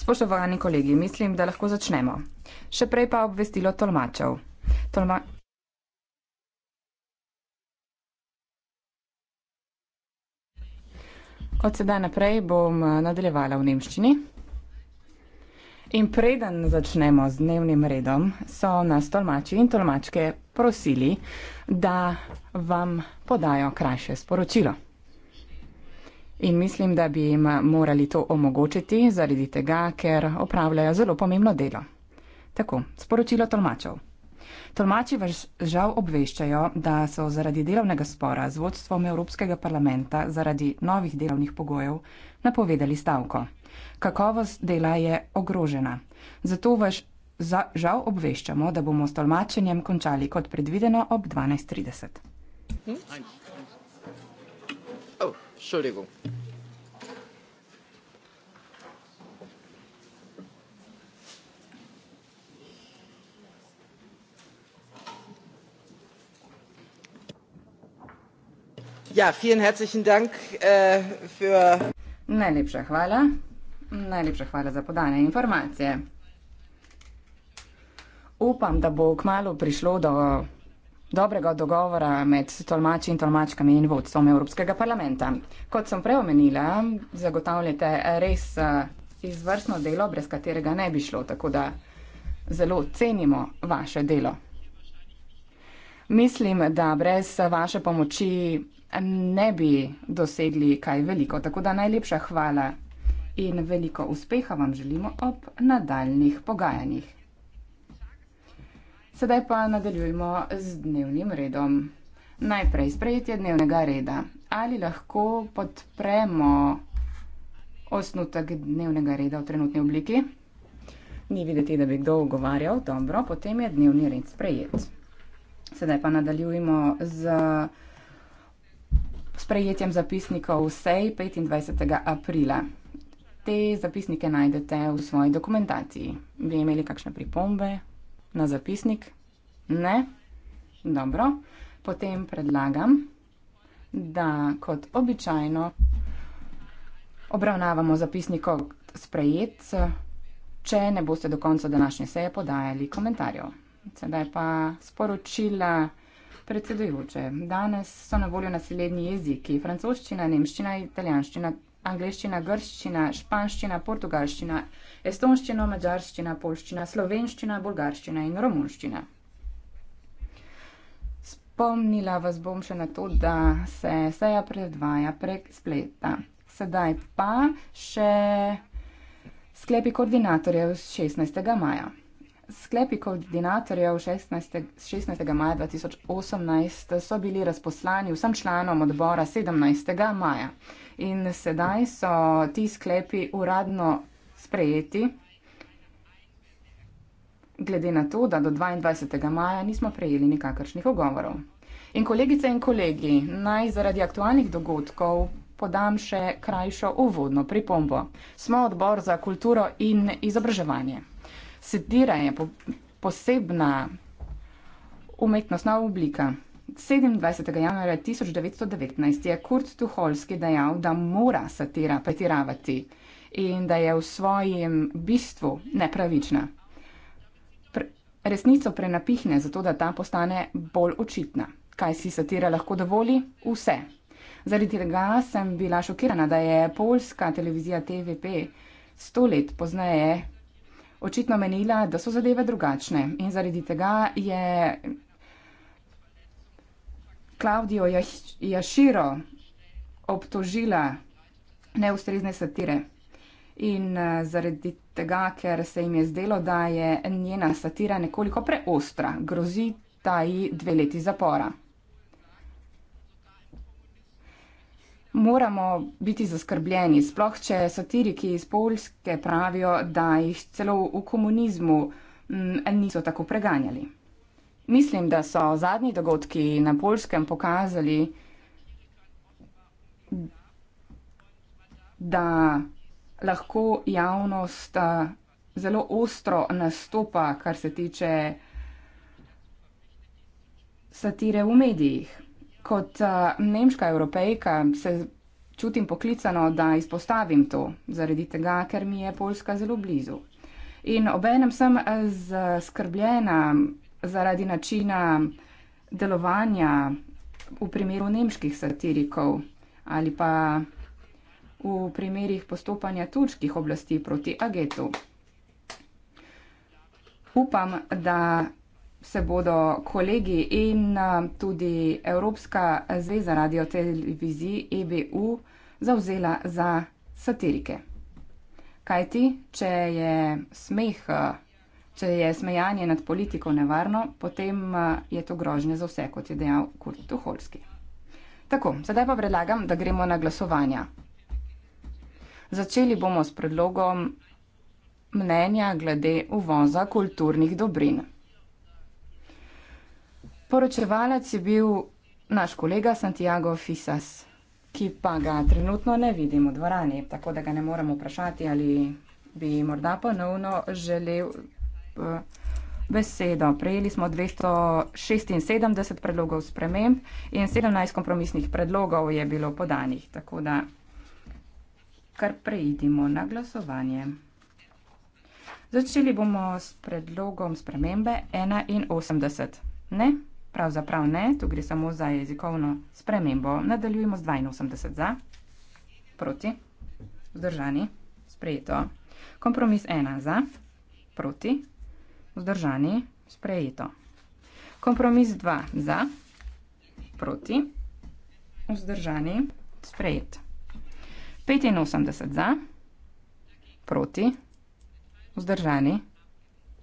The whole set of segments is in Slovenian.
Spoštovani kolegi, mislim, da lahko začnemo. Še prej pa obvestilo tolmačev. Tolma Od sedaj naprej bom eh, nadaljevala v nemščini. In preden začnemo z dnevnim redom, so nas tolmači in tolmačke prosili, da vam podajo krajše sporočilo. In mislim, da bi jim morali to omogočiti, zaradi tega, ker opravljajo zelo pomembno delo. Tako, sporočilo tolmačev. Tolmači vas žal obveščajo, da so zaradi delovnega spora z vodstvom Evropskega parlamenta zaradi novih delovnih pogojev napovedali stavko. Kakovost dela je ogrožena. Zato vas za, žal obveščamo, da bomo s tolmačenjem končali kot predvideno ob 12.30. Hm? Entschuldigung. Ja, vielen herzlichen Dank äh, für. Najlepša hvala. Najlepša hvala za podane informacije. Upam, da bo kmalo prišlo do dobrega dogovora med tolmači in tolmačkami in vodstvom Evropskega parlamenta. Kot sem preomenila, zagotavljate res eh, izvrstno delo, brez katerega ne bi šlo, tako da zelo cenimo vaše delo. Mislim, da brez vaše pomoči ne bi dosegli kaj veliko, tako da najlepša hvala in veliko uspeha vam želimo ob nadaljnih pogajanjih. Sedaj pa nadaljujemo z dnevnim redom. Najprej sprejetje dnevnega reda. Ali lahko podpremo osnutek dnevnega reda v trenutni obliki? Ni videti, da bi kdo ogovarjal, dobro, potem je dnevni red sprejet. Sedaj pa nadaljujemo z sprejetjem zapisnikov vsej 25. aprila. Te zapisnike najdete v svoji dokumentaciji. Bi imeli kakšne pripombe, na zapisnik? Ne? Dobro. Potem predlagam, da kot običajno obravnavamo zapisnik kot sprejet, če ne boste do konca današnje seje podajali komentarjev. Sedaj pa sporočila predsedujoče. Danes so na voljo naslednji jeziki: francoščina, nemščina, italijanščina, angliščina, grščina, španščina, portugalščina estonščino, mađarščino, polščino, slovenščino, bolgarščino in romunščino. Spomnila vas bom še na to, da se seja predvaja prek spleta. Sedaj pa še sklepi koordinatorjev z 16. maja. Sklepi koordinatorjev 16. 16. maja 2018 so bili razposlani vsem članom odbora 17. maja. In sedaj so ti sklepi uradno sprejeti, glede na to, da do 22. maja nismo prejeli nikakršnih ogovorov. In kolegice in kolegi, naj zaradi aktualnih dogodkov podam še krajšo uvodno pripombo. Smo odbor za kulturo in izobraževanje. Sedira je po posebna umetnostna oblika. 27. januarja 1919 je Kurt Tuholski dejal, da mora satira pretiravati in da je v svojem bistvu nepravična. Pr resnico prenapihne, zato da ta postane bolj očitna. Kaj si satira lahko dovoli? Vse. Zaradi tega sem bila šokirana, da je polska televizija TVP sto let pozneje očitno menila, da so zadeve drugačne. In zaradi tega je Klaudijo Jaširo obtožila neustrezne satire in eh, zaradi tega, ker se jim je zdelo, da je njena satira nekoliko preostra, grozi ta ji dve leti zapora. Moramo biti zaskrbljeni, sploh če satiriki iz Poljske pravijo, da jih celo v komunizmu m, mm, niso tako preganjali. Mislim, da so zadnji dogodki na Poljskem pokazali, da lahko javnost eh, zelo ostro nastopa, kar se tiče satire v medijih. Kot eh, nemška evropejka se čutim poklicano, da izpostavim to, zaradi tega, ker mi je Poljska zelo blizu. In obenem sem eh, zaskrbljena zaradi načina delovanja v primeru nemških satirikov ali pa v primerih postopanja turških oblasti proti Agetu. Upam, da se bodo kolegi in tudi Evropska zveza radio televiziji EBU zauzela za satirike. Kajti, če je smeh, če je smejanje nad politiko nevarno, potem je to grožnje za vse, kot je dejal Kurt Tuholski. Tako, sedaj pa predlagam, da gremo na glasovanja. Začeli bomo s predlogom mnenja glede uvoza kulturnih dobrin. Poročevalec je bil naš kolega Santiago Fisas, ki pa ga trenutno ne vidim v dvorani, tako da ga ne moremo vprašati, ali bi morda ponovno želel eh, besedo. Prejeli smo 276 predlogov sprememb in 17 kompromisnih predlogov je bilo podanih, tako da kar preidimo na glasovanje. Začeli bomo s predlogom spremembe 81. Ne, pravzaprav ne, tu gre samo za jezikovno spremembo. Nadaljujemo z 82 za, proti, vzdržani, sprejeto. Kompromis 1 za, proti, vzdržani, sprejeto. Kompromis 2 za, proti, vzdržani, sprejeto. 85 za, proti, vzdržani,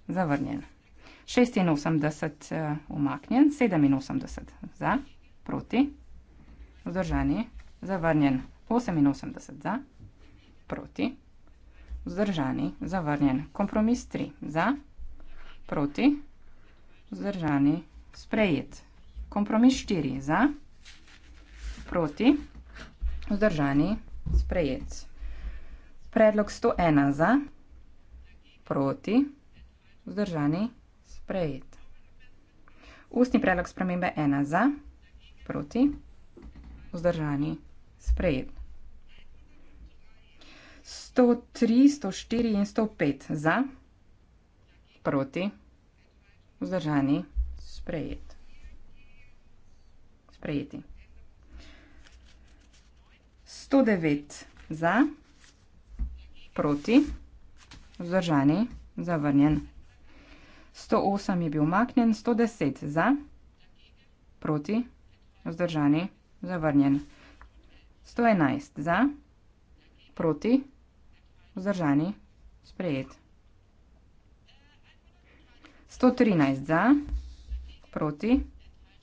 zavrnjen. 86 eh, umaknjen, 87 za, proti, vzdržani, zavrnjen. 88 za, proti, vzdržani, zavrnjen. Kompromis 3 za, proti, vzdržani, sprejet. Kompromis 4 za, proti, vzdržani, vzdržani. Sprejet. Predlog 101 za. Proti. Vzdržani. Sprejet. Ustni predlog spremembe 1 za. Proti. Vzdržani. Sprejet. 103, 104 in 105 za. Proti. Vzdržani. Sprejet. Sprejeti sto devet za, proti, vzdržani, zavrnjen. sto osem je bil umaknjen, sto deset za, proti, vzdržani, zavrnjen. sto enajst za, proti, vzdržani, sprejet. sto trinajst za, proti,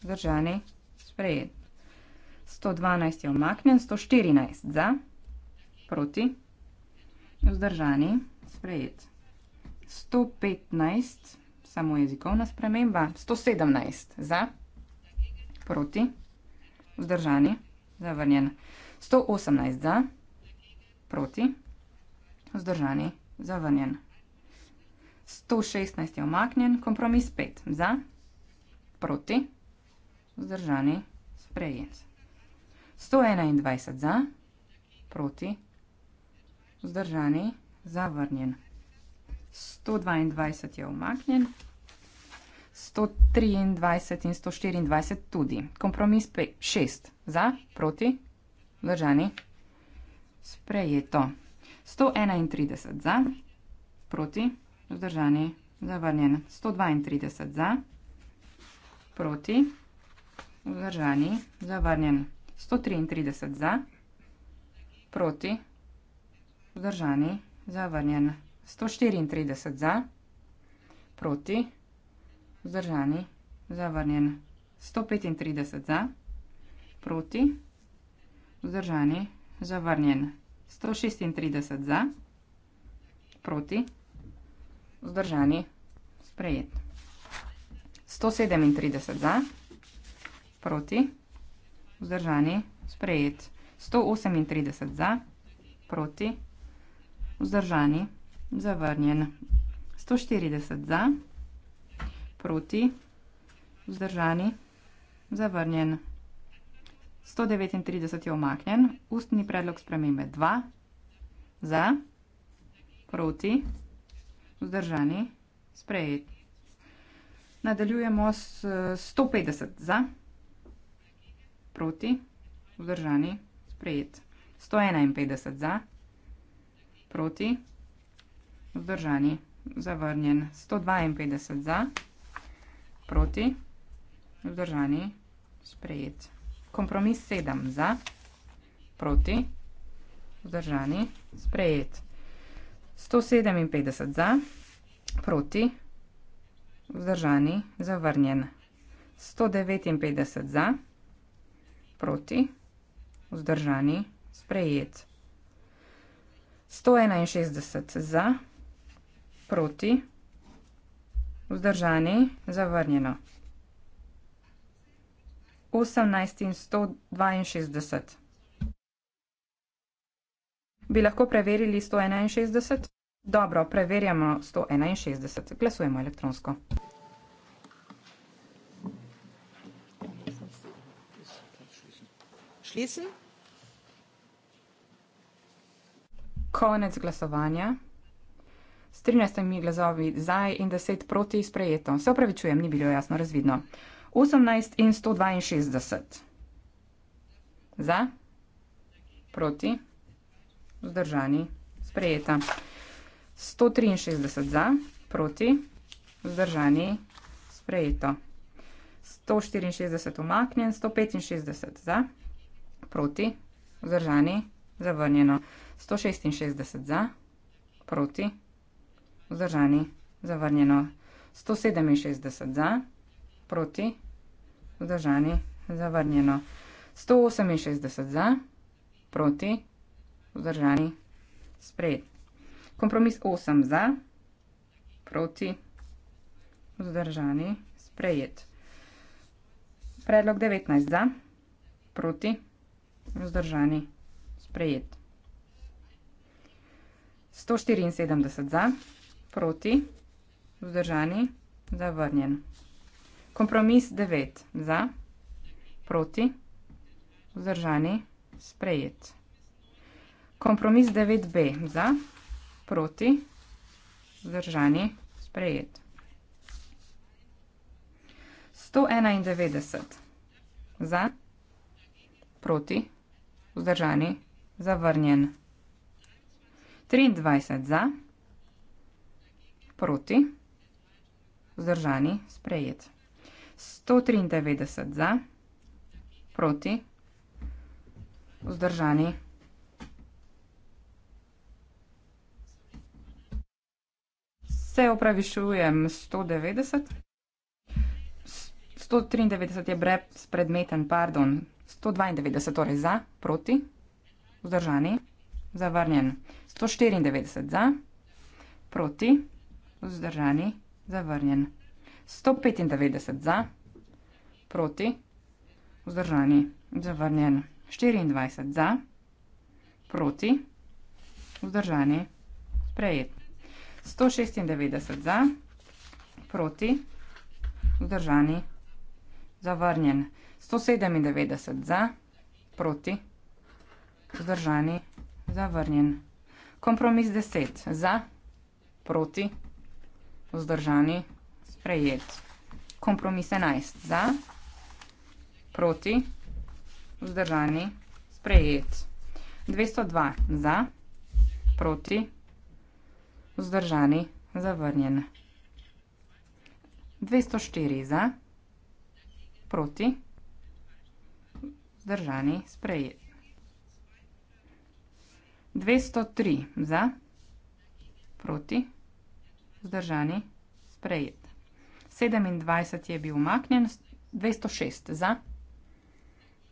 vzdržani, sprejet. 112 je omaknjen, 114 za, proti, vzdržani, sprejet. 115, samo jezikovna sprememba, 117 za, proti, vzdržani, zavrnjen. 118 za, proti, vzdržani, zavrnjen. 116 je omaknjen, kompromis 5 za, proti, vzdržani, sprejet. 121 za, proti, vzdržani, zavrnjen. 122 je omaknjen, 123 in 124 tudi. Kompromis 6 za, proti, vzdržani, sprejeto. 131 za, proti, vzdržani, zavrnjen. 132 za, proti, vzdržani, zavrnjen. 132 za, proti, vzdržani, zavrnjen. 133 za, proti, vzdržani, zavrnjen. 134 za, proti, vzdržani, zavrnjen. 135 za, proti, vzdržani, zavrnjen. 136 za, proti, vzdržani, sprejet. 137 za, proti, vzdržani vzdržani, sprejet. 138 za, proti, vzdržani, zavrnjen. 140 za, proti, vzdržani, zavrnjen. 139 je omaknjen, ustni predlog spremembe 2, za, proti, vzdržani, sprejet. Nadaljujemo s 150 za proti, vzdržani, sprejet. 151 za, proti, vzdržani, zavrnjen. 152 za, proti, vzdržani, sprejet. Kompromis 7 za, proti, vzdržani, sprejet. 157 za, proti, vzdržani, zavrnjen. 159 za, proti, vzdržani, sprejet proti, vzdržani, sprejet. 161 za, proti, vzdržani, zavrnjeno. 18 in 162. Bi lahko preverili 161? Dobro, preverjamo 161. Glasujemo elektronsko. schließen. Konec glasovanja. S 13 glasovi za in 10 proti sprejeto. Se opravičujem, ni bilo jasno razvidno. 18 in 162. Za, proti, vzdržani, sprejeta. 163 za, proti, vzdržani, sprejeto. 164 umaknjen, 165 za proti, vzdržani, zavrnjeno. 166 za, proti, vzdržani, zavrnjeno. 167 za, proti, vzdržani, zavrnjeno. 168 za, proti, vzdržani, sprejet. Kompromis 8 za, proti, vzdržani, sprejet. Predlog 19 za, proti, vzdržani. Vzdržani. Sprejet. 174 za, proti, vzdržani, zavrnjen. Kompromis 9 za, proti, vzdržani, sprejet. Kompromis 9b za, proti, vzdržani, sprejet. 191 za, proti, vzdržani vzdržani, zavrnjen. Triindvajset za, proti, vzdržani, sprejet. Sto triindevetdeset za, proti, vzdržani. Se opravičujem, sto devetdeset. sto triindevetdeset je brezpredmeten, pardon. 192, torej za, proti, vzdržani, zavrnjen. 194 za, proti, vzdržani, zavrnjen. 195 za, proti, vzdržani, zavrnjen. 24 za, proti, vzdržani, sprejet. 196 za, proti, vzdržani, zavrnjen. 197 za, proti, vzdržani, zavrnjen. Kompromis 10 za, proti, vzdržani, sprejet. Kompromis 11 za, proti, vzdržani, sprejet. 202 za, proti, vzdržani, zavrnjen. 204 za, proti, vzdržani, sprejet vzdržani, sprejet. 203 za, proti, vzdržani, sprejet. 27 je bil umaknjen, 206 za,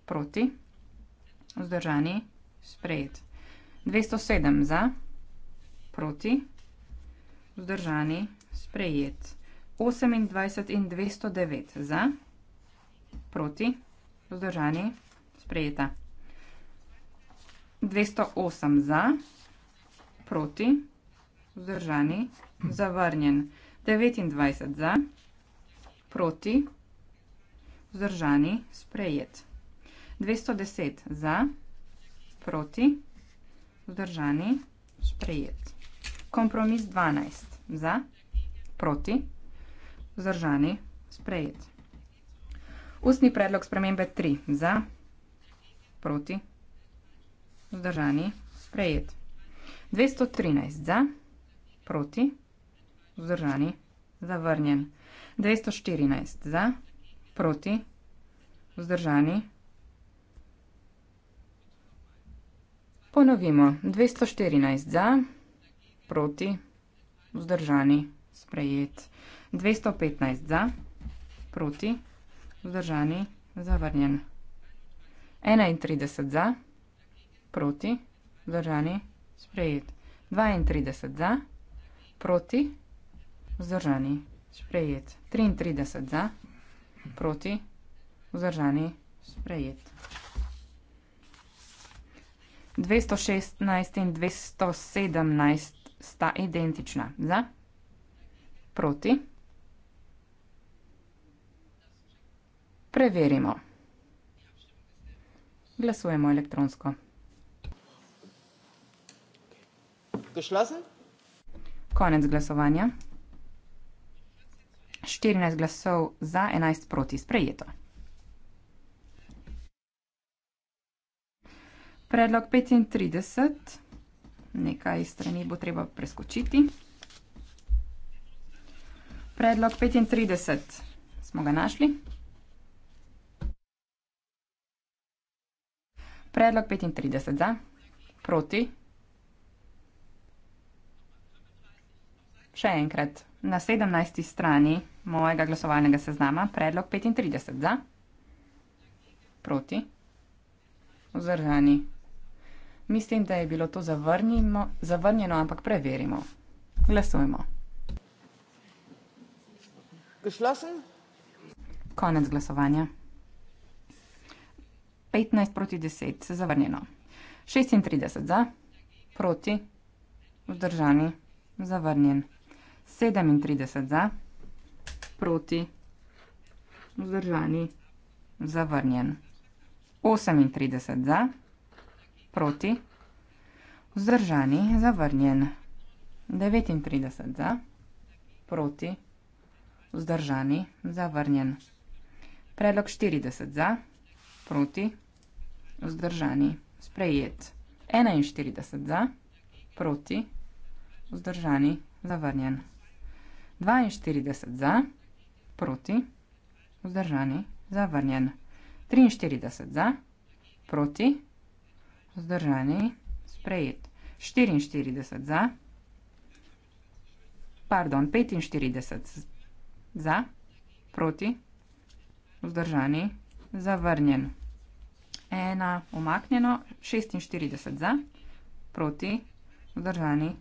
proti, vzdržani, sprejet. 207 za, proti, vzdržani, sprejet. 28 in 209 za, proti, vzdržani, sprejet sprejeta. 208 za, proti, vzdržani, zavrnjen. 29 za, proti, vzdržani, sprejet. 210 za, proti, vzdržani, sprejet. Kompromis 12 za, proti, vzdržani, sprejet. Ustni predlog spremembe 3 za, proti, vzdržani, sprejet. 213 za, proti, vzdržani, zavrnjen. 214 za, proti, vzdržani. Ponovimo. 214 za, proti, vzdržani, sprejet. 215 za, proti, vzdržani, zavrnjen. 216 za, proti, vzdržani, zavrnjen enaintrideset za, proti, vzdržani, sprejet. Dvaintrideset za, proti, vzdržani, sprejet. Triintrideset za, proti, vzdržani, sprejet. Dvesto šestnajst in dvesto sedemnajst sta identična. Za, proti. Preverimo. Glasujemo elektronsko. Geschlossen. Konec glasovanja. 14 glasov za, 11 proti sprejeto. Predlog 35, nekaj strani bo treba preskočiti. Predlog 35, smo ga našli. Predlog 35 za, proti. Še enkrat, na 17. strani mojega glasovalnega seznama predlog 35 za, proti, vzdržani. Mislim, da je bilo to zavrnimo, zavrnjeno, ampak preverimo. Glasujmo. Konec glasovanja. 15 proti 10 je zavrnjeno. 36 za, proti, vzdržani, zavrnjen. 37 za, proti, vzdržani, zavrnjen. 38 za, proti, vzdržani, zavrnjen. 39 za, proti, vzdržani, zavrnjen. Predlog 40 za, proti, vzdržani vzdržani, sprejet. 41 za, proti, vzdržani, zavrnjen. 42 za, proti, vzdržani, zavrnjen. 43 za, proti, vzdržani, sprejet. 44 za, pardon, 45 za, proti, vzdržani, zavrnjen ena omaknjeno, 46 za, proti, vzdržani,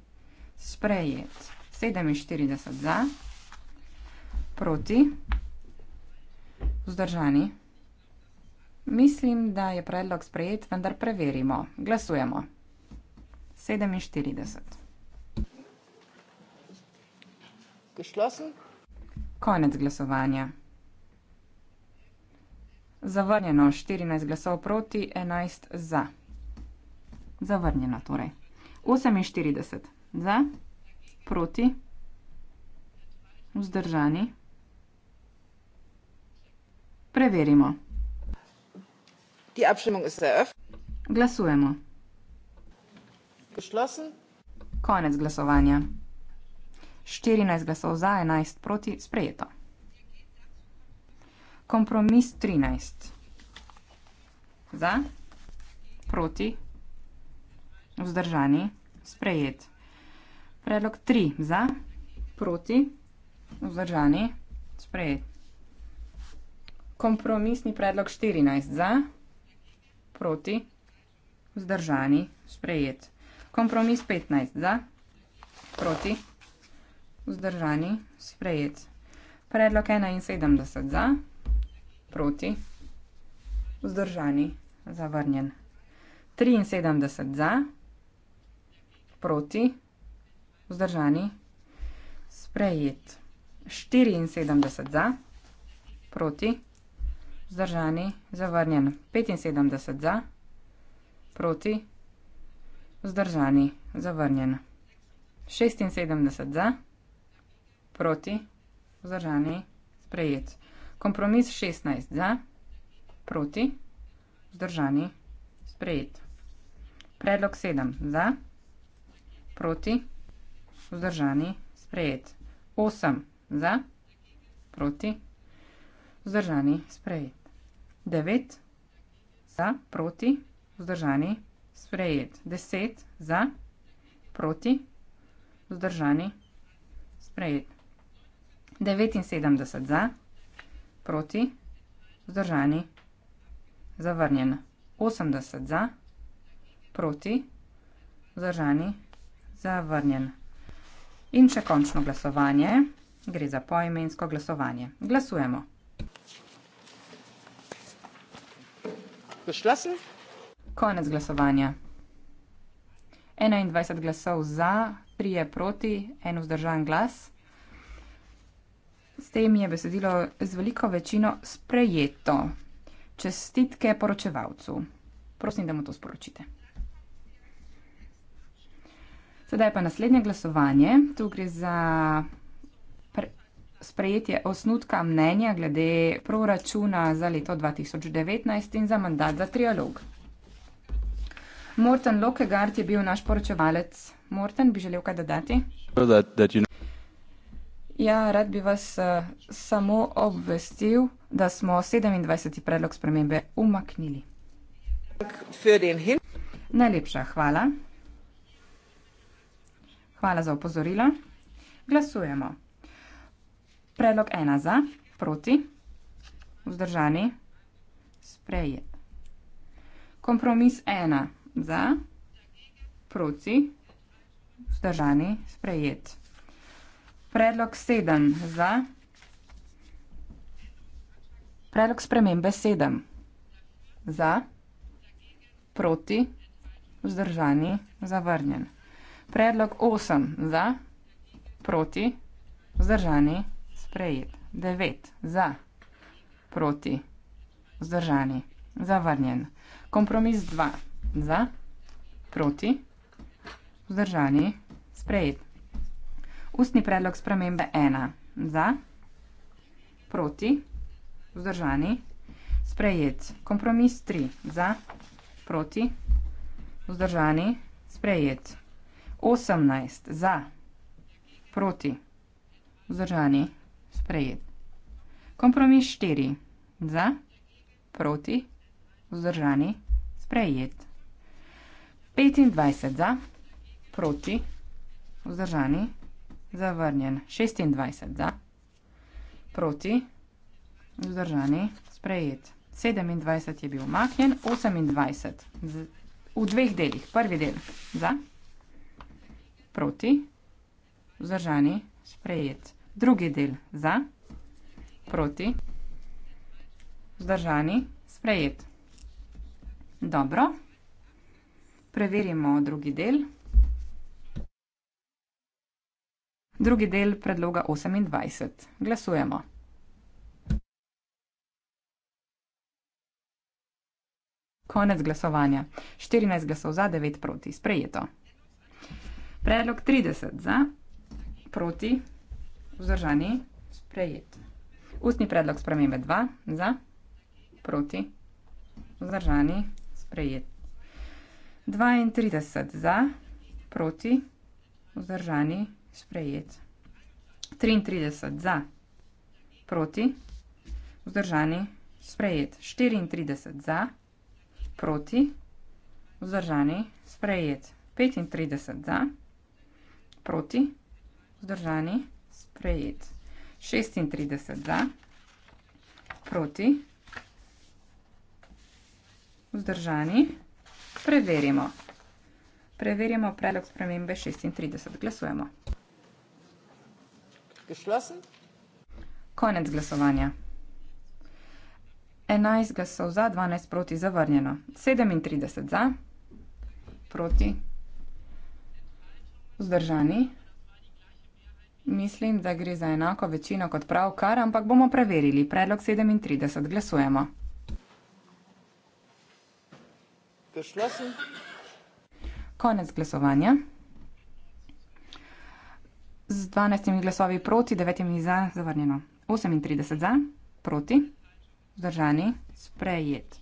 sprejet. 47 za, proti, vzdržani. Mislim, da je predlog sprejet, vendar preverimo. Glasujemo. 47. Geschlossen. Konec glasovanja. Zavrnjeno 14 glasov proti, 11 za. Zavrnjeno torej. 48 za, proti, vzdržani. Preverimo. Glasujemo. Konec glasovanja. 14 glasov za, 11 proti, sprejeto kompromis 13. Za, proti, vzdržani, sprejet. Predlog 3. Za, proti, vzdržani, sprejet. Kompromisni predlog 14. Za, proti, vzdržani, sprejet. Kompromis 15. Za, proti, vzdržani, sprejet. Predlog 71. Za, proti, vzdržani, sprejet proti, vzdržani, zavrnjen. 73 za, proti, vzdržani, sprejet. 74 za, proti, vzdržani, zavrnjen. 75 za, proti, vzdržani, zavrnjen. 76 za, proti, vzdržani, sprejet. Kompromis 16 za, proti, vzdržani, sprejet. Predlog 7 za, proti, vzdržani, sprejet. 8 za, proti, vzdržani, sprejet. 9 za, proti, vzdržani, sprejet. 10 za, proti, vzdržani, sprejet. 79 za, proti, vzdržani, sprejet proti, vzdržani, zavrnjen. Osemdeset za, proti, vzdržani, zavrnjen. In še končno glasovanje, gre za poimensko glasovanje. Glasujemo. Geschlossen. Konec glasovanja. Enaindvajset glasov za, trije proti, en vzdržan glas tem je besedilo z veliko večino sprejeto. Čestitke poročevalcu. Prosim, da mu to sporočite. Sedaj pa naslednje glasovanje. Tu gre za sprejetje osnutka mnenja glede proračuna za leto 2019 in za mandat za trialog. Morten Lokegard je bil naš poročevalec. Morten, bi želel kaj dodati? That, that you know. Ja, rad bi vas uh, samo obvestil, da smo 27. predlog spremembe umaknili. Najlepša hvala. Hvala za opozorila. Glasujemo. Predlog ena za, proti, vzdržani, sprejet. Kompromis ena za, proti, vzdržani, sprejet. Predlog sedem za. Predlog spremembe sedem. Za, proti, vzdržani, zavrnjen. Predlog osem za, proti, vzdržani, sprejet. Devet za, proti, vzdržani, zavrnjen. Kompromis dva za, proti, vzdržani, sprejet. Ustni predlog spremembe ena. Za, proti, vzdržani, sprejet. Kompromis tri. Za, proti, vzdržani, sprejet. Osemnajst. Za, proti, vzdržani, sprejet. Kompromis štiri. Za, proti, vzdržani, sprejet. Petindvajset. Za, proti, vzdržani, sprejet zavrnjen. 26 za, proti, vzdržani, sprejet. 27 je bil umaknjen, 28 z, v dveh delih. Prvi del za, proti, vzdržani, sprejet. Drugi del za, proti, vzdržani, sprejet. Dobro, preverimo drugi del. drugi del predloga 28. Glasujemo. Konec glasovanja. 14 glasov za, 9 proti. Sprejeto. Predlog 30 za, proti, vzdržani, sprejet. Ustni predlog spremembe 2 za, proti, vzdržani, sprejet. 32 za, proti, vzdržani, sprejet. Sprejet. 33 za. Proti. Vzdržani. Sprejet. 34 za. Proti. Vzdržani. Sprejet. 35 za. Proti. Vzdržani. Sprejet. 36 za. Proti. Vzdržani. Preverimo. Preverimo predlog spremembe 36. Glasujemo geschlossen. Konec glasovanja. 11 glasov za, 12 proti zavrnjeno. 37 za, proti vzdržani. Mislim, da gre za enako večino kot prav kar, ampak bomo preverili. Predlog 37 glasujemo. Geschlossen. Konec glasovanja z 12 glasovi proti, 9 za, zavrnjeno. 38 za, proti, zdržani, sprejet.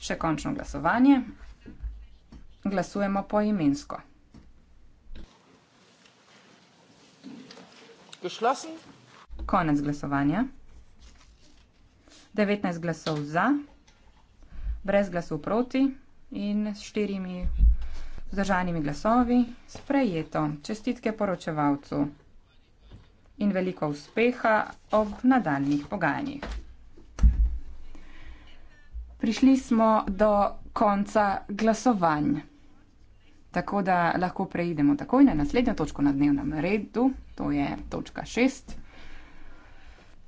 Še končno glasovanje. Glasujemo poimensko. Geschlossen. Konec glasovanja. 19 glasov za, brez glasov proti in s štirimi vzdržanimi glasovi sprejeto. Čestitke poročevalcu in veliko uspeha ob nadaljnih pogajanjih. Prišli smo do konca glasovanj, tako da lahko preidemo takoj na naslednjo točko na dnevnem redu, to je točka 6.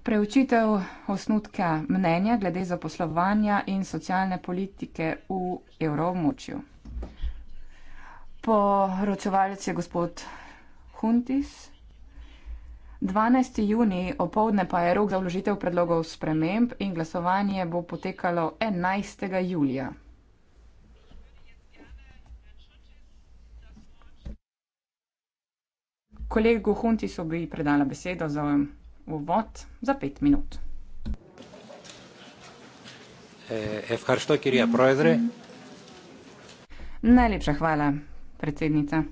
Preučitev osnutka mnenja glede zaposlovanja in socialne politike v evromočju. Poročevalec je gospod Huntis. 12. juni opovdne pa je rok za vložitev predlogov sprememb in glasovanje bo potekalo 11. julija. Kolegu Huntisu bi predala besedo za uvod za pet minut. Eh, Najlepša hvala predsednica.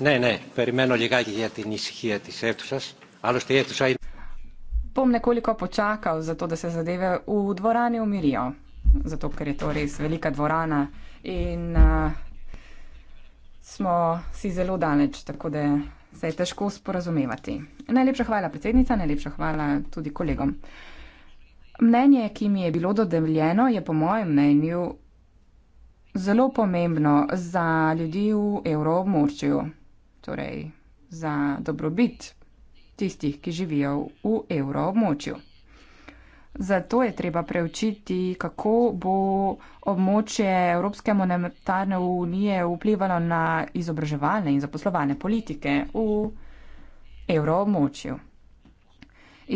Ne, ne, perimeno legati je ti nisihijati srtušas, ali ste je tu šaj. Bom nekoliko počakal, zato da se zadeve v dvorani umirijo, zato ker je to res velika dvorana in uh, smo si zelo daleč, tako da se je težko sporazumevati. Najlepša hvala, predsednica, najlepša hvala tudi kolegom. Mnenje, ki mi je bilo dodeljeno, je po mojem mnenju zelo pomembno za ljudi v evroobmočju, torej za dobrobit tistih, ki živijo v evroobmočju. Zato je treba preučiti, kako bo območje Evropske monetarne unije vplivalo na izobraževalne in zaposlovalne politike v evroobmočju.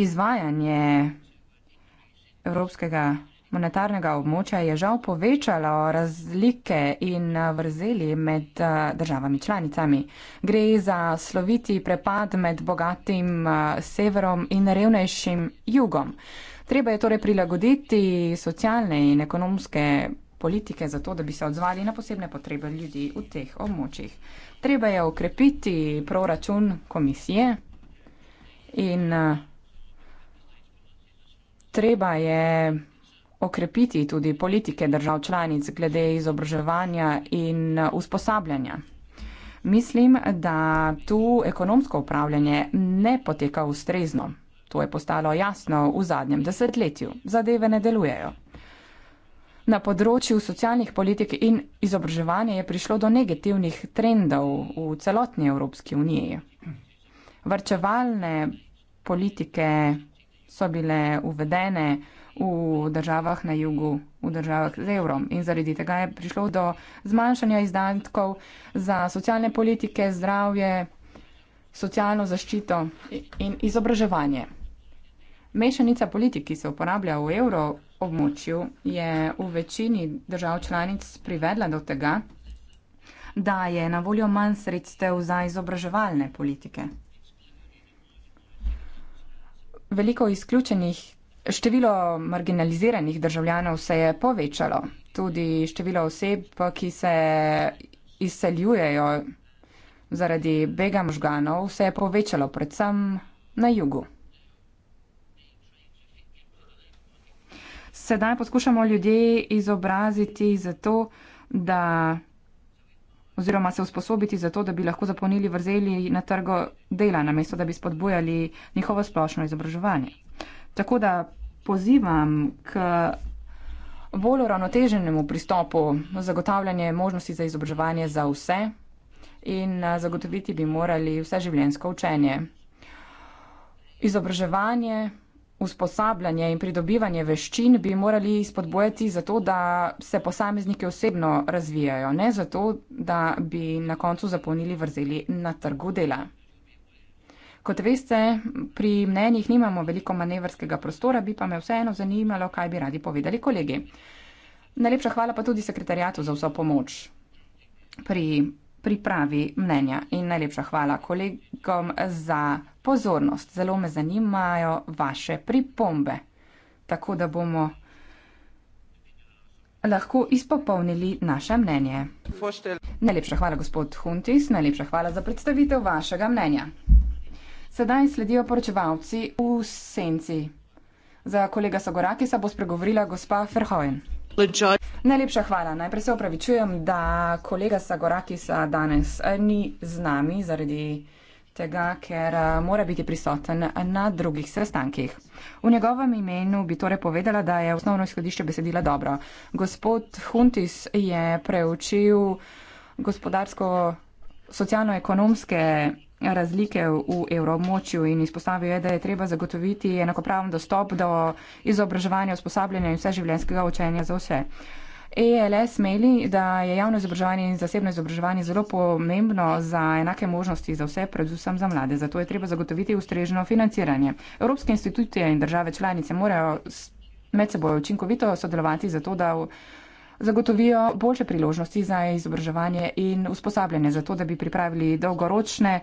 Izvajanje Evropskega monetarnega območja je žal povečalo razlike in vrzeli med eh, državami članicami. Gre za sloviti prepad med bogatim eh, severom in revnejšim jugom. Treba je torej prilagoditi socialne in ekonomske politike za to, da bi se odzvali na posebne potrebe ljudi v teh območjih. Treba je okrepiti proračun komisije in treba je okrepiti tudi politike držav članic glede izobraževanja in usposabljanja. Mislim, da tu ekonomsko upravljanje ne poteka ustrezno. To je postalo jasno v zadnjem desetletju. Zadeve ne delujejo. Na področju socialnih politik in izobraževanja je prišlo do negativnih trendov v celotni Evropski uniji. Vrčevalne politike so bile uvedene v državah na jugu, v državah z evrom in zaradi tega je prišlo do zmanjšanja izdatkov za socialne politike, zdravje, socialno zaščito in izobraževanje. Mešanica politik, ki se uporablja v evroobmočju, je v večini držav članic privedla do tega, da je na voljo manj sredstev za izobraževalne politike. Veliko izključenih, število marginaliziranih državljanov se je povečalo, tudi število oseb, ki se izseljujejo zaradi bega možganov, se je povečalo predvsem na jugu. sedaj poskušamo ljudje izobraziti za to, da oziroma se usposobiti za to, da bi lahko zapolnili vrzeli na trgo dela, namesto da bi spodbujali njihovo splošno izobraževanje. Tako da pozivam k bolj uravnoteženemu pristopu zagotavljanje možnosti za izobraževanje za vse in zagotoviti bi morali vse življensko učenje. Izobraževanje usposabljanje in pridobivanje veščin bi morali spodbojati zato, da se posamezniki osebno razvijajo, ne zato, da bi na koncu zapolnili vrzeli na trgu dela. Kot veste, pri mnenjih nimamo veliko manevrskega prostora, bi pa me vseeno zanimalo, kaj bi radi povedali kolegi. Najlepša hvala pa tudi sekretarijatu za vso pomoč pri pripravi mnenja in najlepša hvala kolegom za pozornost. Zelo me zanimajo vaše pripombe, tako da bomo lahko izpopolnili naše mnenje. Najlepša hvala, gospod Huntis, najlepša hvala za predstavitev vašega mnenja. Sedaj sledijo poročevalci v senci. Za kolega Sagorakisa bo spregovorila gospa Ferhoen. Najlepša hvala. Najprej se opravičujem, da kolega Sagorakisa danes eh, ni z nami zaradi tega, ker eh, mora biti prisoten na drugih sestankih. V njegovem imenu bi torej povedala, da je osnovno izhodišče besedila dobro. Gospod Huntis je preučil gospodarsko-socialno-ekonomske razlike v evromočju in izpostavil je, da je treba zagotoviti enakopraven dostop do izobraževanja, usposabljanja in vseživljenjskega učenja za vse. ELS meni, da je javno izobraževanje in zasebno izobraževanje zelo pomembno za enake možnosti za vse, predvsem za mlade. Zato je treba zagotoviti ustrežno financiranje. Evropske institucije in države članice morajo med seboj učinkovito sodelovati za to, da zagotovijo boljše priložnosti za izobraževanje in usposabljanje, zato da bi pripravili dolgoročne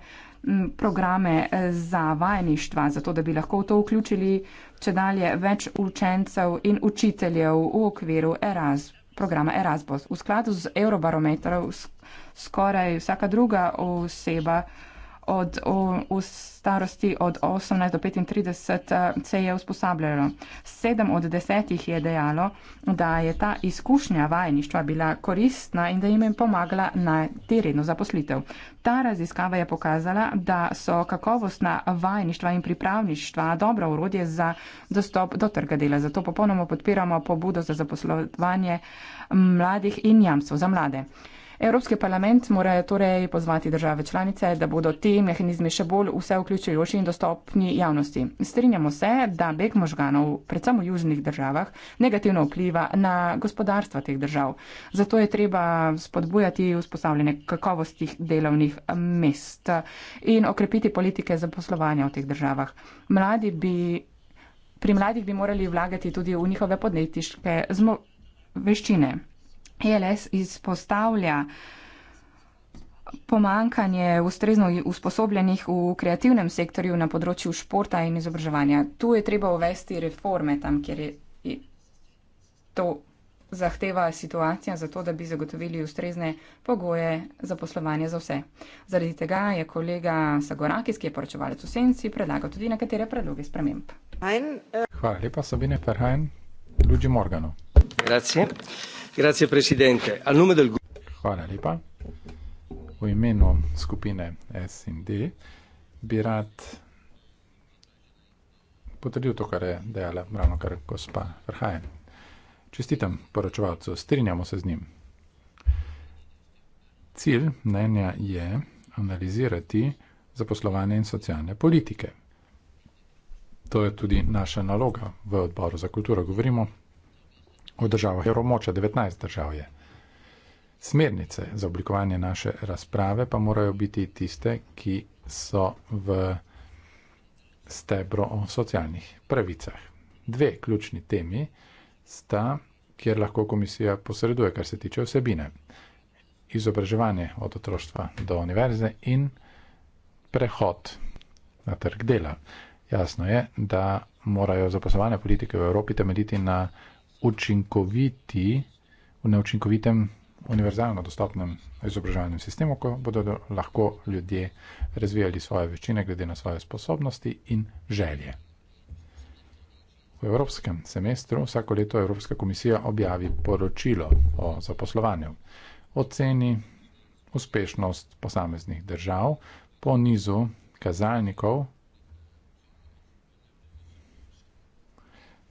programe eh, za vajeništva, zato da bi lahko v to vključili če dalje več učencev in učiteljev v okviru Erasmus programa Erasmus. V skladu z Eurobarometrov skoraj vsaka druga oseba od, o, v starosti od 18 do 35 eh, se je usposabljalo. Sedem od desetih je dejalo, da je ta izkušnja vajeništva bila koristna in da jim je pomagala na teredno zaposlitev. Ta raziskava je pokazala, da so kakovostna vajeništva in pripravništva dobro urodje za dostop do trga dela. Zato popolnoma podpiramo pobudo za zaposlovanje mladih in jamstvo za mlade. Evropski parlament mora torej pozvati države članice, da bodo te mehanizme še bolj vse vključujoči in dostopni javnosti. Strinjamo se, da beg možganov, predvsem v južnih državah, negativno vpliva na gospodarstva teh držav. Zato je treba spodbujati vzpostavljanje kakovostih delovnih mest in okrepiti politike zaposlovanja v teh državah. Mladi bi, pri mladih bi morali vlagati tudi v njihove podnetiške zmo veščine. ELS izpostavlja pomankanje ustrezno usposobljenih v kreativnem sektorju na področju športa in izobraževanja. Tu je treba uvesti reforme tam, kjer je, je to zahteva situacija za to, da bi zagotovili ustrezne pogoje za poslovanje za vse. Zaradi tega je kolega Sagorakis, ki je poročevalec v Senci, predlagal tudi nekatere predloge sprememb. Hvala lepa, Sabine Perhajn, Luigi Morgano. Grazie. Hvala lepa. V imenu skupine SND bi rad potrdil to, kar je dejala ravno kar gospa Vrhajen. Čestitam poročevalcu, strinjamo se z njim. Cilj mnenja je analizirati zaposlovanje in socialne politike. To je tudi naša naloga v odboru za kulturo. Govorimo v državah evromoča, 19 držav je. Smernice za oblikovanje naše razprave pa morajo biti tiste, ki so v stebro o socialnih pravicah. Dve ključni temi sta, kjer lahko komisija posreduje, kar se tiče osebine. Izobraževanje od otroštva do univerze in prehod na trg dela. Jasno je, da morajo zaposlovanja politike v Evropi temeljiti na učinkoviti v neučinkovitem, univerzalno dostopnem izobraževalnem sistemu, ko bodo lahko ljudje razvijali svoje veščine glede na svoje sposobnosti in želje. V evropskem semestru vsako leto Evropska komisija objavi poročilo o zaposlovanju, oceni uspešnost posameznih držav po nizu kazalnikov.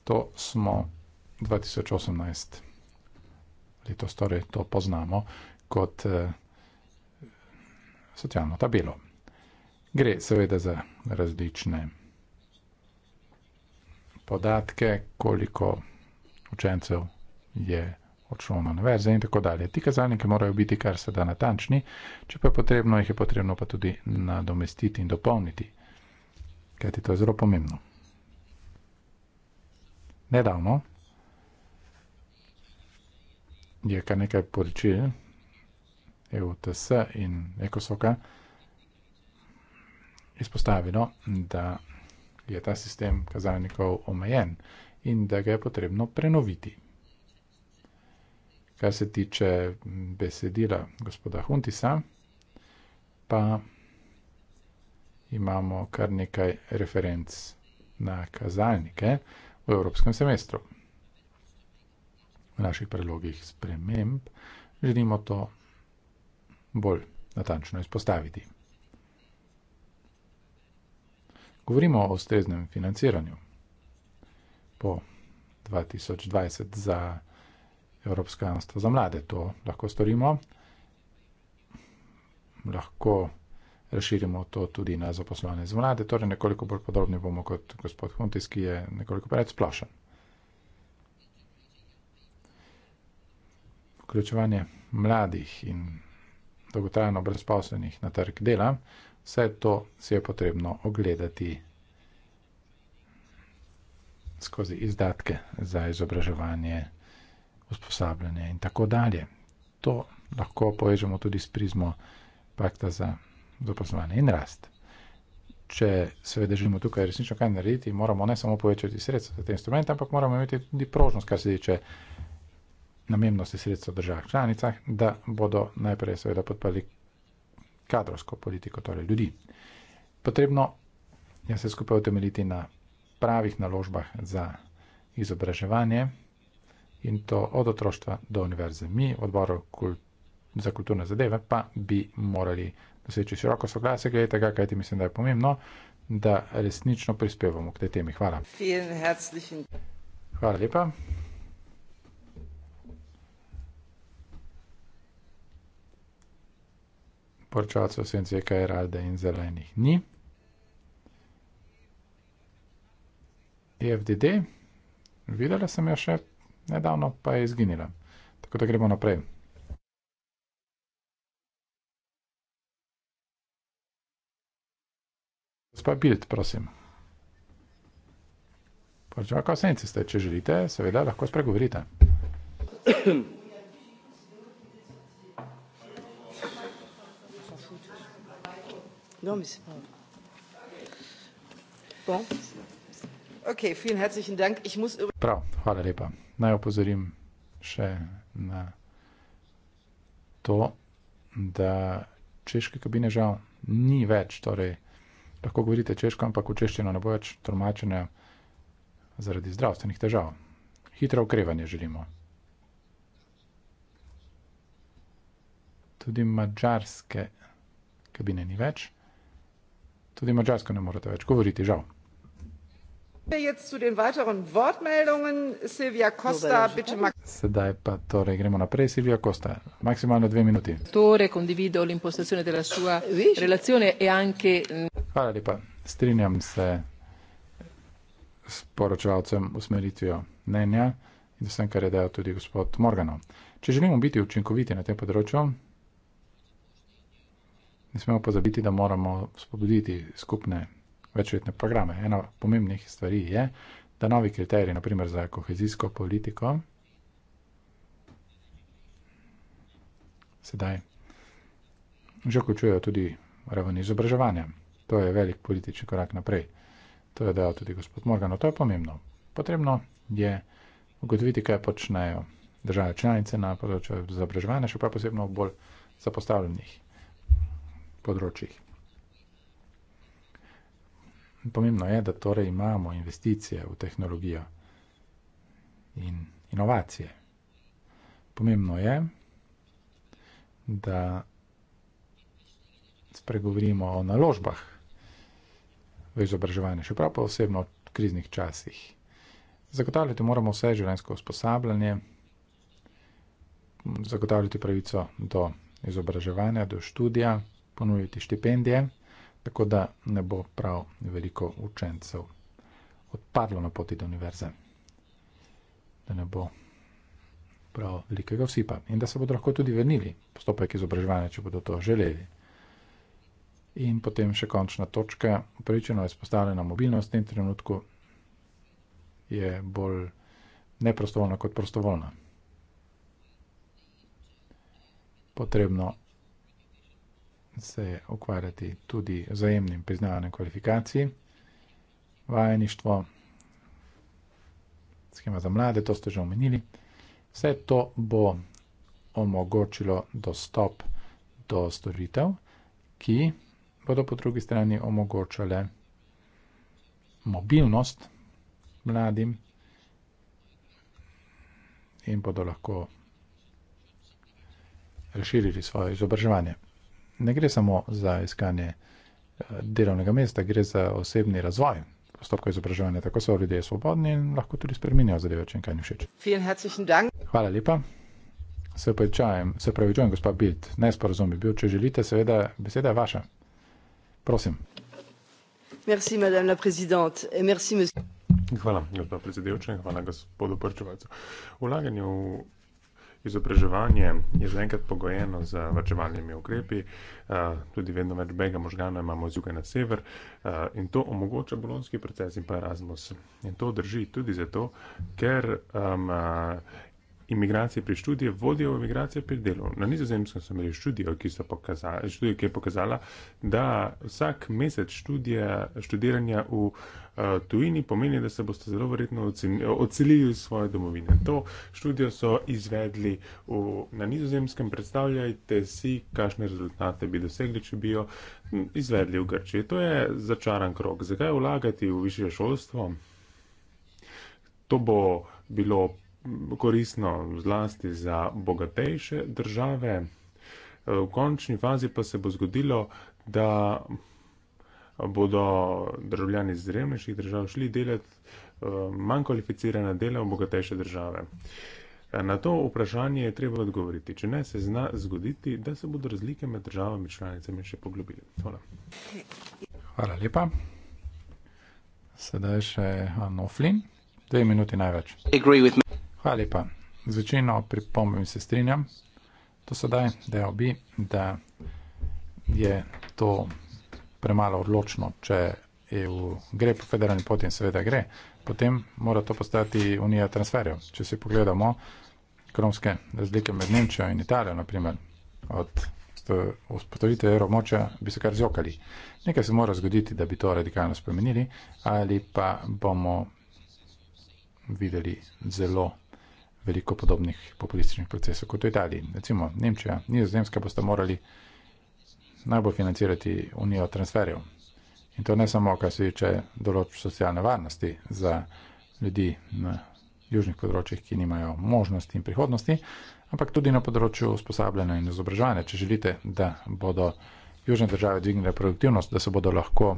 To smo 2018, letos torej to poznamo kot eh, socialno tabelo. Gre seveda za različne podatke, koliko učencev je odšlo na univerze in tako dalje. Ti kazalniki morajo biti kar se da natančni, če pa je potrebno, jih je potrebno pa tudi nadomestiti in dopolniti, kajti to je zelo pomembno. Nedavno je kar nekaj poročil, EUTS in Ecosoka, izpostavilo, da je ta sistem kazalnikov omejen in da ga je potrebno prenoviti. Kar se tiče besedila gospoda Huntisa, pa imamo kar nekaj referenc na kazalnike v evropskem semestru v naših predlogih sprememb, želimo to bolj natančno izpostaviti. Govorimo o ustreznem financiranju po 2020 za Evropsko jamstvo za mlade. To lahko storimo. Lahko razširimo to tudi na zaposlene za mlade, torej nekoliko bolj podrobni bomo kot gospod Huntis, ki je nekoliko preveč splošen. vključevanje mladih in dolgotrajno brezposlenih na trg dela, vse to si je potrebno ogledati skozi izdatke za izobraževanje, usposabljanje in tako dalje. To lahko povežemo tudi s prizmo pakta za zaposlovanje in rast. Če seveda želimo tukaj resnično kaj narediti, moramo ne samo povečati sredstva za te instrumente, ampak moramo imeti tudi prožnost, kar se tiče namennosti sredstva v državah članicah, da bodo najprej seveda podprli kadrovsko politiko, torej ljudi. Potrebno je se skupaj utemeljiti na pravih naložbah za izobraževanje in to od otroštva do univerze. Mi, odboru kult, za kulturne zadeve, pa bi morali doseči široko soglasje glede tega, kajti mislim, da je pomembno, da resnično prispevamo k tej temi. Hvala. Hvala lepa. porčalcev senc je kaj rade in zelenih ni. EFDD, videla sem jo še nedavno, pa je izginila. Tako da gremo naprej. Gospa Bild, prosim. Porčalka v senci ste, če želite, seveda lahko spregovorite. Non, mais c'est pas. Bon. Ok, vielen herzlichen Dank. Ich muss. Prav, hvala lepa. Naj opozorim še na to, da češke kabine žal ni več. Torej, lahko govorite češko, ampak v češčino ne bo več tolmačenja zaradi zdravstvenih težav. Hitro ukrevanje želimo. Tudi mačarske kabine ni več. Tudi mačarsko ne morete več govoriti, žal. Ja. Sedaj pa torej gremo naprej, Silvija Kosta, maksimalno dve minuti. E Hvala lepa, strinjam se s poročevalcem usmeritvijo mnenja in vsem, kar je dejal tudi gospod Morganov. Če želimo biti učinkoviti na tem področju, Ne smemo pozabiti, da moramo spodbuditi skupne večletne programe. Ena pomembnih stvari je, da novi kriteriji, naprimer za kohezijsko politiko, sedaj že vključujejo tudi raven izobraževanja. To je velik politični korak naprej. To je dejal tudi gospod Morgan. No, to je pomembno. Potrebno je ugotoviti, kaj počnejo države članice na področju izobraževanja, še pa posebno v bolj zapostavljenih področjih. Pomembno je, da torej imamo investicije v tehnologijo in inovacije. Pomembno je, da spregovorimo o naložbah v izobraževanje, še prav posebno v kriznih časih. Zagotavljati moramo vse življenjsko usposabljanje, zagotavljati pravico do izobraževanja, do študija ponuditi štipendije, tako da ne bo prav veliko učencev odpadlo na poti do univerze. Da ne bo prav velikega vsipa in da se bodo lahko tudi vrnili postopek izobraževanja, če bodo to želeli. In potem še končna točka, upravičeno je spostavljena mobilnost v tem trenutku, je bolj neprostovoljna kot prostovoljna. Potrebno se ukvarjati tudi z zajemnim priznavanjem kvalifikacij, vajeništvo, schema za mlade, to ste že omenili. Vse to bo omogočilo dostop do storitev, ki bodo po drugi strani omogočale mobilnost mladim in bodo lahko razširili svoje izobraževanje ne gre samo za iskanje eh, delovnega mesta, gre za osebni razvoj postopka izobraževanja. Tako so ljudje svobodni in lahko tudi spremenijo zadeve, če jim kaj ni všeč. Hvala lepa. Se pravičujem, se pravičujem, gospa Bild, ne sporozum bi bil, če želite, seveda, beseda je vaša. Prosim. Merci, madame la présidente. Merci, monsieur. Hvala, gospod predsedujoči, hvala gospodu Prčevalcu. Vlaganje v Izobraževanje je zaenkrat pogojeno z vrčevalnimi ukrepi, eh, tudi vedno več bega možgana imamo z juga na sever eh, in to omogoča bolonski proces in pa Erasmus. In to drži tudi zato, ker um, imigracije pri študiju vodijo v imigracije pri delu. Na nizozemskem so imeli študijo, ki, so pokazali, študijo, ki je pokazala, da vsak mesec študija, študiranja v uh, tujini pomeni, da se boste zelo verjetno odselili iz svoje domovine. To študijo so izvedli v, na nizozemskem. Predstavljajte si, kakšne rezultate bi dosegli, če bi jo izvedli v Grčiji. To je začaran krok. Zakaj vlagati v više šolstvo? To bo bilo koristno zlasti za bogatejše države. V končni fazi pa se bo zgodilo, da bodo državljani iz revnejših držav šli delati eh, manj kvalificirana dela v bogatejše države. Eh, na to vprašanje je treba odgovoriti. Če ne, se zna zgoditi, da se bodo razlike med državami članicami še poglobili. Hvala. Hvala lepa. Sedaj še Anoflin. Dve minuti največ. Hvala lepa. Z večino pripombe se strinjam. To sedaj, da je obi, da je to premalo odločno, če EU gre po federalni poti in seveda gre, potem mora to postati unija transferjev. Če si pogledamo kromske razlike med Nemčijo in Italijo, naprimer, od vzpostavitve evro moča, bi se kar zjokali. Nekaj se mora zgoditi, da bi to radikalno spremenili, ali pa bomo videli zelo veliko podobnih populističnih procesov kot v Italiji. Recimo Nemčija, Nizozemska boste morali najbolj financirati unijo transferjev. In to ne samo, kar se tiče določ socialne varnosti za ljudi na južnih področjih, ki nimajo možnosti in prihodnosti, ampak tudi na področju usposabljanja in izobraževanja. Če želite, da bodo južne države dvignile produktivnost, da se bodo lahko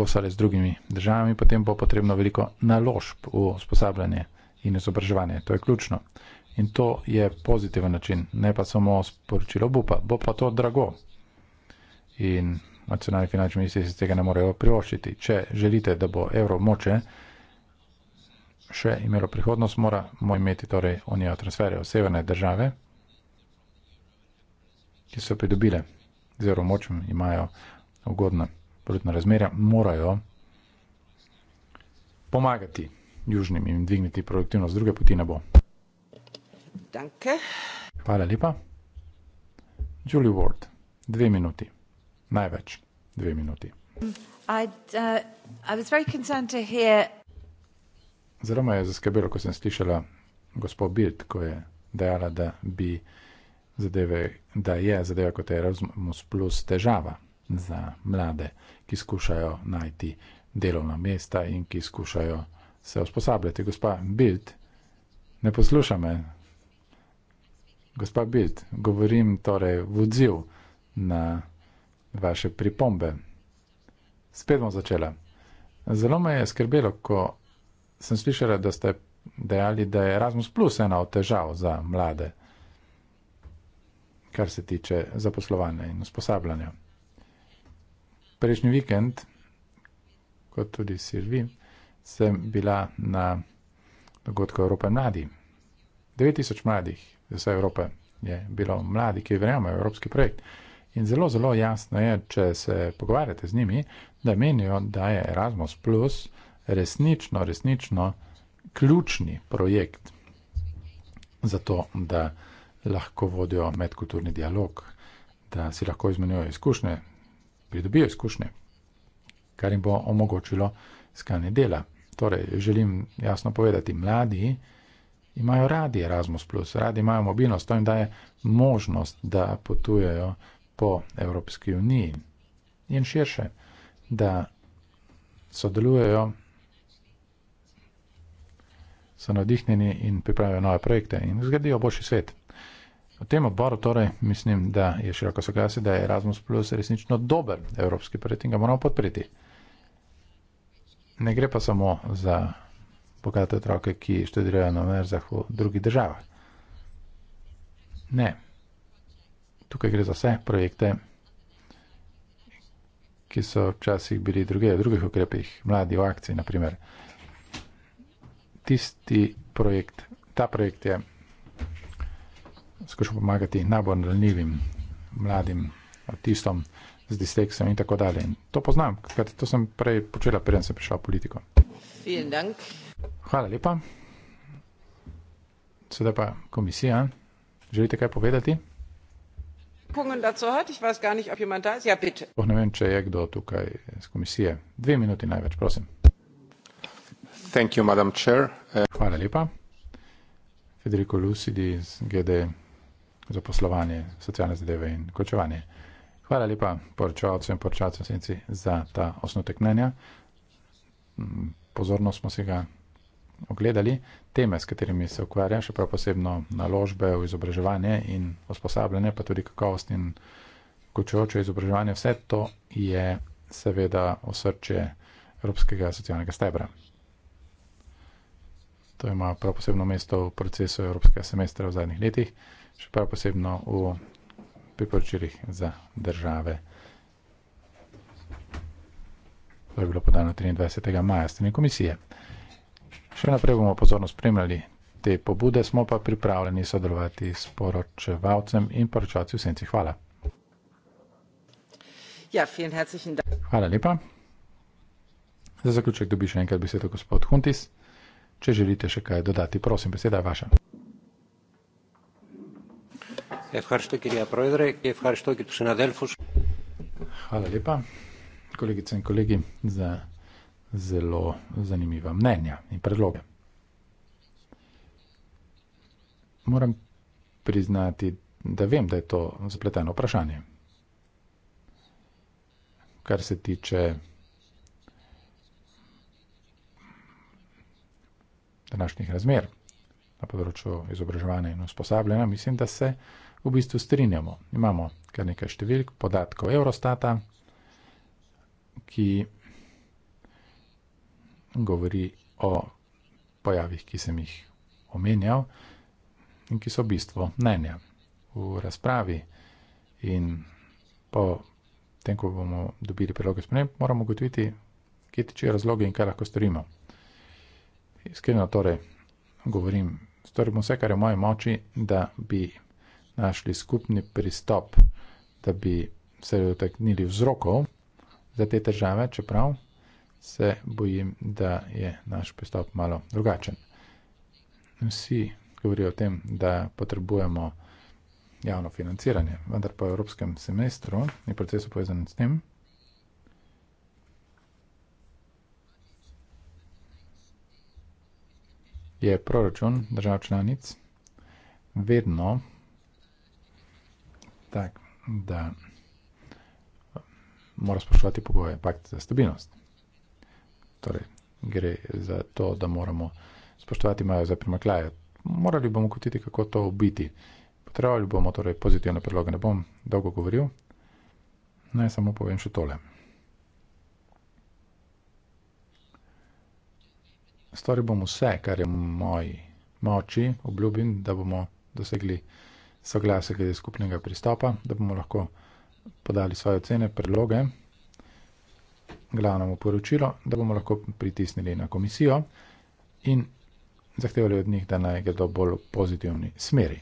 kosale z drugimi državami, potem bo potrebno veliko naložb v usposabljanje in izobraževanje. To je ključno. In to je pozitiven način, ne pa samo sporočilo Bupa. Bo pa to drago. In nacionalni finančni ministri si tega ne morejo privoščiti. Če želite, da bo evro moče še imelo prihodnost, mora imeti torej onijo transfere v severne države, ki so pridobile z evro močem, imajo ugodna politna razmerja, morajo pomagati južnim in dvigniti produktivnost, druge poti ne bo. Danke. Hvala lepa. Julie Ward, dve minuti, največ dve minuti. Uh, Zelo me je zaskrbelo, ko sem slišala gospod Bild, ko je dejala, da, bi zadeve, da je zadeva kot Erasmus plus težava za mlade, ki skušajo najti delovna mesta in ki skušajo se usposabljati. Gospa Bild, ne posluša me. Gospa Bild, govorim torej v odziv na vaše pripombe. Spet bom začela. Zelo me je skrbelo, ko sem slišala, da ste dejali, da je Erasmus Plus ena od težav za mlade, kar se tiče zaposlovanja in usposabljanja. Prejšnji vikend, kot tudi Sirvi, sem bila na dogodku Evrope mladi. 9000 mladih iz vse Evrope je bilo mladi, ki verjamejo v evropski projekt. In zelo, zelo jasno je, če se pogovarjate z njimi, da menijo, da je Erasmus Plus resnično, resnično ključni projekt za to, da lahko vodijo medkulturni dialog, da si lahko izmenjujejo izkušnje, pridobijo izkušnje, kar jim bo omogočilo skanje dela. Torej, želim jasno povedati, mladi imajo radi Erasmus, radi imajo mobilnost, to jim daje možnost, da potujejo po Evropski uniji in širše, da sodelujejo, so navdihnjeni in pripravijo nove projekte in zgradijo boljši svet. V tem odboru torej mislim, da je široko soglasje, da je Erasmus Plus resnično dober evropski projekt in ga moramo podpreti. Ne gre pa samo za bogate otroke, ki študirajo na univerzah v drugih državah. Ne. Tukaj gre za vse projekte, ki so včasih bili druge, v drugih ukrepih, mladi v akciji, naprimer. Tisti projekt, ta projekt je skušal pomagati najbolj ranljivim mladim avtistom, z disleksijo in tako dalje. In to poznam, ker to sem prej počela, preden sem prišla v politiko. Hvala lepa. Sedaj pa komisija. Želite kaj povedati? Oh, ne vem, če je kdo tukaj z komisije. Dve minuti največ, prosim. Thank you, Madam Chair. Hvala lepa. Federico Lucidi z GD za poslovanje, socialne zadeve in kočevanje. Hvala lepa poročevalcem in poročevalcem senci za ta osnutek mnenja. Pozorno smo si ga ogledali. Teme, s katerimi se ukvarja, še prav posebno naložbe v izobraževanje in usposabljanje, pa tudi kakovost in vključujoče izobraževanje, vse to je seveda osrče Evropskega socialnega stebra. To ima prav posebno mesto v procesu Evropskega semestra v zadnjih letih, še prav posebno v priporočilih za države. To je bilo podano 23. maja strani komisije. Še naprej bomo pozorno spremljali te pobude, smo pa pripravljeni sodelovati s poročevalcem in poročevalci v senci. Hvala. Ja, Hvala lepa. Za zaključek dobi še enkrat besedo gospod Huntis. Če želite še kaj dodati, prosim, beseda je vaša. Hvala lepa, kolegice in kolegi, za zelo zanimiva mnenja in predloge. Moram priznati, da vem, da je to zapleteno vprašanje. Kar se tiče današnjih razmer na področju izobraževanja in usposabljanja, mislim, da se v bistvu strinjamo. Imamo kar nekaj številk, podatkov Eurostata, ki govori o pojavih, ki sem jih omenjal in ki so v bistvu mnenja. V razpravi in po tem, ko bomo dobili priloge sprememb, moramo ugotoviti, kje tiče razloge in kaj lahko storimo. Iskreno torej govorim, storim vse, kar je v moji moči, da bi našli skupni pristop, da bi se dotaknili vzrokov za te težave, čeprav se bojim, da je naš pristop malo drugačen. Vsi govorijo o tem, da potrebujemo javno financiranje, vendar po evropskem semestru je proces povezan s tem. Je proračun držav članic vedno tak, da mora spoštovati pogoje pakta za stabilnost. Torej, gre za to, da moramo spoštovati majo za primakljajo. Morali bomo kotiti, kako to obiti. Potrebovali bomo torej pozitivne predloge, ne bom dolgo govoril. Naj samo povem še tole. Storil bom vse, kar je v moji moči, obljubim, da bomo dosegli soglasje glede skupnega pristopa, da bomo lahko podali svoje ocene, predloge glavnemu poročilu, da bomo lahko pritisnili na komisijo in zahtevali od njih, da naj gredo bolj v pozitivni smeri.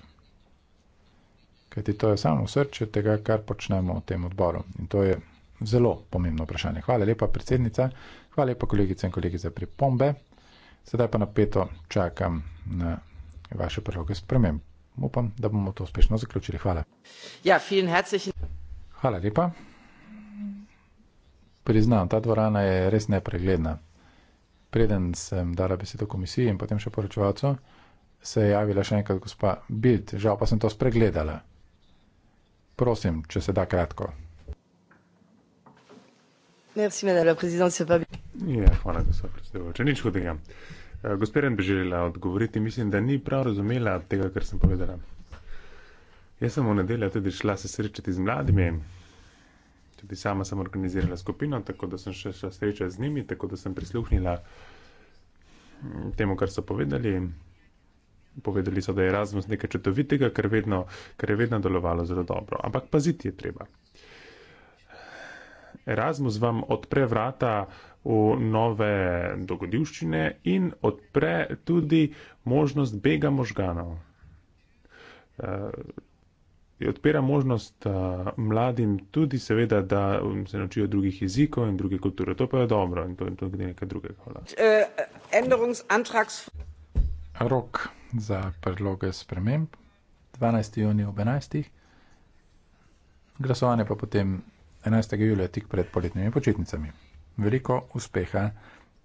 Kajti to je samo srce tega, kar počnemo v tem odboru. In to je zelo pomembno vprašanje. Hvala lepa, predsednica, hvala lepa, kolegice in kolegi, za pripombe. Sedaj pa napeto čakam na vaše predloge sprememb upam, da bomo to uspešno zaključili. Hvala. Ja, Hvala lepa. Priznam, ta dvorana je res nepregledna. Preden sem dala besedo komisiji in potem še poročevalcu, se je javila še enkrat gospa Bild, žal pa sem to spregledala. Prosim, če se da kratko. Merci, madame la présidente, c'est pas bien. Yeah, voilà, c'est ça, c'est bon. Je n'ai rien. Eh, Gospodin bi želela odgovoriti, mislim, da ni prav razumela tega, kar sem povedala. Jaz sem v nedeljo tudi šla se srečati z mladimi, tudi sama sem organizirala skupino, tako da sem še šla srečati z njimi, tako da sem prisluhnila mm, temu, kar so povedali. Povedali so, da je razmus nekaj čudovitega, kar, vedno, kar je vedno delovalo zelo dobro. Ampak paziti je treba. Erasmus vam odpre vrata uh, v nove dogodivščine in odpre tudi možnost bega možganov. E, odpira možnost a, eh, mladim tudi seveda, da um, se naučijo drugih jezikov in druge kulture. To pa je dobro in to je tudi nekaj drugega. Eh, Rok za predloge sprememb 12. junija ob 11. Glasovanje pa potem 11. julija tik pred poletnimi počitnicami veliko uspeha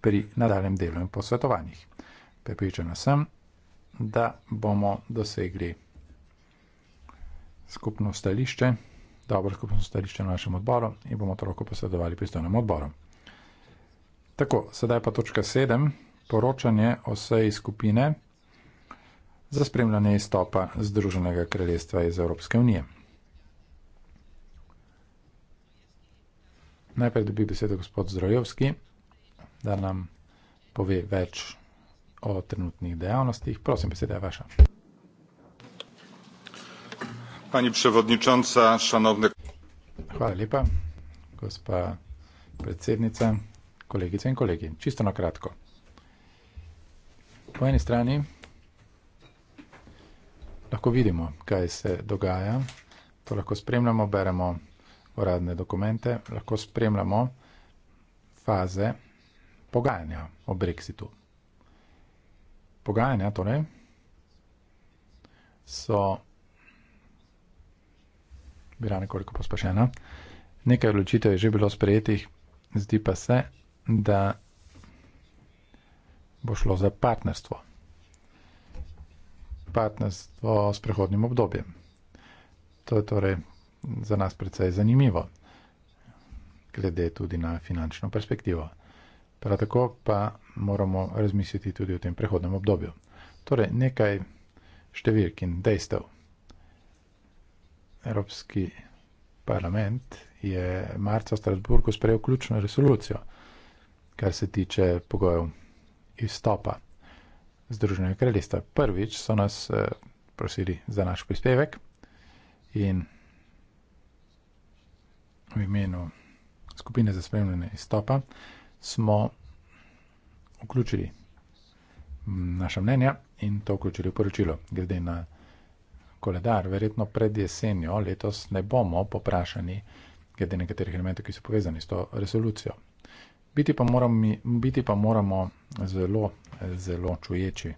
pri nadaljem delu in posvetovanjih. Prepričana sem, da bomo dosegli skupno stališče, dobro skupno stališče na našem odboru in bomo toliko posvetovali pristojnem odboru. Tako, sedaj pa točka 7, poročanje o seji skupine za spremljanje izstopa Združenega kraljestva iz Evropske unije. Najprej dobi besedo gospod Zdrojevski, da nam pove več o trenutnih dejavnostih. Prosim, beseda je vaša. Pani predsednica, šanovne. Hvala lepa, gospa predsednica, kolegice in kolegi. Čisto na kratko. Po eni strani lahko vidimo, kaj se dogaja, to lahko spremljamo, beremo uradne dokumente, lahko spremljamo faze pogajanja o Brexitu. Pogajanja torej so bila nekoliko pospešena. Nekaj odločitev je že bilo sprejetih, zdi pa se, da bo šlo za partnerstvo. Partnerstvo s prehodnim obdobjem. To je torej za nas precej zanimivo, glede tudi na finančno perspektivo. Prav tako pa moramo razmisliti tudi o tem prehodnem obdobju. Torej, nekaj številk in dejstev. Evropski parlament je marca v Strasburgu sprejel ključno resolucijo, kar se tiče pogojev izstopa Združenega kraljestva. Prvič so nas eh, prosili za naš prispevek in v imenu skupine za spremljanje izstopa, smo vključili naša mnenja in to vključili v poročilo. Glede na koledar, verjetno pred jesenjo letos ne bomo poprašani, glede nekaterih elementov, ki so povezani s to resolucijo. Biti pa, moramo, biti pa moramo zelo, zelo čuječi.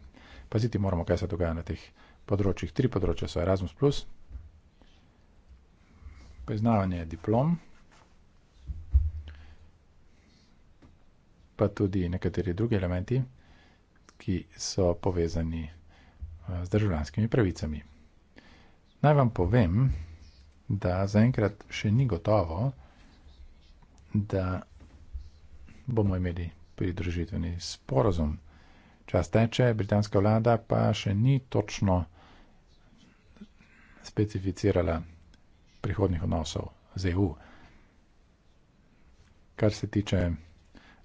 Paziti moramo, kaj se dogaja na teh področjih. Tri področja so Erasmus, priznavanje diplom, pa tudi nekateri drugi elementi, ki so povezani eh, z državljanskimi pravicami. Naj vam povem, da zaenkrat še ni gotovo, da bomo imeli pridružitveni sporozum. Čas teče, britanska vlada pa še ni točno specificirala prihodnih odnosov z EU. Kar se tiče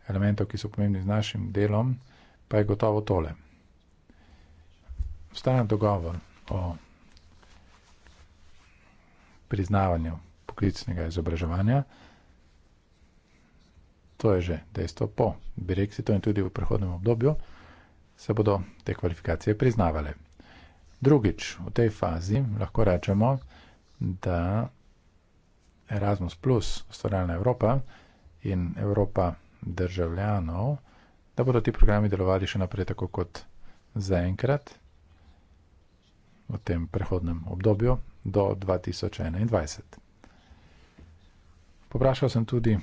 elementov, ki so pomembni z našim delom, pa je gotovo tole. Obstaja dogovor o priznavanju poklicnega izobraževanja. To je že dejstvo po Brexitu in tudi v prehodnem obdobju se bodo te kvalifikacije priznavale. Drugič, v tej fazi lahko rečemo, da Erasmus, ustvarjalna Evropa in Evropa državljanov, da bodo ti programi delovali še naprej tako kot zaenkrat v tem prehodnem obdobju do 2021. Poprašal sem tudi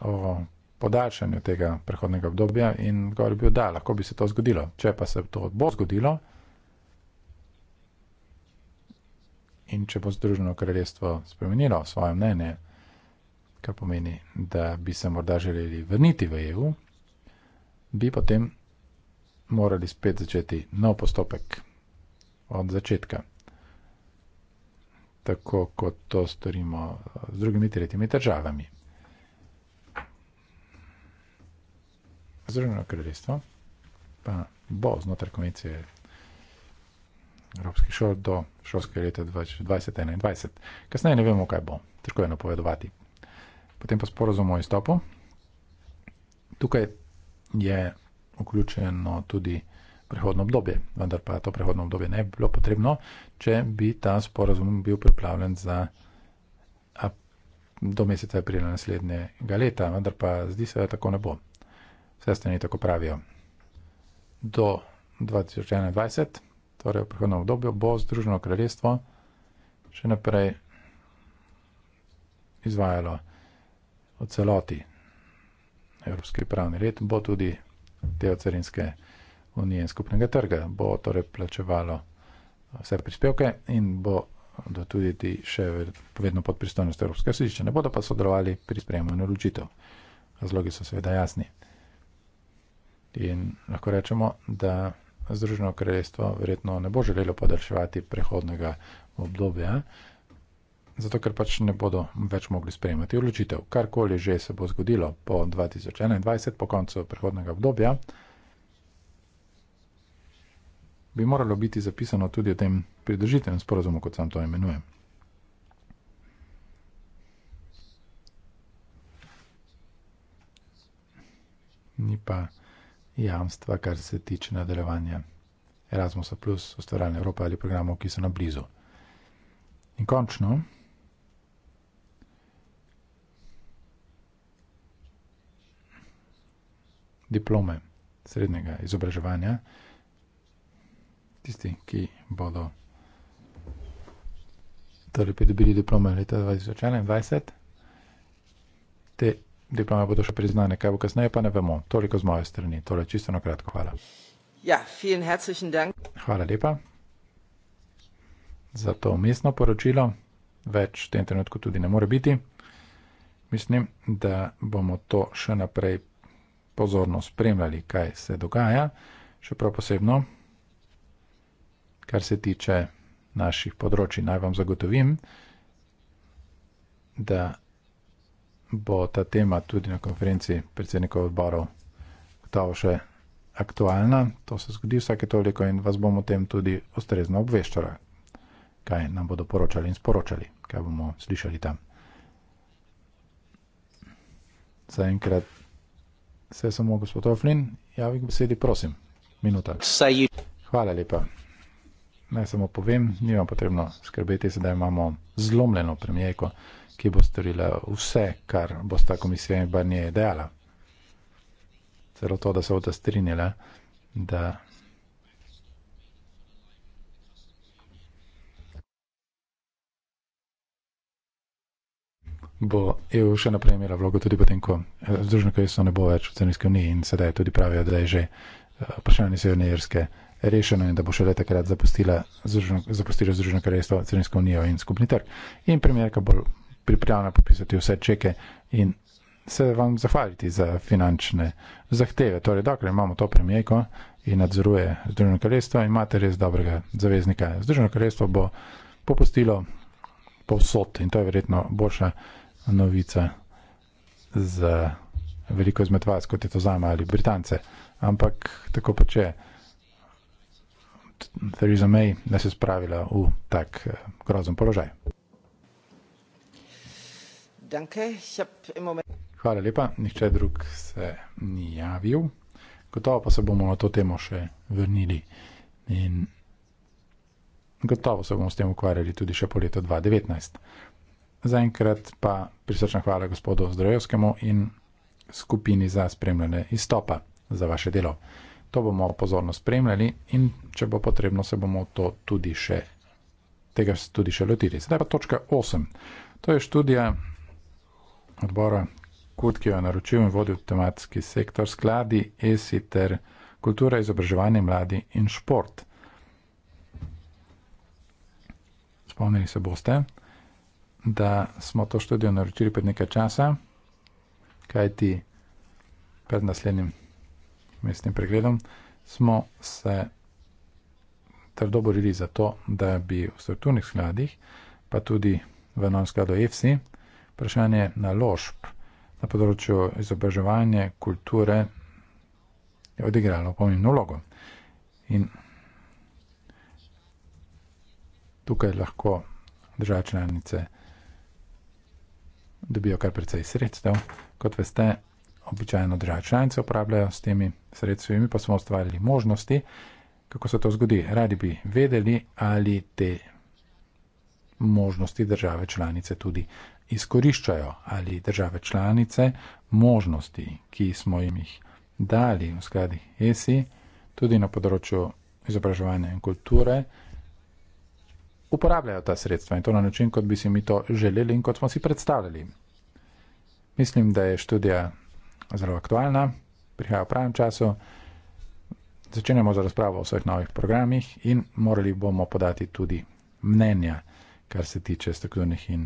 o podaljšanju tega prehodnega obdobja in govor bil, da lahko bi se to zgodilo. Če pa se to bo zgodilo in če bo Združeno kraljestvo spremenilo svoje mnenje, kar pomeni, da bi se morda želeli vrniti v EU, bi potem morali spet začeti nov postopek od začetka. Tako kot to storimo z drugimi tretjimi državami. Združeno kraljestvo pa bo znotraj konvencije Evropskih šol do šolske leta 2021. Kasneje ne vemo, kaj bo. Težko je napovedovati potem pa sporozum o izstopu. Tukaj je vključeno tudi prehodno obdobje, vendar pa to prehodno obdobje ne bi bilo potrebno, če bi ta sporozum bil pripravljen za do meseca aprila naslednjega leta, vendar pa zdi se, da tako ne bo. Vse strani tako pravijo. Do 2021, torej v prihodnem obdobju, bo Združeno kraljestvo še naprej izvajalo v celoti evropski pravni red, bo tudi del carinske unije in skupnega trga, bo torej plačevalo vse prispevke in bo da tudi ti še vedno pod pristojnost Evropske sodišče. Ne bodo pa sodelovali pri sprejemanju ločitev. Razlogi so seveda jasni. In lahko rečemo, da Združeno kraljestvo verjetno ne bo želelo podaljševati prehodnega obdobja, zato ker pač ne bodo več mogli sprejemati odločitev. Karkoli že se bo zgodilo po 2021, po koncu prehodnega obdobja, bi moralo biti zapisano tudi v tem pridržitem sporozumu, kot sam to imenuje. Ni pa jamstva, kar se tiče nadaljevanja Erasmusa, ustvarjanja Evrope ali programov, ki so na blizu. In končno. diplome srednjega izobraževanja, tisti, ki bodo torej pridobili diplome leta 2021, te diplome bodo še priznane, kaj bo kasneje, pa ne vemo. Toliko z moje strani, torej čisto na kratko, hvala. Ja, vielen herzlichen Dank. Hvala lepa za to umestno poročilo. Več v tem trenutku tudi ne more biti. Mislim, da bomo to še naprej pozorno spremljali, kaj se dogaja, še prav posebno, kar se tiče naših področji. Naj vam zagotovim, da bo ta tema tudi na konferenci predsednikov odborov gotovo še aktualna. To se zgodi vsake toliko in vas bomo o tem tudi ustrezno obveščali, kaj nam bodo poročali in sporočali, kaj bomo slišali tam. Zaenkrat Vse samo gospod Oflin, javi k besedi, prosim. Minuta. Hvala lepa. Naj samo povem, ni vam potrebno skrbeti, sedaj imamo zlomljeno premijejko, ki bo storila vse, kar bo sta komisija in barnije dejala. Celo to, da se bo ta strinjala, da bo EU še naprej imela vlogo, tudi potem, ko eh, Združeno kraljestvo ne bo več v Cenijski uniji in sedaj tudi pravijo, da je že eh, vprašanje Severne Irske rešeno in da bo šele takrat zapustila Združeno kraljestvo, Cenijsko unijo in skupni trg. In premjerka bo pripravljena popisati vse čeke in se vam zahvaliti za finančne zahteve. Torej, dokler imamo to premjerko in nadzoruje Združeno kraljestvo, imate res dobrega zaveznika. Združeno kraljestvo bo popustilo povsod in to je verjetno boljša novica za veliko izmed vas, kot je to zame ali Britance. Ampak tako pa če. Theresa May ne se spravila v tak eh, grozen položaj. Hvala lepa, nihče drug se ni javil. Gotovo pa se bomo na to temo še vrnili in gotovo se bomo s tem ukvarjali tudi še po letu 2019. Zaenkrat pa prisrčna hvala gospodu Zdrojevskemu in skupini za spremljanje izstopa za vaše delo. To bomo pozorno spremljali in če bo potrebno, se bomo to tudi še, tega tudi še lotili. Zdaj pa točka 8. To je študija odbora KUD, ki jo je naročil in vodil tematski sektor skladi ESI ter kultura, izobraževanje, mladi in šport. Spomnili se boste, da smo to študijo naročili pred nekaj časa, kaj ti pred naslednjim mestnim pregledom smo se trdo borili za to, da bi v strukturnih skladih, pa tudi v novem skladu EFSI, vprašanje naložb na področju izobraževanja, kulture je odigralo pomembno vlogo. In tukaj lahko država članice dobijo kar precej sredstev. Kot veste, običajno države članice uporabljajo s temi sredstvi, mi pa smo ustvarili možnosti, kako se to zgodi. Radi bi vedeli, ali te možnosti države članice tudi izkoriščajo, ali države članice možnosti, ki smo jim jih dali v skladi ESI, tudi na področju izobraževanja in kulture, uporabljajo ta sredstva in to na način, kot bi si mi to želeli in kot smo si predstavljali. Mislim, da je študija zelo aktualna, prihaja v pravem času, začenjamo z razpravo o vseh novih programih in morali bomo podati tudi mnenja, kar se tiče strukturnih in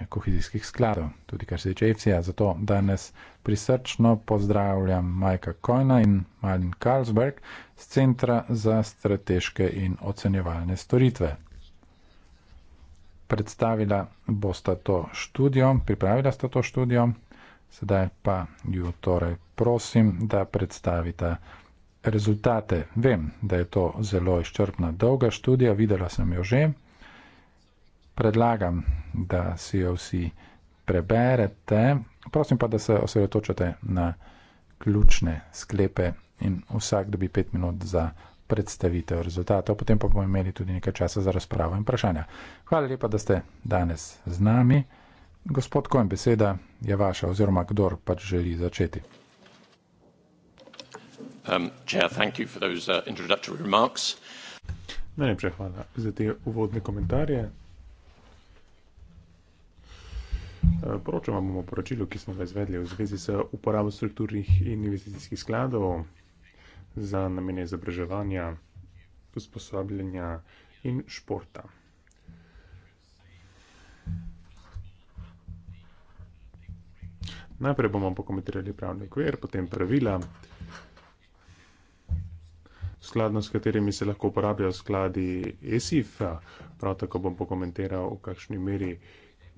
eh, kohezijskih skladov, tudi kar se tiče EFSI-ja. Zato danes prisrčno pozdravljam Majka Kojna in Malin Karlsberg z Centra za strateške in ocenjevalne storitve predstavila bosta to študijo, pripravila sta to študijo, sedaj pa ju torej prosim, da predstavite rezultate. Vem, da je to zelo izčrpna, dolga študija, videla sem jo že. Predlagam, da si jo vsi preberete, prosim pa, da se osredotočate na ključne sklepe in vsak dobi pet minut za predstavitev rezultatov, potem pa bomo imeli tudi nekaj časa za razpravo in vprašanja. Hvala lepa, da ste danes z nami. Gospod Kojn, beseda je vaša, oziroma kdor pač želi začeti. Um, uh, Najlepša hvala za te uvodne komentarje. Uh, Poročam vam o poročilu, ki smo ga izvedli v zvezi s uporabo strukturnih in investicijskih skladov za namene izobraževanja, usposabljanja in športa. Najprej bomo pokomentirali pravni okvir, potem pravila, skladno s katerimi se lahko uporabljajo skladi ESIF, prav tako bom pokomentiral, v kakšni meri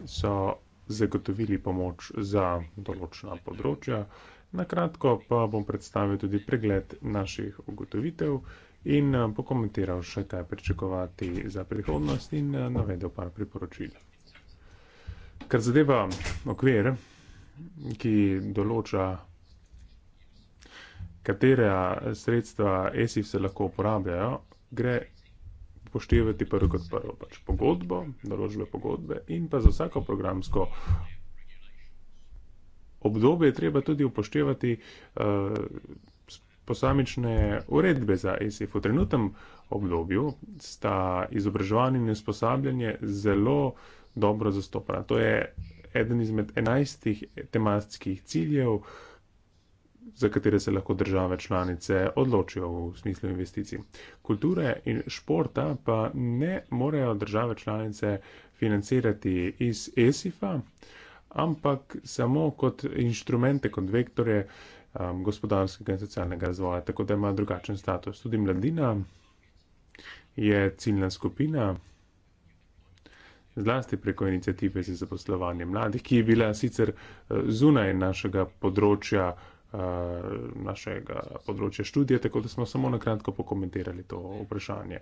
so zagotovili pomoč za določena področja. Na kratko pa bom predstavil tudi pregled naših ugotovitev in eh, pokomentiral še, kaj pričakovati za prihodnost in eh, navedel par priporočil. Kar zadeva okvir, ki določa, katere sredstva ESIF se lahko uporabljajo, gre poštevati prvo kot prvo pač pogodbo, določbe pogodbe in pa za vsako programsko obdobje je treba tudi upoštevati uh, posamične uredbe za ESIF. V trenutnem obdobju sta izobraževanje in usposabljanje zelo dobro zastopana. To je eden izmed enajstih tematskih ciljev, za katere se lahko države članice odločijo v smislu investicij. Kulture in športa pa ne morejo države članice financirati iz ESIF-a. Uh, ampak samo kot inštrumente, kot vektore um, gospodarskega in socialnega razvoja, tako da ima drugačen status. Tudi mladina je ciljna skupina, zlasti preko inicijative za zaposlovanje mladih, ki je bila sicer eh, zunaj našega področja, uh, našega področja študija, tako da smo samo na kratko pokomentirali to vprašanje.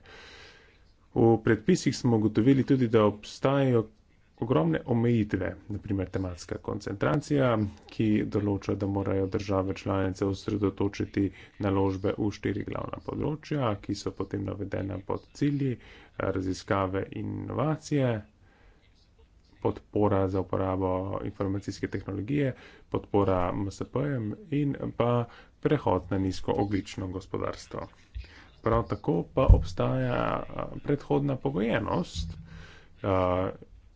V predpisih smo ugotovili tudi, da obstajajo ogromne omejitve, naprimer tematska koncentracija, ki določa, da morajo države članice osredotočiti naložbe v štiri glavna področja, ki so potem navedena pod cilji raziskave in inovacije, podpora za uporabo informacijske tehnologije, podpora MSP-jem in pa prehod na nizkooglično gospodarstvo. Prav tako pa obstaja predhodna pogojenost,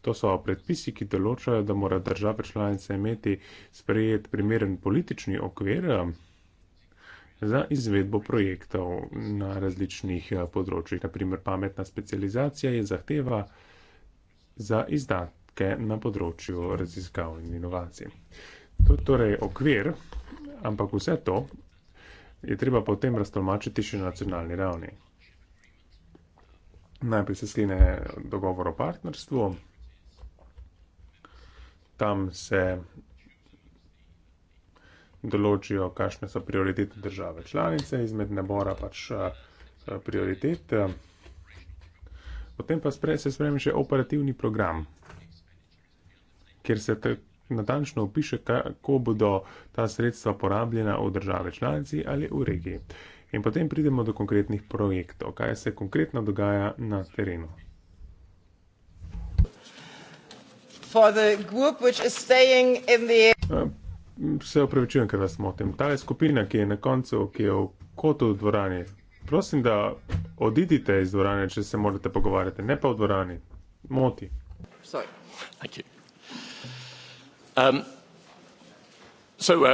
To so predpisi, ki določajo, da mora države članice imeti sprejet primeren politični okvir um, za izvedbo projektov na različnih uh, področjih. Naprimer, pametna specializacija je zahteva za izdatke na področju raziskav in inovacij. To je torej okvir, ampak vse to je treba potem raztolmačiti še na nacionalni ravni. Najprej se sklene dogovor o partnerstvu tam se določijo, kakšne so prioritete države članice, izmed nabora pač eh, prioritet. Potem pa se sprejme še operativni program, kjer se natančno opiše, kako bodo ta sredstva porabljena v države članici ali v regiji. In potem pridemo do konkretnih projektov, kaj se konkretno dogaja na terenu. Eh, se opravičujem, ker vas motim. Ta skupina, ki je na koncu, ki je v kotu dvorane, prosim, da odidite iz dvorane, če se morate pogovarjati, ne pa v dvorani. Moti. Um, so, uh,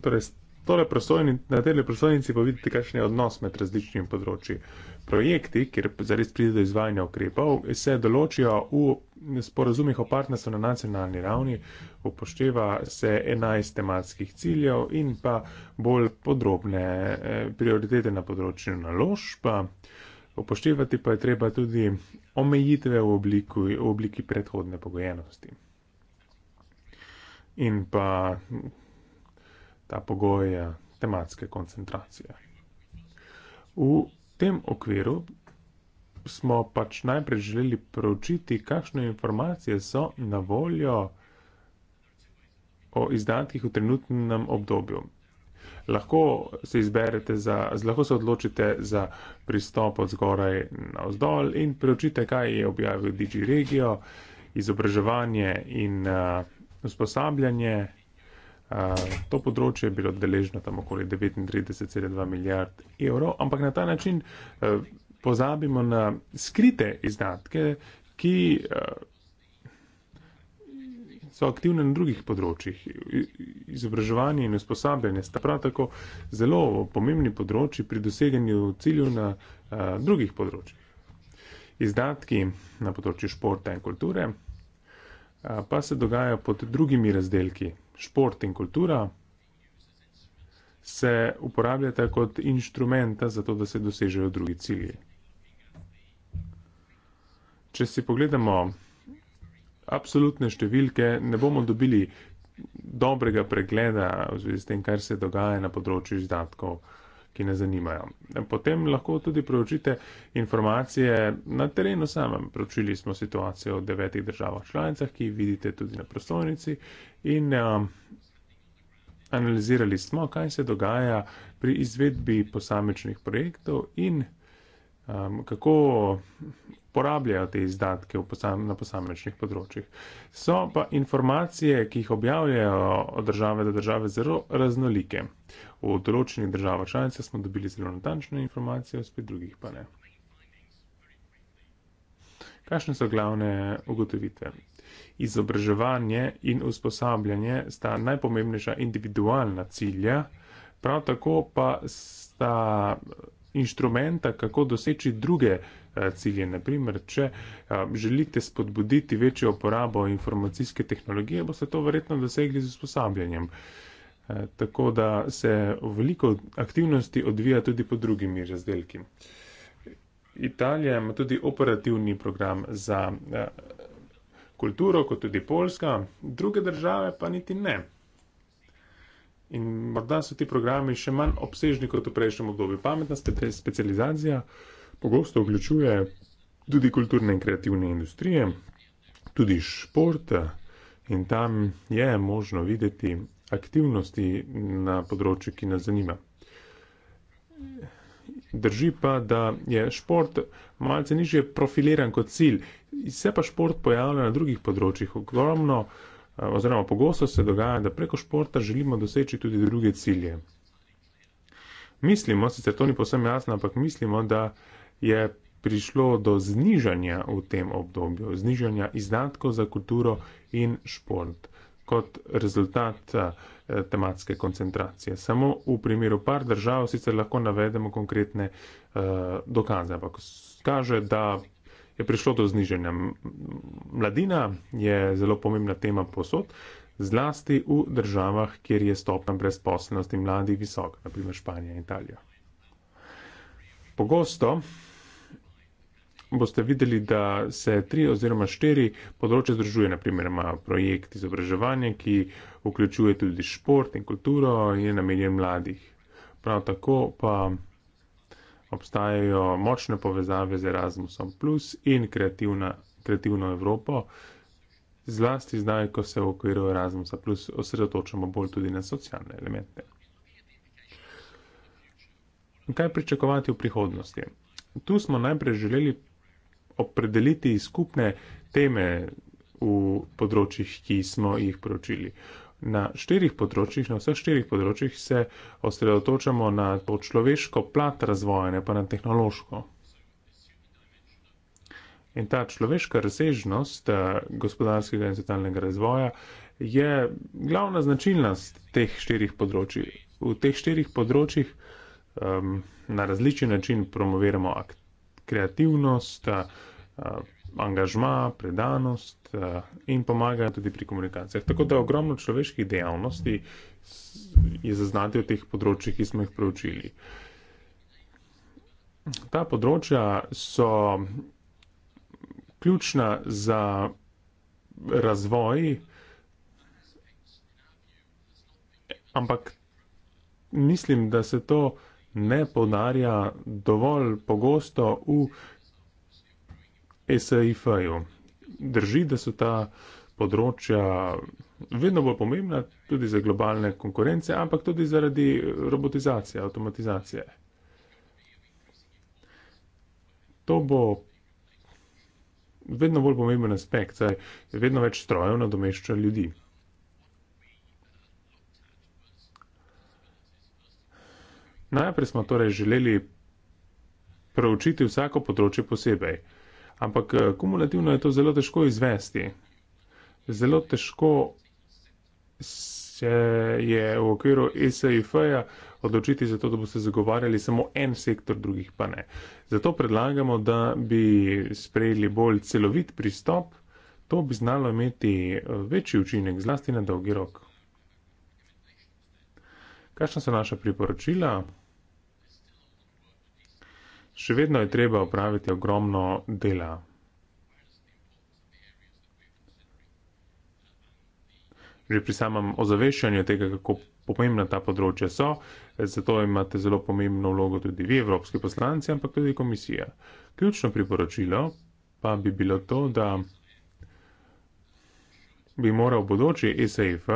torej, tole prosojni, na tej prosojnici pa vidite, kakšen je odnos med različnimi področji. Uh, projekti, kjer zares pride do izvajanja ukrepov, se določijo v sporazumih o partnerstvu na nacionalni ravni, upošteva se 11 tematskih ciljev in pa bolj podrobne eh, prioritete na področju naložb. Upoštevati pa je treba tudi omejitve v, obliku, v obliki predhodne pogojenosti. In pa ta pogoj tematske koncentracije. V tem okviru smo pač najprej želeli preučiti, kakšne informacije so na voljo o izdatkih v trenutnem obdobju. Lahko se izberete za, lahko se odločite za pristop od zgoraj na vzdolj in preučite, kaj je objavil Digi Regio, izobraževanje in uh, usposabljanje to področje bilo deležno tam okoli 39,2 milijard evrov, ampak na ta način e, pozabimo na skrite izdatke, ki e, so aktivne na drugih področjih. Izobraževanje in usposabljanje sta prav tako zelo pomembni področji pri doseganju ciljev na e, drugih področjih. Izdatki na področju športa in kulture pa se dogaja pod drugimi razdelki, šport in kultura, se uporabljata kot inštrumenta za to, da se dosežejo drugi cilji. Če si pogledamo absolutne številke, ne bomo dobili dobrega pregleda v zvezi s tem, kar se dogaja na področju izdatkov uh, ki ne zanimajo. Potem lahko tudi preučite informacije na terenu samem. Preučili smo situacijo v devetih državah članicah, ki jih vidite tudi na prostornici in um, analizirali smo, kaj se dogaja pri izvedbi posamečnih projektov in um, kako porabljajo te izdatke posam, na posamečnih področjih. So pa informacije, ki jih objavljajo od države do države, zelo raznolike. V določenih državah članice smo dobili zelo natančne informacije, v spet drugih pa ne. Kakšne so glavne ugotovitve? Izobraževanje in usposabljanje sta najpomembnejša individualna cilja, prav tako pa sta inštrumenta, kako doseči druge eh, cilje. Naprimer, če eh, želite spodbuditi večjo uporabo informacijske tehnologije, boste to verjetno dosegli z usposabljanjem. Eh, tako da se veliko aktivnosti odvija tudi pod drugimi razdelki. Italija ima tudi operativni program za kulturo, kot tudi Poljska, druge države pa niti ne. In morda so ti programi še manj obsežni kot v prejšnjem obdobju. Pametna specializacija pogosto vključuje tudi kulturne in kreativne industrije, tudi šport, in tam je možno videti aktivnosti na področju, ki nas zanima. Drži pa, da je šport malce nižje profiliran kot cilj, se pa šport pojavlja na drugih področjih ogromno. Eh, oziroma pogosto se dogaja, da preko športa želimo doseči tudi druge cilje. Mislimo, sicer to ni povsem jasno, ampak mislimo, da je prišlo do znižanja v tem obdobju, znižanja izdatkov za kulturo in šport kot rezultat eh, tematske koncentracije. Samo v primeru par držav sicer lahko navedemo konkretne uh, dokaze, ampak kaže, da je prišlo do znižanja. Mladina je zelo pomembna tema posod, zlasti v državah, kjer je stopna brezposelnosti mladih visoka, naprimer Španija in Italija. Pogosto boste videli, da se tri oziroma štiri področje združuje, naprimer ima projekt izobraževanja, ki vključuje tudi šport in kulturo in je namenjen mladih. Prav tako pa obstajajo močne povezave z Erasmusom Plus in kreativno Evropo, zlasti zdaj, ko se v okviru Erasmusa Plus osredotočamo bolj tudi na socialne elemente. Kaj pričakovati v prihodnosti? Tu smo najprej želeli opredeliti skupne teme v področjih, ki smo jih pročili. Uh, na štirih področjih, na vseh štirih področjih se osredotočamo na to človeško plat razvoja, ne pa na tehnološko. In ta človeška razsežnost eh, gospodarskega in socialnega razvoja je glavna značilnost teh štirih področjih. V teh štirih področjih um, na različen način promoviramo kreativnost, uh, angažma, predanost eh, in pomagajo tudi pri komunikacijah. Tako da ogromno človeških dejavnosti je zaznati v teh področjih, ki smo jih preučili. Ta področja so ključna za razvoj, ampak mislim, da se to ne podarja dovolj pogosto v SAIF-ju. Drži, da so ta področja vedno bolj pomembna, tudi za globalne konkurence, ampak tudi zaradi robotizacije, avtomatizacije. To bo vedno bolj pomemben aspekt, saj vedno več strojev nadomešča ljudi. Najprej smo torej želeli proučiti vsako področje posebej. Ampak eh, kumulativno je to zelo težko izvesti. Zelo težko se je v okviru SAIF-ja odločiti za to, da boste zagovarjali samo en sektor, drugih pa ne. Zato predlagamo, da bi sprejeli bolj celovit pristop. To bi znalo imeti eh, večji učinek, zlasti na dolgi rok. Kakšna so naša priporočila? še vedno je treba opraviti ogromno dela. Že pri samem ozaveščanju tega, kako pomembna ta področja so, zato imate zelo pomembno vlogo tudi vi, evropski poslanci, ampak tudi komisija. Ključno priporočilo pa bi bilo to, da bi moral bodoči ESAF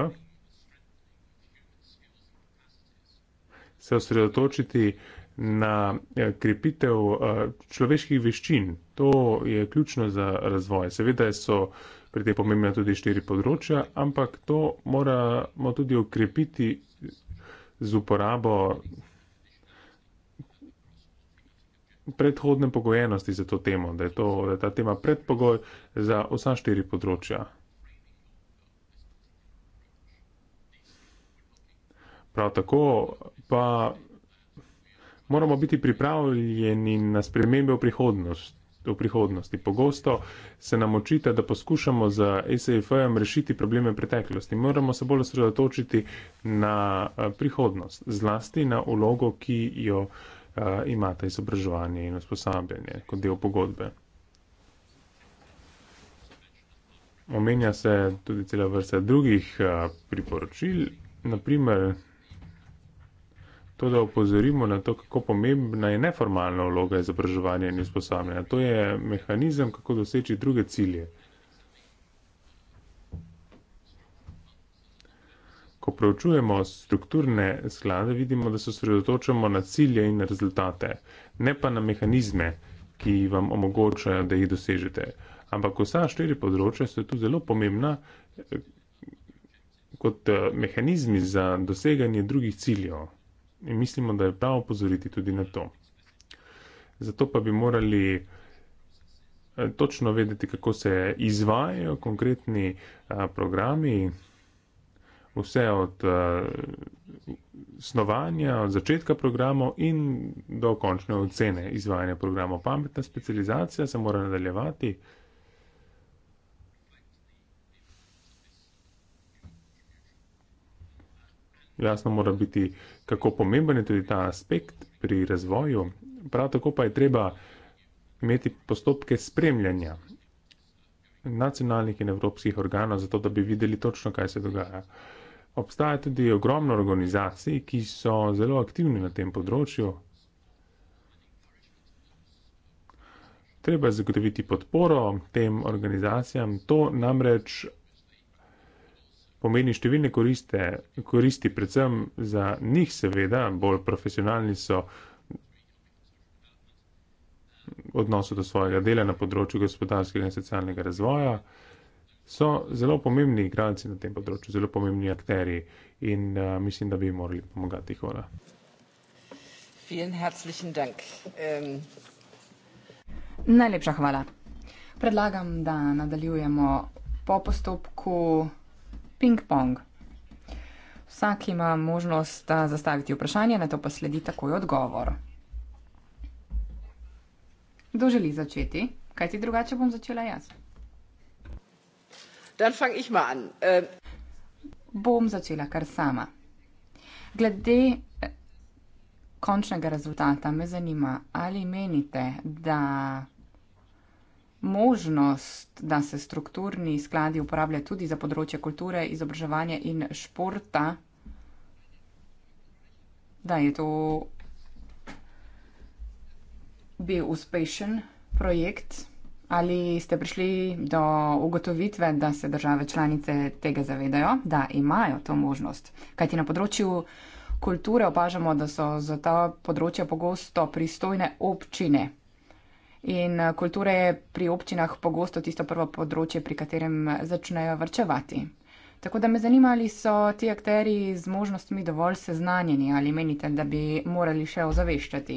se osredotočiti na na eh, krepitev eh, človeških veščin. To je ključno za razvoj. Seveda so pri tem pomembna tudi štiri področja, ampak to moramo tudi okrepiti z uporabo predhodne pogojenosti za to temo, da je, to, da je ta tema predpogoj za vsa štiri področja. Prav tako pa moramo biti pripravljeni na spremembe v, prihodnost, v prihodnosti. Pogosto se nam očita, da poskušamo z SAF-em e rešiti probleme preteklosti. Moramo se bolj osredotočiti na eh, prihodnost, zlasti na ulogo, ki jo uh, eh, imate izobraževanje in usposabljanje kot del pogodbe. Omenja se tudi cela vrsta drugih uh, priporočil, naprimer to, da opozorimo na to, kako pomembna je neformalna vloga izobraževanja in usposabljanja. To je mehanizem, kako doseči druge cilje. Ko preučujemo strukturne sklade, vidimo, da se osredotočamo na cilje in rezultate, ne pa na mehanizme, ki vam omogočajo, da jih dosežete. Ampak vsa štiri področja so tu zelo pomembna eh, kot eh, mehanizmi za doseganje drugih ciljev in mislimo, da je prav opozoriti tudi na to. Zato pa bi morali eh, točno vedeti, kako se izvajajo konkretni eh, programi, vse od eh, snovanja, od začetka programov in do končne ocene izvajanja programov. Pametna specializacija se mora nadaljevati. Jasno mora biti, kako pomemben je tudi ta aspekt pri razvoju, prav tako pa je treba imeti postopke spremljanja nacionalnih in evropskih organov, zato da bi videli točno, kaj se dogaja. Obstaja tudi ogromno organizacij, ki so zelo aktivni na tem področju. Treba zagotoviti podporo tem organizacijam, to namreč pomeni številne koriste, koristi, predvsem za njih, seveda, bolj profesionalni so odnosu do svojega dela na področju gospodarskega in socialnega razvoja, so zelo pomembni igralci na tem področju, zelo pomembni akteri in uh, mislim, da bi jim morali pomagati. Hvala. Ähm, Najlepša hvala. Predlagam, da nadaljujemo po postopku ping-pong. Vsak ima možnost zastaviti vprašanje, na to pa sledi takoj odgovor. Kdo želi začeti? Kaj ti drugače bom začela jaz? Ähm, bom začela kar sama. Glede eh, končnega rezultata me zanima, ali menite, da možnost, da se strukturni skladi uporabljajo tudi za področje kulture, izobraževanja in športa, da je to bil uspešen projekt? Ali ste prišli do ugotovitve, da se države članice tega zavedajo, da imajo to možnost? Kajti na področju kulture opažamo, da so za ta področja pogosto pristojne občine. In eh, kultura je pri občinah pogosto tisto prvo področje, pri katerem začnejo vrčevati. Tako da me zanima, ali so ti akteri z možnostmi dovolj seznanjeni, ali menite, da bi morali še ozaveščati,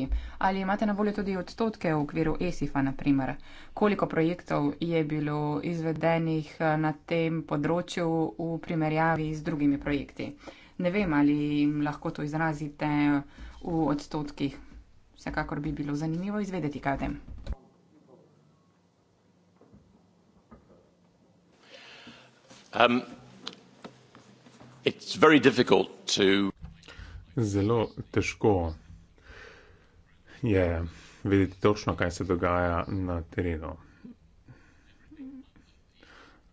ali imate na voljo tudi odstotke v okviru ESIF-a, naprimer. Koliko projektov je bilo izvedenih eh, na tem področju v primerjavi z drugimi projekti? Ne vem, ali lahko to izrazite v odstotkih. Vsekakor bi bilo zanimivo izvedeti, kaj o tem. Um, Zelo težko je vedeti točno, kaj se dogaja na terenu.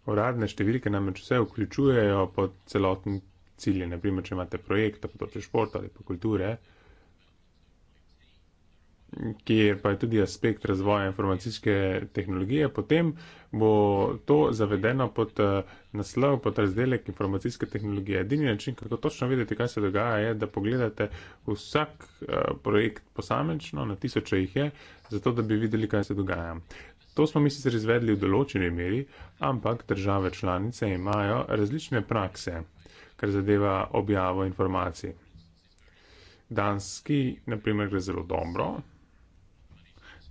Uradne številke namreč vse vključujejo pod celotni cilje. Naprimer, če imate projekt na področju športa ali pa kulture, kjer pa je tudi aspekt razvoja informacijske tehnologije, potem bo to zavedeno pod eh, naslov, pod razdelek informacijske tehnologije. Edini način, kako točno vedeti, kaj se dogaja, je, da pogledate vsak eh, projekt posamečno, na tisoče jih je, zato da bi videli, kaj se dogaja. To smo mi sicer izvedli v določeni meri, ampak države članice imajo različne prakse, kar zadeva objavo informacij. Danski, naprimer, gre zelo dobro,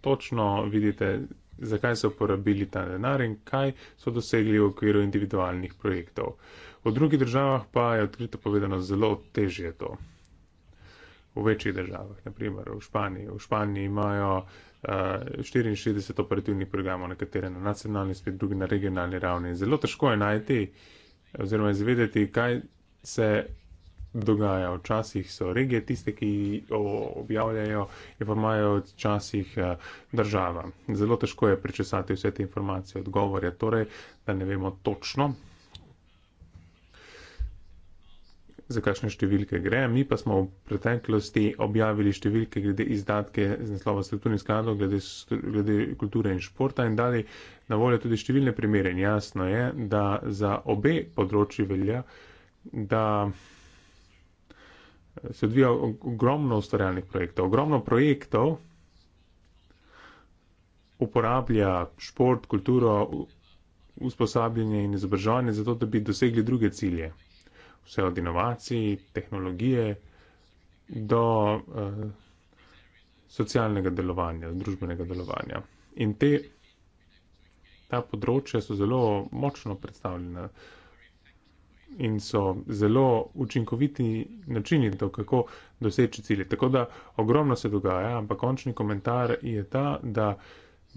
točno vidite, zakaj so porabili ta denar in kaj so dosegli v okviru individualnih projektov. V drugih državah pa je odkrito povedano zelo težje to. V večjih državah, naprimer v Španiji. V Španiji imajo uh, eh, 64 operativnih programov, nekatere na nacionalni, spet drugi na regionalni ravni. Zelo težko je najti oziroma izvedeti, kaj se dogaja. Včasih so regije tiste, ki objavljajo, je pa imajo včasih eh, država. Zelo težko je prečesati vse te informacije, odgovore, torej, da ne vemo točno, za kakšne številke gre. Mi pa smo v preteklosti objavili številke glede izdatke z naslova strukturnih skladov, glede, glede kulture in športa in dali na voljo tudi številne primere. In jasno je, da za obe področji velja, da se odvija ogromno ustvarjalnih projektov. Ogromno projektov uporablja šport, kulturo, usposabljanje in izobraževanje, zato da bi dosegli druge cilje. Vse od inovacij, tehnologije do uh, socialnega delovanja, družbenega delovanja. In te, ta področja so zelo močno predstavljena uh, in so zelo učinkoviti načini, to, kako doseči cilje. Tako da ogromno se dogaja, ampak končni komentar je ta, da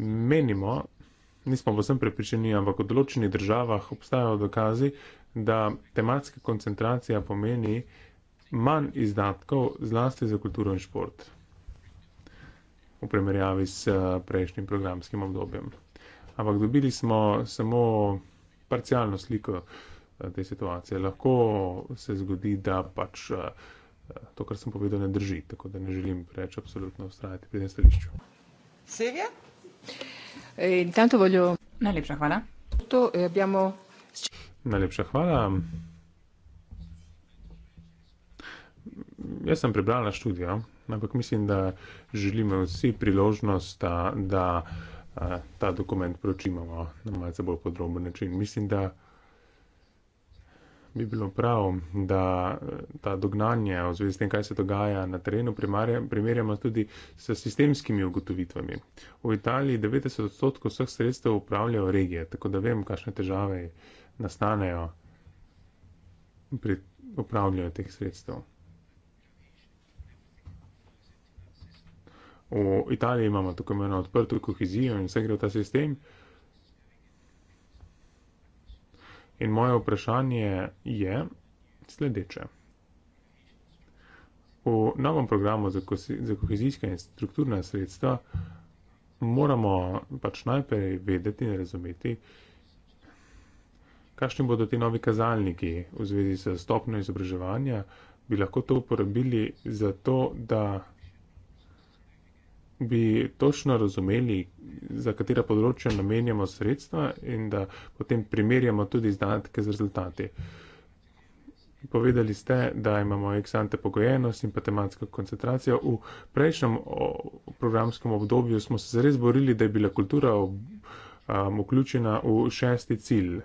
menimo, nismo vsem prepričani, ampak v določenih državah obstajajo dokazi, da tematska koncentracija pomeni manj izdatkov, zlasti za kulturo in šport, v primerjavi s eh, prejšnjim programskim obdobjem. Ampak dobili smo samo parcialno sliko. Uh, Eh, te situacije. Lahko se zgodi, da pač eh, to, kar sem povedal, ne drži, tako da ne želim preveč absolutno ustrajati pri tem stališču. Sevija? E, In tanto voljo. Najlepša hvala. To eh, abbiamo... Najlepša hvala. Jaz sem prebrala študijo, ampak mislim, da želimo vsi priložnost, da ta dokument pročimamo na malce bolj podroben način. Mislim, da bi bilo prav, da eh, ta dognanje v zvezi s tem, kaj se dogaja na terenu, primerjamo tudi s sistemskimi ugotovitvami. V Italiji 90 odstotkov vseh sredstev upravljajo regije, tako da vem, kakšne težave nastanejo pri upravljanju teh sredstev. V Italiji imamo tako imeno odprto kohezijo in vse gre v ta sistem. Uh, In moje vprašanje je sledeče. V novem programu za kohezijske in strukturna sredstva moramo pač najprej vedeti in razumeti, kakšni bodo ti novi kazalniki v zvezi s stopno izobraževanja, bi lahko to uporabili za to, da bi točno razumeli, za katera področja namenjamo sredstva in da potem primerjamo tudi izdatke z rezultati. Povedali ste, da imamo eksante pogojenost in pa tematsko koncentracijo. V prejšnjem programskem obdobju smo se zares borili, da je bila kultura ob, um, vključena v šesti cilj.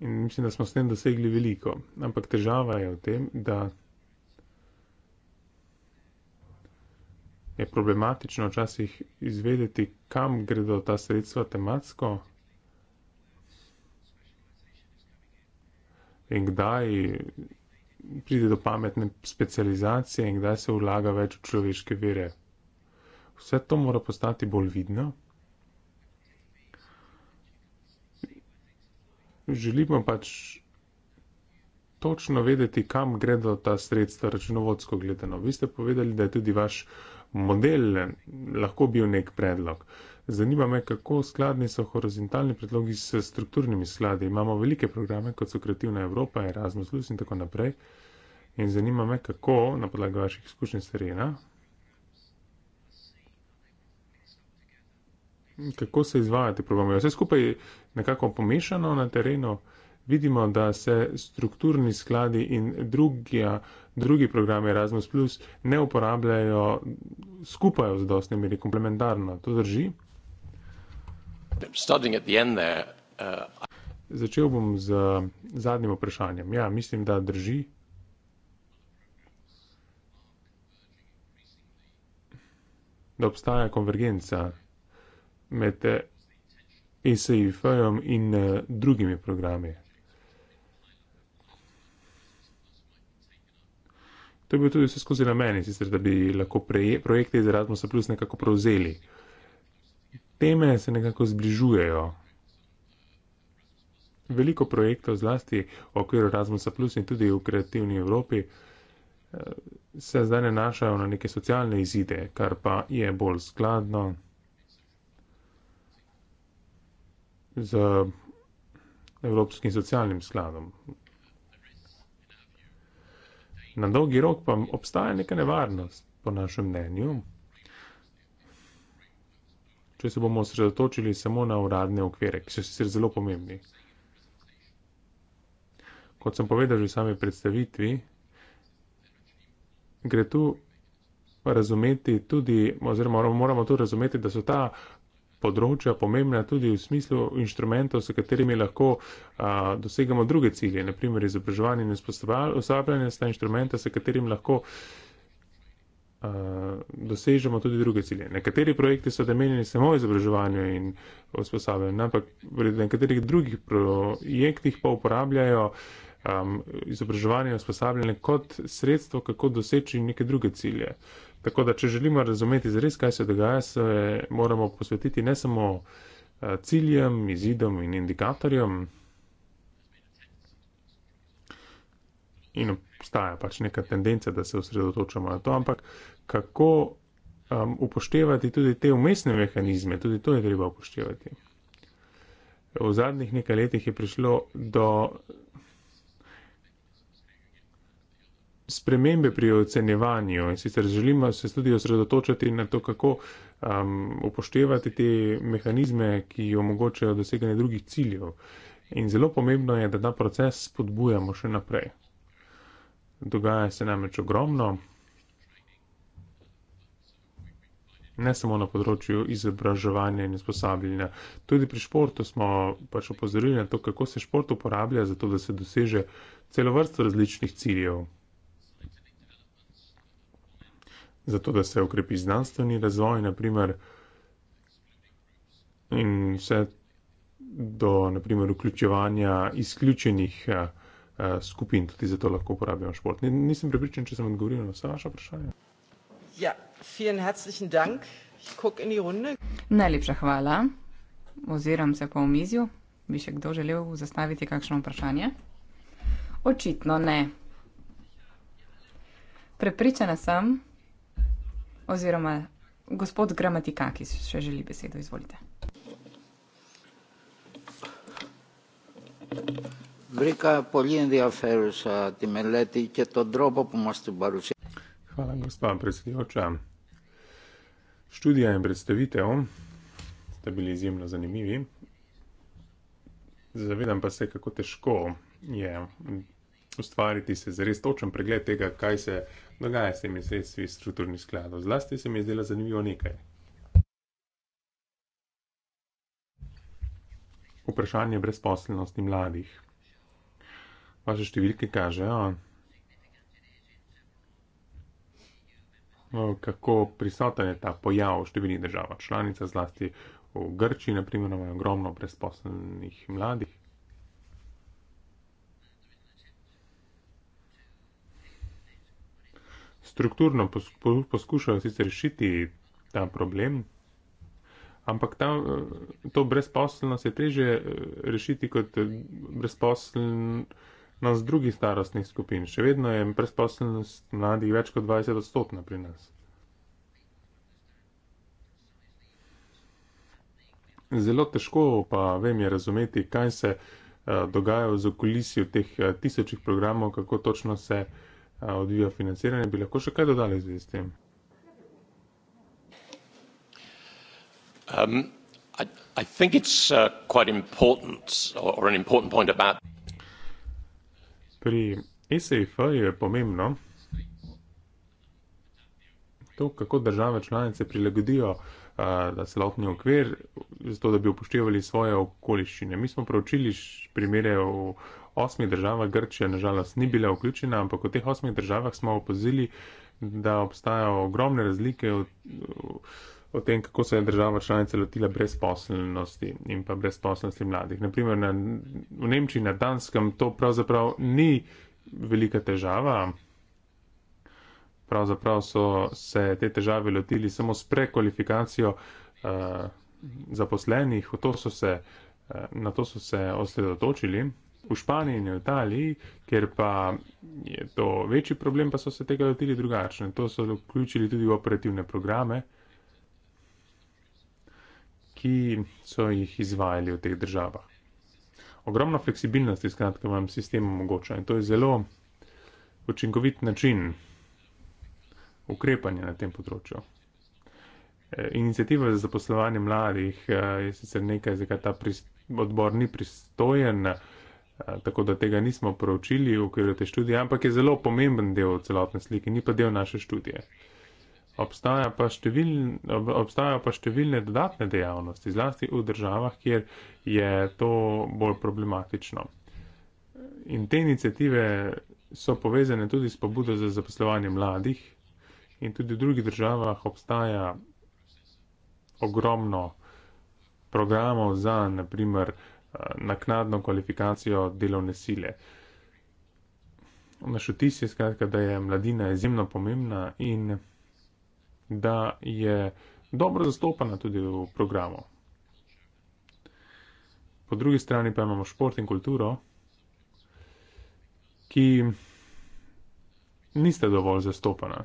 In mislim, da smo s tem dosegli veliko. Ampak težava je v tem, da je problematično včasih izvedeti, kam gredo ta sredstva tematsko in kdaj pride do pametne specializacije in kdaj se vlaga več v človeške vire. Vse to mora postati bolj vidno. Želimo pač točno vedeti, kam gredo ta sredstva računovodsko gledano. Vi ste povedali, da je tudi vaš uh, model, lahko bil nek predlog. Zanima me, kako skladni so horizontalni predlogi s strukturnimi skladi. Imamo velike programe, kot so Kreativna Evropa, Erasmus Plus in tako naprej. In zanima me, kako na podlagi vaših izkušenj s terena, kako se izvajate programe. Vse skupaj nekako pomešano na terenu vidimo, da se strukturni skladi in drugja, drugi programi Erasmus Plus ne uporabljajo skupaj v zadostni meri komplementarno. To drži? Uh, Začel bom z zadnjim vprašanjem. Ja, mislim, da drži. Da obstaja konvergenca med ESIF-om in uh, drugimi programi. To je bil tudi vse skozi namen, sicer da bi lahko projekte iz Erasmusa Plus nekako prevzeli. Teme se nekako zbližujejo. Veliko projektov, zlasti v okviru Erasmusa Plus in tudi v kreativni Evropi, eh, se zdaj ne našajo na neke socialne izide, kar pa je bolj skladno z Evropskim socialnim skladom, Na dolgi rok pa obstaja neka nevarnost, po našem mnenju. Če se bomo osredotočili samo na uradne okvire, ki so sicer zelo pomembni. Kot sem povedal že v sami predstavitvi, gre tu razumeti tudi, oziroma moramo tu razumeti, da so ta področja pomembna tudi v smislu inštrumentov, s katerimi lahko a, dosegamo druge cilje, naprimer izobraževanje in usabljanje sta inštrumenta, s katerim lahko a, dosežemo tudi druge cilje. Nekateri projekti so namenjeni samo izobraževanju in usposabljanju, ampak pri nekaterih drugih projektih pa uporabljajo a, izobraževanje in usposabljanje kot sredstvo, kako doseči neke druge cilje. A, Tako da, če želimo razumeti zares, kaj se dogaja, se moramo posvetiti ne samo eh, ciljem, izidom in indikatorjem. In obstaja pač neka tendenca, da se osredotočamo na to, ampak kako um, upoštevati tudi te umestne mehanizme, tudi to je treba upoštevati. V zadnjih nekaj letih je prišlo do spremembe pri ocenjevanju in sicer želimo se tudi osredotočiti na to, kako um, upoštevati te mehanizme, ki omogočajo doseganje drugih ciljev. In zelo pomembno je, da ta proces spodbujamo še naprej. Dogaja se namreč ogromno, ne samo na področju izobraževanja in usposabljanja. Tudi pri športu smo pač opozorili na to, kako se šport uporablja za to, da se doseže celo vrsto različnih ciljev. zato da se ukrepi znanstveni razvoj, naprimer, in vse do naprimer, vključevanja izključenih uh, skupin, tudi zato lahko uporabljamo šport. Ni, nisem pripričan, če sem odgovoril na vsa vaša vprašanja. Ja, vielen herzlichen Dank. Kuk in die Runde. Najlepša hvala. Oziram se po omizju. Bi še kdo želel zastaviti kakšno vprašanje? Očitno ne. Prepričana sem, oziroma gospod Gramatikakis, če želi besedo, izvolite. Hvala, gospod predsedujoča. Študija in predstavitev sta bili izjemno zanimivi. Zavedam pa se, kako težko je ustvariti se zres točen pregled tega, kaj se dogaja s temi sredstvi iz strukturnih skladov. Zlasti se mi je zdela zanimivo nekaj. Vprašanje brezposelnosti mladih. Vaše številke kažejo, kako prisoten je ta pojav v številnih državah članica, zlasti v Grčiji, naprimer, imajo ogromno brezposelnih mladih. strukturno poskušajo sicer rešiti ta problem, ampak ta, eh, to brezposelnost je teže eh, rešiti kot eh, brezposelnost drugih starostnih skupin. Še vedno je brezposelnost mladih več kot 20 odstotna pri nas. Zelo težko pa vem je razumeti, kaj se uh, dogaja v zakulisju teh uh, tisočih programov, kako točno se uh, odvija financiranje. Bi lahko še kaj dodali z tem? Um, I, I think it's uh, quite important or, or an important point about. Pri ESF je pomembno to, kako države članice prilagodijo uh, celotni okvir, zato da bi upoštevali svoje okoliščine. Mi smo preučili primere v, osmih državah Grčija nažalost ni bila vključena, ampak v teh osmih državah smo opozili, da obstajajo ogromne razlike v, v, v tem, kako se je država članica lotila brezposelnosti in pa brezposelnosti mladih. Naprimer, na, v Nemčiji, na Danskem to pravzaprav ni velika težava. Pravzaprav so se te težave lotili samo s prekvalifikacijo uh, zaposlenih, to se, uh, na to so se osredotočili, v Španiji in v Italiji, ker pa je to večji problem, pa so se tega lotili drugačne. To so vključili tudi v operativne programe, ki so jih izvajali v teh državah. Ogromna fleksibilnost, skratka, vam sistem omogoča in to je zelo učinkovit način ukrepanja na tem področju. E, Inicijativa za zaposlovanje mladih e, je sicer nekaj, za kar ta odbor ni pristojen, Eh, tako da tega nismo proučili v okviru te študije, ampak je zelo pomemben del celotne slike, ni pa del naše študije. Obstaja pa, številne, obstajajo pa številne dodatne dejavnosti, zlasti v državah, kjer je to bolj problematično. In te inicijative so povezane tudi s pobudo za zaposlovanje mladih in tudi v drugih državah obstaja ogromno programov za, naprimer, uh, naknadno kvalifikacijo delovne sile. Naš vtis je skratka, da je mladina izjemno pomembna in da je dobro zastopana tudi v programu. Po drugi strani pa imamo šport in kulturo, ki nista dovolj zastopana.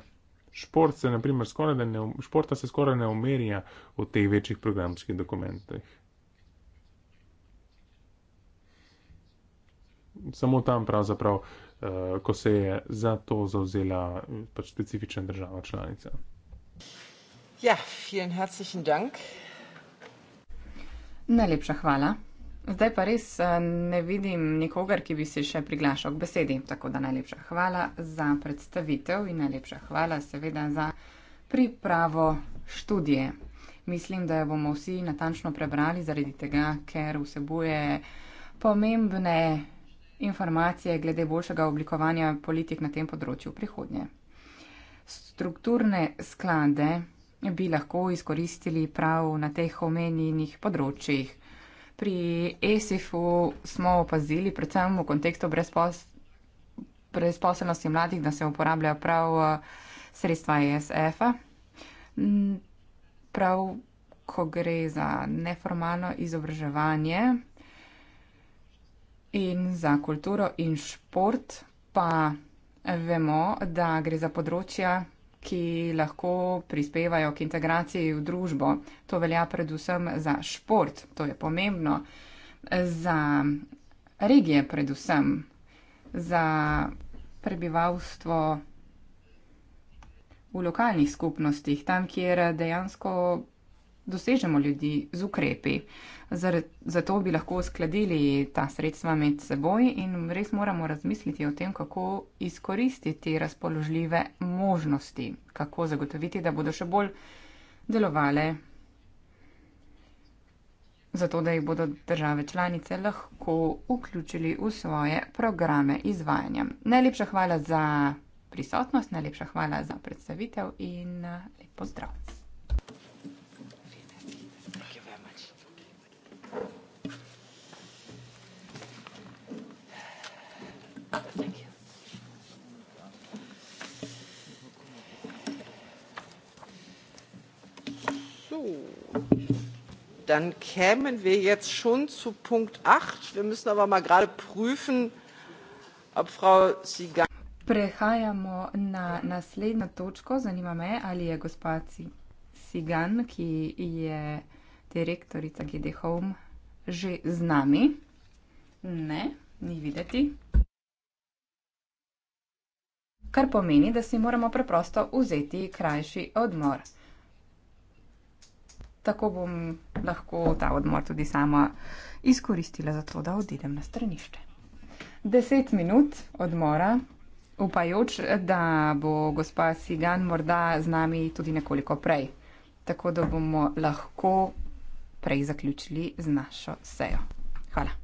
Šport se, naprimer, skoraj ne, se skoraj ne umerja v teh večjih programskih dokumentih. samo tam, pravzaprav, eh, ko se je za to zauzela eh, pač specifična država članica. Ja, vielen herzlichen Dank. Najlepša hvala. Zdaj pa res eh, ne vidim nikogar, ki bi se še priglašal k besedi. Tako da najlepša hvala za predstavitev in najlepša hvala seveda za pripravo študije. Mislim, da jo bomo vsi natančno prebrali zaradi tega, ker vsebuje pomembne informacije glede boljšega oblikovanja politik na tem področju v prihodnje. Strukturne sklade bi lahko izkoristili prav na teh omenjenih področjih. Pri ESIF-u smo opazili, predvsem v kontekstu brezpos brezposelnosti mladih, da se uporabljajo prav sredstva ESF-a. Prav, ko gre za neformalno izobraževanje, In za kulturo in šport pa vemo, da gre za področja, ki lahko prispevajo k integraciji v družbo. To velja predvsem za šport, to je pomembno, za regije predvsem, za prebivalstvo v lokalnih skupnostih, tam, kjer dejansko dosežemo ljudi z ukrepi. Zar, zato bi lahko uskladili ta sredstva med seboj in res moramo razmisliti o tem, kako izkoristiti razpoložljive možnosti, kako zagotoviti, da bodo še bolj delovale, zato da jih bodo države članice lahko vključili v svoje programe izvajanja. Najlepša hvala za prisotnost, najlepša hvala za predstavitev in eh, lepo zdrav. Thank you. So, dann kämen wir jetzt schon zu Punkt 8. Wir müssen aber mal gerade prüfen, ob Frau Sigan. Prehajamo na naslednjo točko. Zanima me, ali je gospa Cigan, ki je direktorica GD Home, že z nami. Ne, ni videti kar pomeni, da si moramo preprosto vzeti krajši odmor. Tako bom lahko ta odmor tudi sama izkoristila, zato da odidem na stranišče. Deset minut odmora, upajoč, da bo gospa Sigan morda z nami tudi nekoliko prej, tako da bomo lahko prej zaključili z našo sejo. Hvala.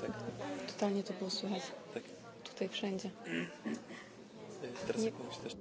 Tak. Totalnie to było słychać. Tak. Tutaj wszędzie. Teraz Nie. jak mówisz też...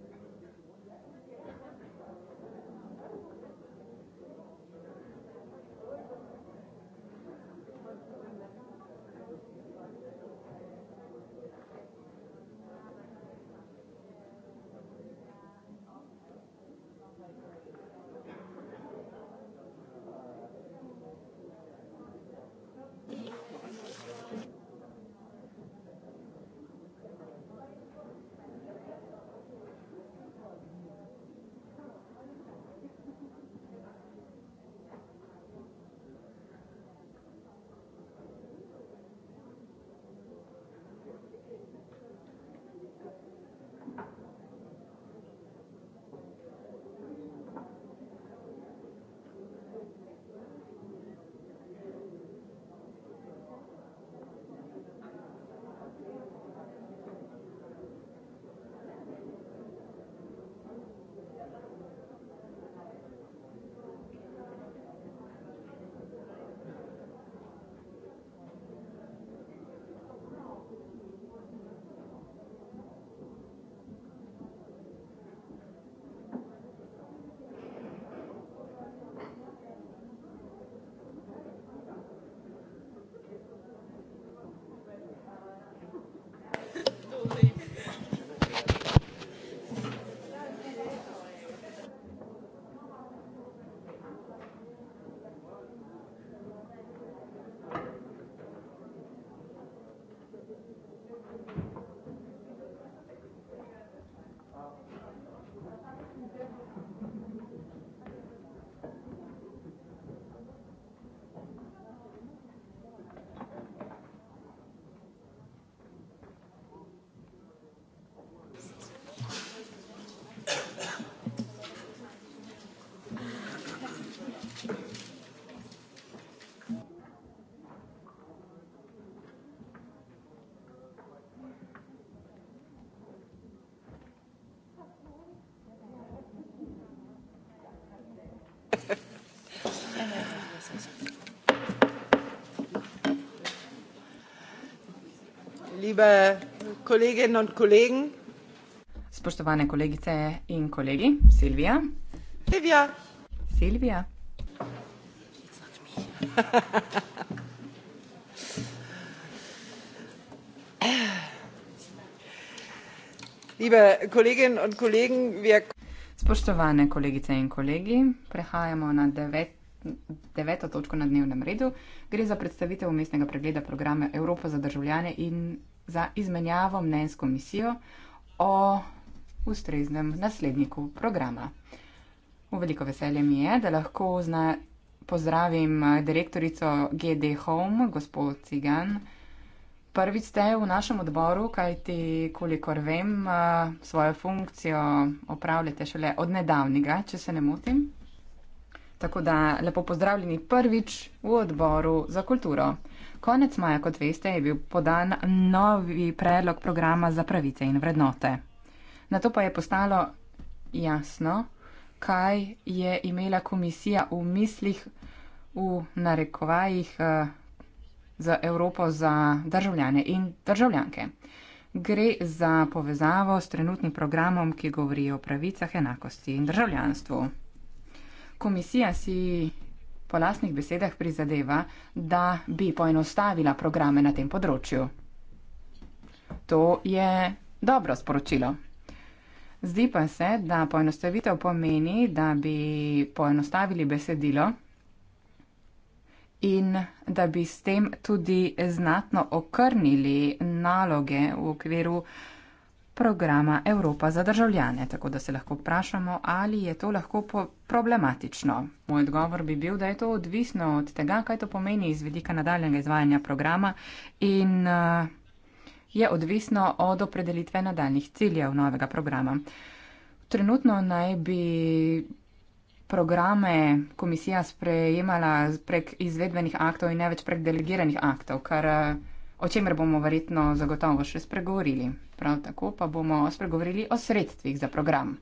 liebe Kolleginnen und Kollegen. Spoštovane kolegice in kolegi, Silvija. Silvija. Silvija. Liebe Kolleginnen und Kollegen, wir. Spoštovane kolegice in kolegi, prehajamo na devet, deveto točko na dnevnem redu. Gre za predstavitev umestnega pregleda programa Evropa za državljane in za izmenjavo mnenj s komisijo o ustreznem nasledniku programa. V veliko veselje mi je, da lahko zna, pozdravim eh, direktorico GD Home, gospod Cigan. Prvič ste v našem odboru, kajti, kolikor vem, eh, svojo funkcijo opravljate šele od nedavnega, če se ne motim. Tako da lepo pozdravljeni prvič v odboru za kulturo. Konec maja, kot veste, je bil podan novi predlog programa za pravice in vrednote. Na to pa je postalo jasno, kaj je imela komisija v mislih v narekovajih eh, za Evropo za državljane in državljanke. Gre za povezavo s trenutnim programom, ki govori o pravicah, enakosti in državljanstvu. Komisija si po lastnih besedah prizadeva, da bi poenostavila programe na tem področju. To je dobro sporočilo. Zdi pa se, da poenostavitev pomeni, da bi poenostavili besedilo in da bi s tem tudi znatno okrnili naloge v okviru programa Evropa za državljane, tako da se lahko vprašamo, ali je to lahko problematično. Moj odgovor bi bil, da je to odvisno od tega, kaj to pomeni iz vedika nadaljnjega izvajanja programa in eh, je odvisno od opredelitve nadaljnih ciljev novega programa. Trenutno naj bi programe komisija sprejemala prek izvedbenih aktov in ne več prek delegiranih aktov, kar eh, o čemer bomo verjetno zagotovo še spregovorili. Prav tako pa bomo spregovorili o sredstvih za program.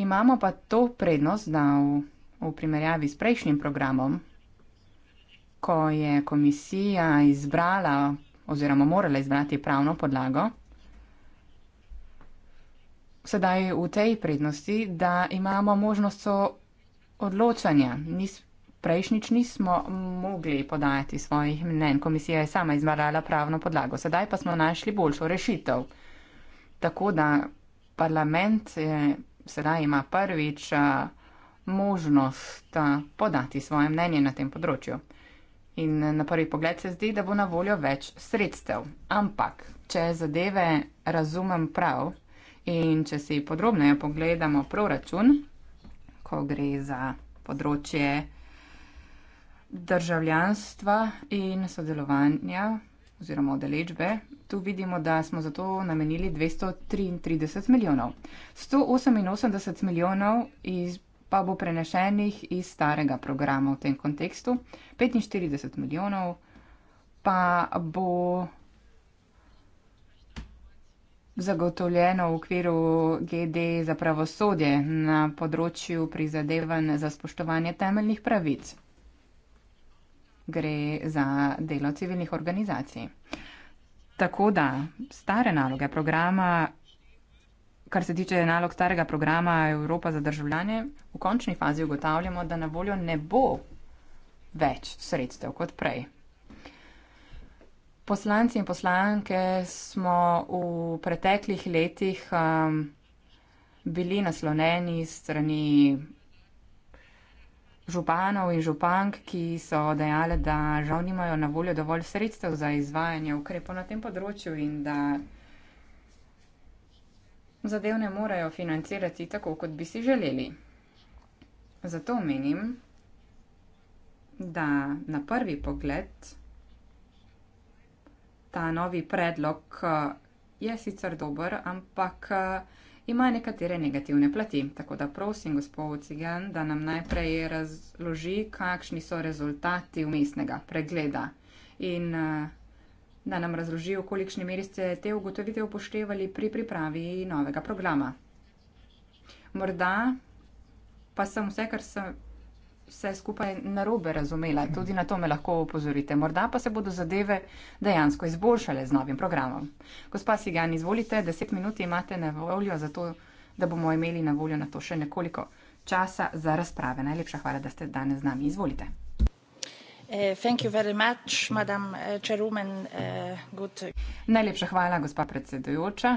Imamo pa to prednost, da v, v primerjavi s prejšnjim programom, ko je komisija izbrala oziroma morala izbrati pravno podlago, sedaj v tej prednosti, da imamo možnost odločanja. Nis, Prejšnjič nismo mogli podajati svojih mnen, komisija je sama izvarala pravno podlago, sedaj pa smo našli boljšo rešitev. Tako da parlament je, eh, sedaj ima prvič a, eh, možnost a, eh, podati svoje mnenje na tem področju. In na prvi pogled se zdi, da bo na voljo več sredstev. Ampak, če zadeve razumem prav in če si podrobneje pogledamo proračun, ko gre za področje, državljanstva in sodelovanja oziroma odeležbe. Tu vidimo, da smo za to namenili 233 milijonov. 188 milijonov iz, pa bo prenešenih iz starega programa v tem kontekstu, 45 milijonov pa bo zagotovljeno v okviru GD za pravosodje na področju prizadevanj za spoštovanje temeljnih pravic gre za delo civilnih organizacij. Tako da stare naloge programa, kar se tiče nalog starega programa Evropa za državljanje, v končni fazi ugotavljamo, da na voljo ne bo več sredstev kot prej. Poslanci in poslanke smo v preteklih letih um, bili naslonjeni strani županov in župank, ki so dejale, da žal nimajo na voljo dovolj sredstev za izvajanje ukrepov na tem področju in da zadev ne morejo financirati tako, kot bi si želeli. Zato menim, da na prvi pogled ta novi predlog eh, je sicer dober, ampak eh, ima nekatere negativne plati. Tako da prosim, gospod Cigan, da nam najprej razloži, kakšni so rezultati umestnega pregleda in eh, da nam razloži, v kolikšni meri ste te ugotovitev upoštevali pri pripravi novega programa. Morda pa sem vse, kar sem vse skupaj narobe razumela. Tudi na to me lahko opozorite. Morda pa se bodo zadeve dejansko izboljšale z novim programom. Gospa Sigan, izvolite, deset minut imate na voljo, zato da bomo imeli na voljo na to še nekoliko časa za razprave. Najlepša hvala, da ste danes z nami. Izvolite. Uh, much, Madame, uh, eh, Najlepša hvala, gospa predsedujoča.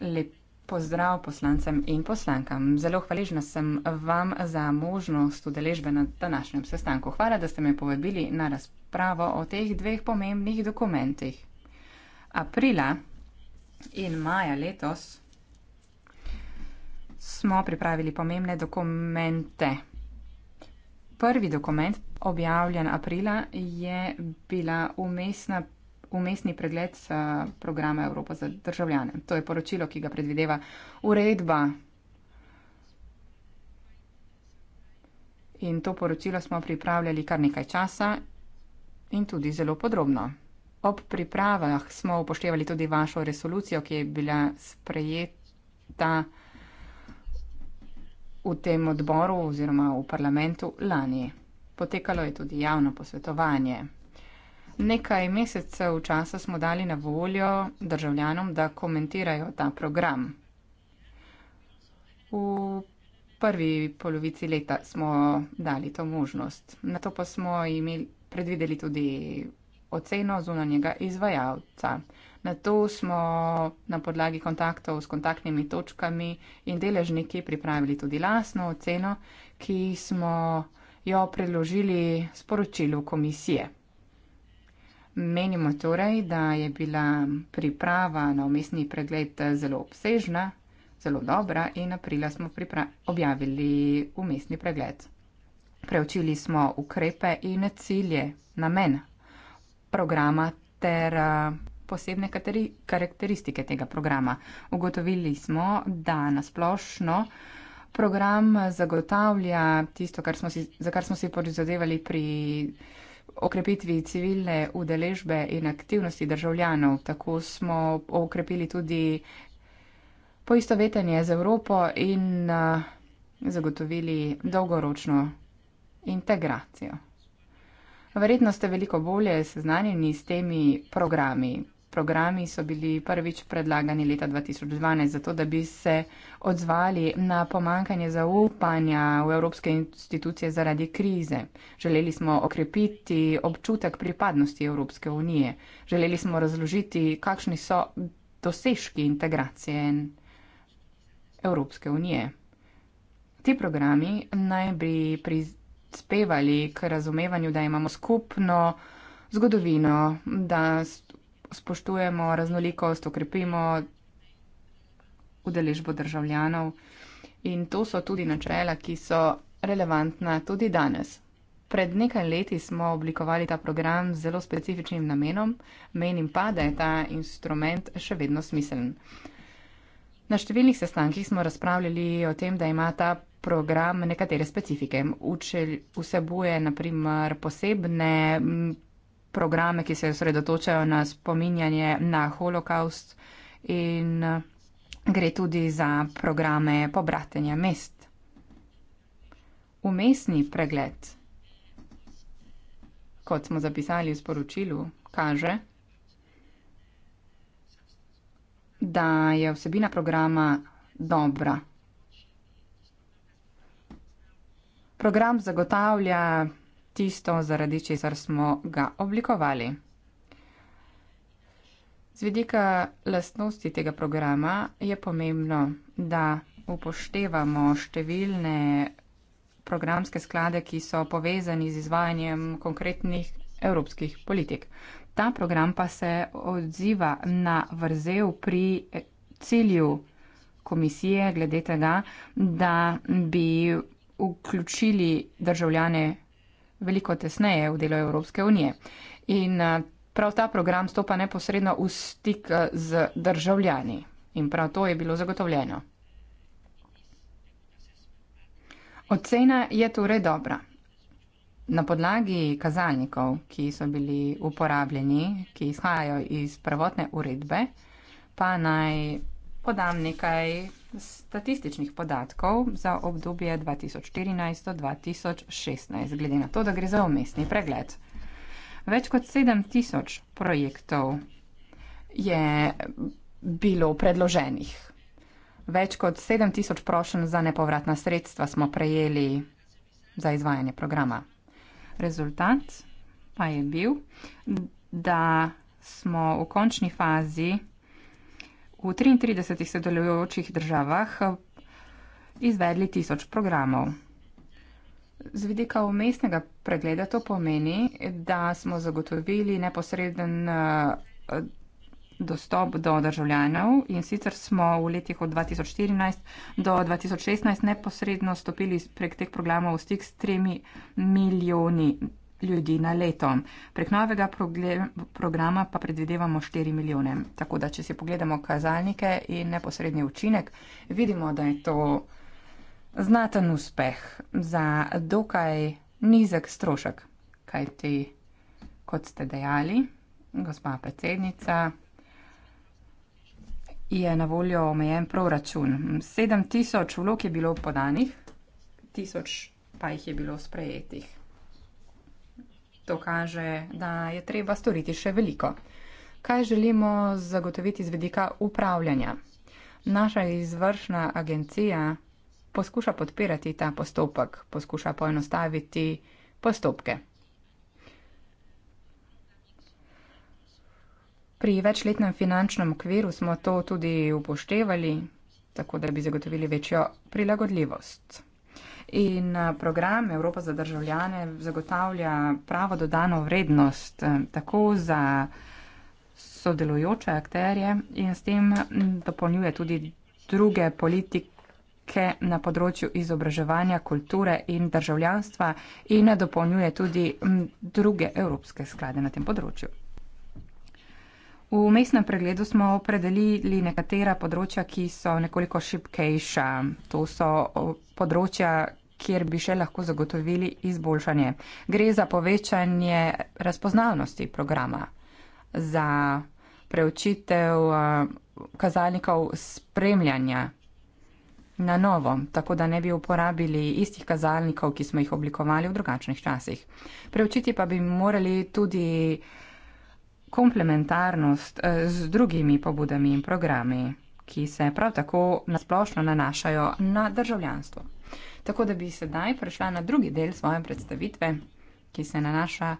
Lep Pozdrav poslancem in poslankam. Zelo hvaležna sem vam za možnost udeležbe na današnjem sestanku. Hvala, da ste me povabili na razpravo o teh dveh pomembnih dokumentih. Aprila in maja letos smo pripravili pomembne dokumente. Prvi dokument, objavljen aprila, je bila umestna umestni pregled programa Evropa za državljane. To je poročilo, ki ga predvideva uredba. In to poročilo smo pripravljali kar nekaj časa in tudi zelo podrobno. Ob pripravah smo upoštevali tudi vašo resolucijo, ki je bila sprejeta v tem odboru oziroma v parlamentu lani. Potekalo je tudi javno posvetovanje. Nekaj mesecev časa smo dali na voljo državljanom, da komentirajo ta program. V prvi polovici leta smo dali to možnost. Na to pa smo imeli predvideli tudi oceno zunanjega izvajalca. Na to smo na podlagi kontaktov s kontaktnimi točkami in deležniki pripravili tudi lasno oceno, ki smo jo preložili sporočilu komisije. Menimo torej, da je bila priprava na umestni pregled zelo obsežna, zelo dobra in aprila smo objavili umestni pregled. Preučili smo ukrepe in cilje, namen programa ter posebne karakteristike tega programa. Ugotovili smo, da nasplošno program zagotavlja tisto, kar si, za kar smo si prizadevali pri okrepitvi civilne udeležbe in aktivnosti državljanov. Tako smo okrepili tudi poistovetenje z Evropo in zagotovili dolgoročno integracijo. Verjetno ste veliko bolje seznanjeni s temi programi programi so bili prvič predlagani leta 2012, zato da bi se odzvali na pomankanje zaupanja v evropske institucije zaradi krize. Želeli smo okrepiti občutek pripadnosti Evropske unije. Želeli smo razložiti, kakšni so dosežki integracije Evropske unije. Ti programi naj bi prispevali k razumevanju, da imamo skupno zgodovino, da spoštujemo raznolikost, okrepimo udeležbo državljanov. In to so tudi načela, ki so relevantna tudi danes. Pred nekaj leti smo oblikovali ta program z zelo specifičnim namenom, menim pa, da je ta instrument še vedno smiseln. Na številnih sestankih smo razpravljali o tem, da ima ta program nekatere specifike. Učelj vsebuje naprimer posebne programe, ki se osredotočajo na spominjanje na holokaust in eh, gre tudi za programe pobratenja mest. Umestni pregled, kot smo zapisali v sporočilu, kaže, da je vsebina programa dobra. Program zagotavlja tisto, zaradi česar smo ga oblikovali. Z vidika lastnosti tega programa je pomembno, da upoštevamo številne programske sklade, ki so povezani z izvajanjem konkretnih evropskih politik. Ta program pa se odziva na vrzel pri cilju komisije glede tega, da bi vključili državljane veliko tesneje v delo Evropske unije. In eh, prav ta program stopa neposredno v stik eh, z državljani. In prav to je bilo zagotovljeno. Ocena je torej dobra. Na podlagi kazalnikov, ki so bili uporabljeni, ki izhajajo iz prvotne uredbe, pa naj podam nekaj statističnih podatkov za obdobje 2014-2016, glede na to, da gre za umestni pregled. Več kot 7000 projektov je bilo predloženih. Več kot 7000 prošen za nepovratna sredstva smo prejeli za izvajanje programa. Rezultat pa je bil, da smo v končni fazi v 33 sodelujočih državah eh, izvedli tisoč programov. Z vidika umestnega pregleda to pomeni, da smo zagotovili neposreden eh, dostop do državljanov in sicer smo v letih od 2014 do 2016 neposredno stopili prek teh programov v stik s 3 milijoni ljudi na leto. Prek novega programa pa predvidevamo 4 milijone. Tako da, če si pogledamo kazalnike in neposredni učinek, vidimo, da je to znaten uspeh za dokaj nizek strošek. Kaj ti, kot ste dejali, gospa predsednica, je na voljo omejen proračun. 7 tisoč vlog je bilo podanih, tisoč pa jih je bilo sprejetih. To kaže, da je treba storiti še veliko. Kaj želimo zagotoviti z vedika upravljanja? Naša izvršna agencija poskuša podpirati ta postopek, poskuša poenostaviti postopke. Pri večletnem finančnem okviru smo to tudi upoštevali, tako da bi zagotovili večjo prilagodljivost. In eh, program Evropa za državljane zagotavlja pravo dodano vrednost eh, tako za sodelujoče akterje in s tem mm, dopolnjuje tudi druge politike na področju izobraževanja, kulture in državljanstva in dopolnjuje tudi mm, druge evropske sklade na tem področju. V mestnem pregledu smo opredelili nekatera področja, ki so nekoliko šipkejša. To so področja, kjer bi še lahko zagotovili izboljšanje. Gre za povečanje razpoznavnosti programa, za preučitev kazalnikov spremljanja na novo, tako da ne bi uporabili istih kazalnikov, ki smo jih oblikovali v drugačnih časih. Preučiti pa bi morali tudi komplementarnost eh, z drugimi pobudami in programi, ki se prav tako nasplošno nanašajo na državljanstvo. Tako da bi sedaj prešla na drugi del svoje predstavitve, ki se nanaša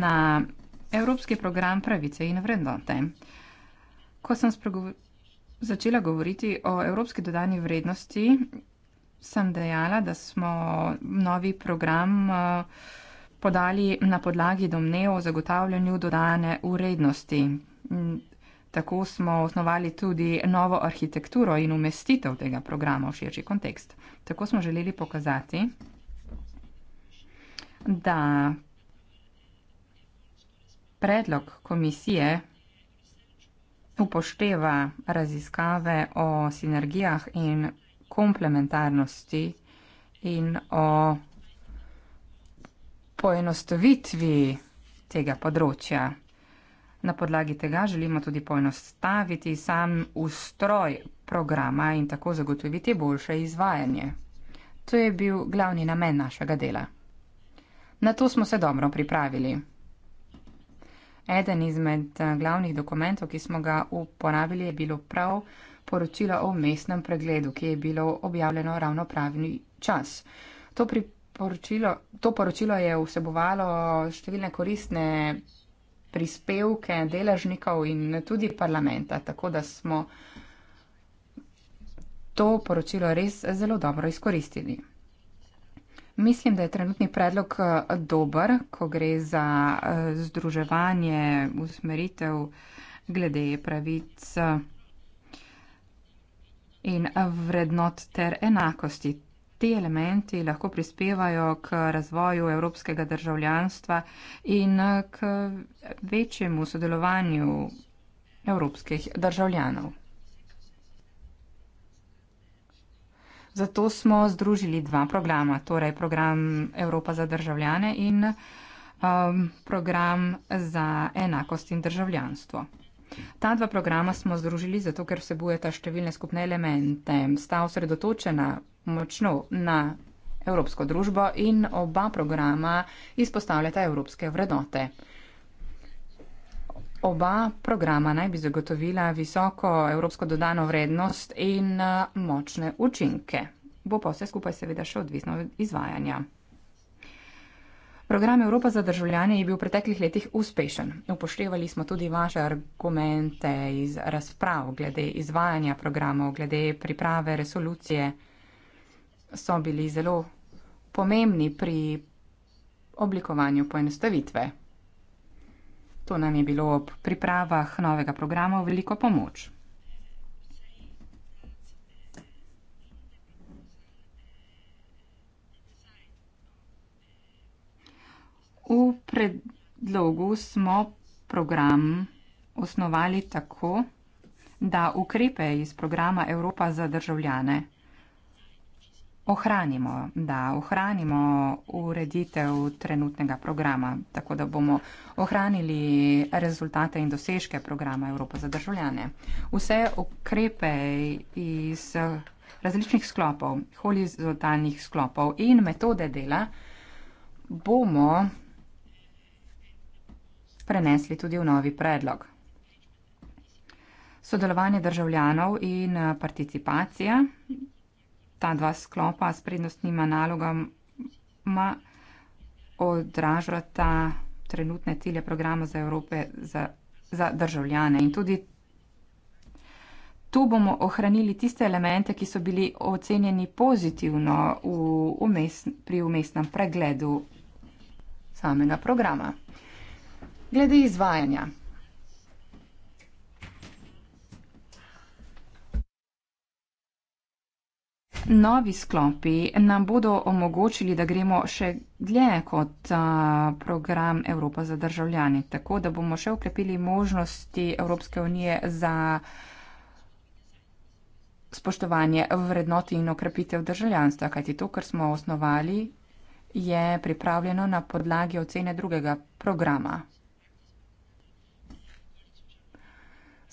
na Evropski program pravice in vrednote. Ko sem začela govoriti o Evropski dodani vrednosti, sem dejala, da smo novi program uh, podali na podlagi domnev o zagotavljanju dodane urednosti. Mm, tako smo osnovali tudi novo arhitekturo in umestitev tega programa v širši kontekst. Tako smo želeli pokazati, da predlog komisije upošteva raziskave o sinergijah in komplementarnosti in o poenostavitvi tega področja. Na podlagi tega želimo tudi poenostaviti sam ustroj programa in tako zagotoviti boljše izvajanje. To je bil glavni namen našega dela. Na to smo se dobro pripravili. Eden izmed eh, glavnih dokumentov, ki smo ga uporabili, je bilo prav poročilo o mestnem pregledu, ki je bilo objavljeno ravno pravni čas. To pripravljamo poročilo, to poročilo je vsebovalo številne koristne prispevke deležnikov in tudi parlamenta, tako da smo to poročilo res zelo dobro izkoristili. Mislim, da je trenutni predlog eh, dober, ko gre za eh, združevanje usmeritev glede pravic eh, in vrednot ter enakosti ti elementi lahko prispevajo k razvoju evropskega državljanstva in k večjemu sodelovanju evropskih državljanov. Zato smo združili dva programa, torej program Evropa za državljane in um, program za enakost in državljanstvo. Ta dva programa smo združili zato, ker vsebujeta številne skupne elemente, sta osredotočena močno na evropsko družbo in oba programa izpostavljata evropske vrednote. Oba programa naj bi zagotovila visoko evropsko dodano vrednost in eh, močne učinke. Bo pa vse skupaj seveda še odvisno od izvajanja. Program Evropa za državljane je bil v preteklih letih uspešen. Upoštevali smo tudi vaše argumente iz razprav glede izvajanja programov, glede priprave resolucije so bili zelo pomembni pri oblikovanju poenostavitve. To nam je bilo ob pripravah novega programa veliko pomoč. V predlogu smo program osnovali tako, da ukrepe iz programa Evropa za državljane ohranimo, da ohranimo ureditev trenutnega programa, tako da bomo ohranili rezultate in dosežke programa Evropa za državljane. Vse ukrepe iz različnih sklopov, horizontalnih sklopov in metode dela bomo prenesli tudi v novi predlog. Sodelovanje državljanov in participacija ta dva sklopa s prednostnima nalogama odražata trenutne cilje programa za Evrope za, za državljane. In tudi tu bomo ohranili tiste elemente, ki so bili ocenjeni pozitivno v, vmes, pri umestnem pregledu samega programa. Glede izvajanja. Novi sklopi nam bodo omogočili, da gremo še dlje kot program Evropa za državljane, tako da bomo še ukrepili možnosti Evropske unije za spoštovanje vrednoti in okrepitev državljanstva, kajti to, kar smo osnovali, je pripravljeno na podlagi ocene drugega programa.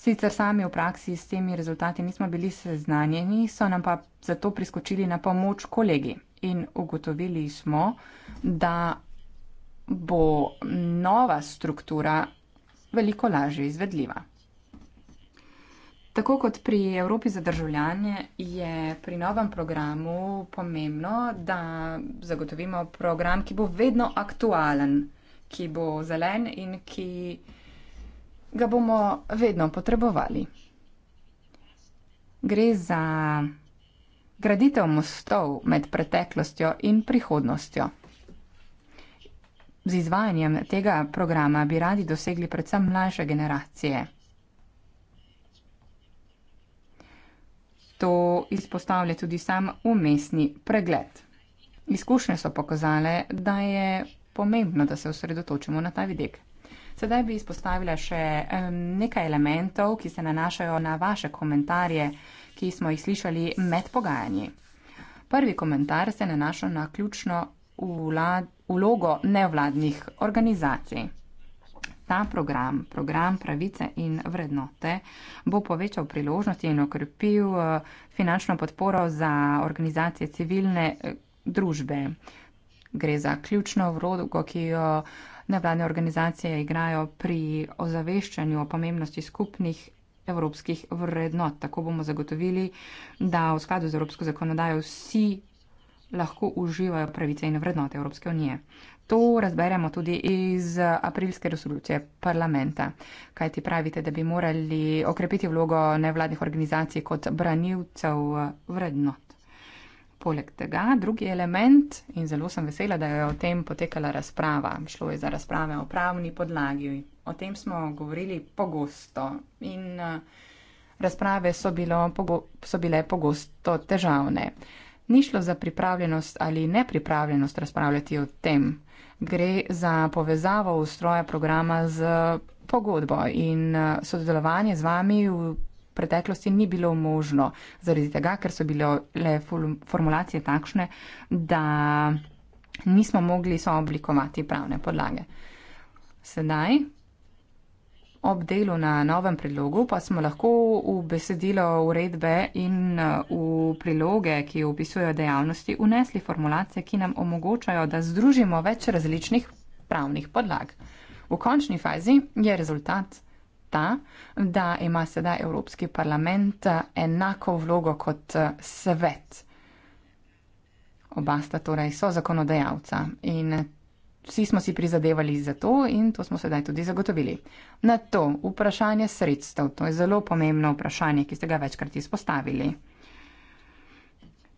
Sicer sami v praksi s temi rezultati nismo bili seznanjeni, so nam pa zato priskočili na pomoč kolegi in ugotovili smo, da bo nova struktura veliko lažje izvedljiva. Tako kot pri Evropi za državljanje je pri novem programu pomembno, da zagotovimo program, ki bo vedno aktualen, ki bo zelen in ki ga bomo vedno potrebovali. Gre za graditev mostov med preteklostjo in prihodnostjo. Z izvajanjem tega programa bi radi dosegli predvsem mlajše generacije. To izpostavlja tudi sam umestni pregled. Izkušnje so pokazale, da je pomembno, da se osredotočimo na ta vidik. Sedaj bi izpostavila še nekaj elementov, ki se nanašajo na vaše komentarje, ki smo jih slišali med pogajanji. Prvi komentar se nanaša na ključno vlad, vlogo nevladnih organizacij. Ta program, program pravice in vrednote, bo povečal priložnosti in okrepil eh, finančno podporo za organizacije civilne eh, družbe. Gre za ključno vlogo, ki jo nevladne organizacije igrajo pri ozaveščanju o pomembnosti skupnih evropskih vrednot. Tako bomo zagotovili, da v skladu z evropsko zakonodajo vsi lahko uživajo pravice in vrednote Evropske unije. To razberemo tudi iz aprilske resolucije parlamenta, kaj ti pravite, da bi morali okrepiti vlogo nevladnih organizacij kot branilcev vrednot. Poleg tega, drugi element, in zelo sem vesela, da je o tem potekala razprava, šlo je za razprave o pravni podlagi. O tem smo govorili pogosto in eh, razprave so, bilo, so bile pogosto težavne. Ni šlo za pripravljenost ali nepripravljenost razpravljati o tem. Gre za povezavo ustroja programa z pogodbo in eh, sodelovanje z vami v preteklosti ni bilo možno, zaradi tega, ker so bile le formulacije takšne, da nismo mogli sooblikovati pravne podlage. Sedaj, ob delu na novem predlogu, pa smo lahko v besedilo uredbe in v priloge, ki opisujejo dejavnosti, unesli formulacije, ki nam omogočajo, da združimo več različnih pravnih podlag. V končni fazi je rezultat ta, da ima sedaj Evropski parlament eh, enako vlogo kot eh, svet. Oba sta torej so zakonodajalca in eh, vsi smo si prizadevali za to in to smo sedaj tudi zagotovili. Na to vprašanje sredstev, to je zelo pomembno vprašanje, ki ste ga večkrat izpostavili.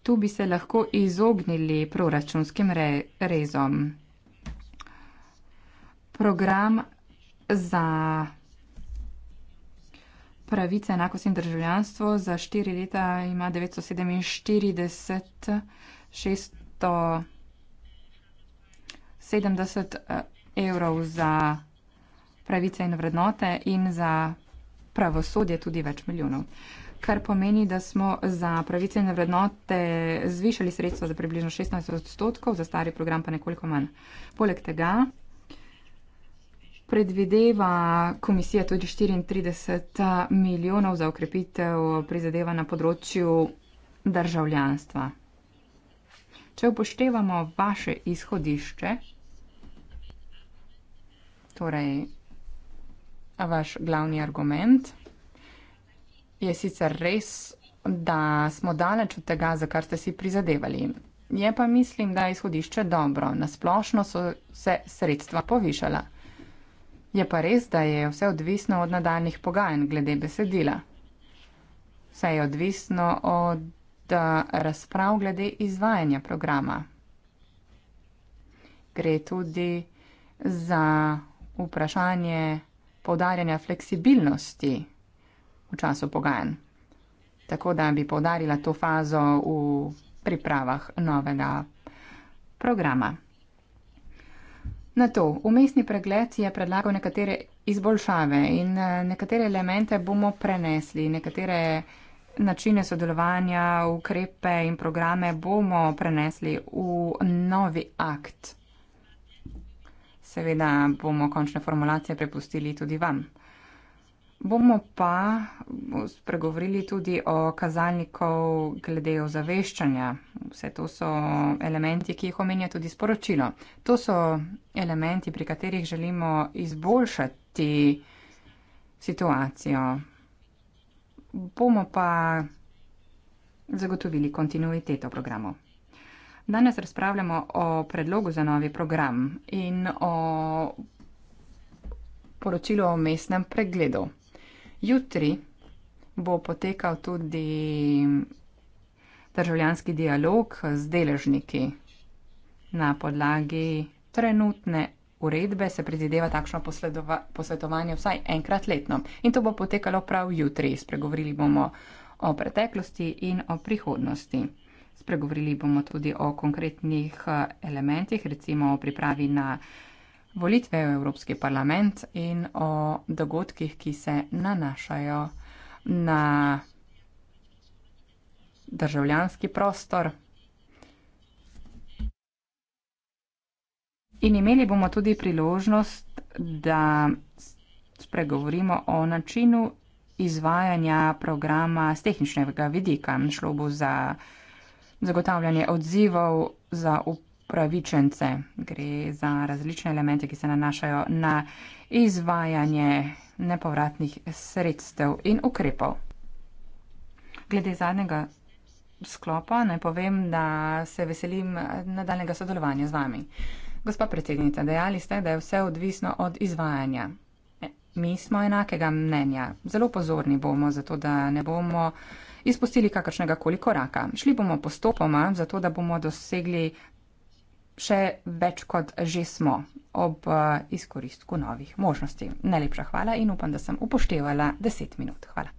Tu bi se lahko izognili proračunskim re rezom. Program za pravice, enakost in državljanstvo. Za štiri leta ima 947, 670 evrov za pravice in vrednote in za pravosodje tudi več milijonov. Kar pomeni, da smo za pravice in vrednote zvišali sredstva za približno 16 odstotkov, za stari program pa nekoliko manj. Poleg tega predvideva komisija tudi 34 eh, milijonov za ukrepitev prizadeva na področju državljanstva. Če upoštevamo vaše izhodišče, torej vaš glavni argument, je sicer res, da smo daleč od tega, za kar ste si prizadevali. Je pa mislim, da je izhodišče dobro. Nasplošno so se sredstva povišala. Je pa res, da je vse odvisno od nadaljnih pogajanj glede besedila. Vse je odvisno od eh, razprav glede izvajanja programa. Gre tudi za vprašanje povdarjanja fleksibilnosti v času pogajanj. Tako da bi povdarila to fazo v pripravah novega programa. Na to, umestni pregled je predlagal nekatere izboljšave in eh, nekatere elemente bomo prenesli, nekatere načine sodelovanja, ukrepe in programe bomo prenesli v novi akt. Seveda bomo končne formulacije prepustili tudi vam. Bomo pa spregovorili tudi o kazalnikov glede ozaveščanja. Vse to so elementi, ki jih omenja tudi sporočilo. To so elementi, pri katerih želimo izboljšati situacijo. Bomo pa zagotovili kontinuiteto programov. Danes razpravljamo o predlogu za novi program in o poročilu o mestnem pregledu. Jutri bo potekal tudi državljanski dialog z deležniki. Na podlagi trenutne uredbe se predvideva takšno posvetovanje vsaj enkrat letno. In to bo potekalo prav jutri. Spregovorili bomo o preteklosti in o prihodnosti. Spregovorili bomo tudi o konkretnih eh, elementih, recimo o pripravi na volitve v Evropski parlament in o dogodkih, ki se nanašajo na državljanski prostor. In imeli bomo tudi priložnost, da spregovorimo o načinu izvajanja programa z tehničnega vidika. Šlo bo za zagotavljanje odzivov za uporabnike upravičence, gre za različne elemente, ki se nanašajo na izvajanje nepovratnih sredstev in ukrepov. Glede zadnjega sklopa naj povem, da se veselim nadaljnega sodelovanja z vami. Gospa predsednica, dejali ste, da je vse odvisno od izvajanja. Mi smo enakega mnenja. Zelo pozorni bomo, zato da ne bomo izpustili kakršnega koli koraka. Šli bomo postopoma, zato da bomo dosegli še več kot že smo ob eh, izkoristku novih možnosti. Najlepša hvala in upam, da sem upoštevala deset minut. Hvala.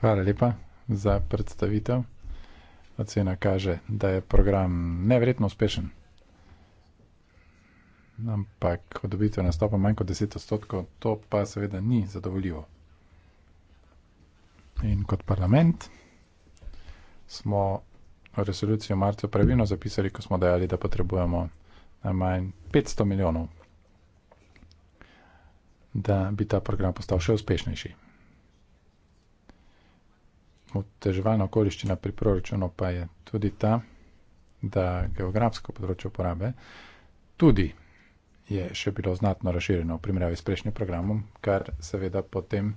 Hvala lepa za predstavitev. Ocena kaže, da je program nevredno uspešen. Ampak odobitev nastopa manj kot 10 odstotkov, to pa seveda ni zadovoljivo. In kot parlament smo resolucijo marca pravilno zapisali, ko smo dejali, da potrebujemo najmanj 500 milijonov, da bi ta program postal še uspešnejši. Oteževalna okoliščina pri proračunu pa je tudi ta, da geografsko področje uporabe tudi je še bilo znatno razširjeno v primerjavi s prejšnjim programom, kar seveda potem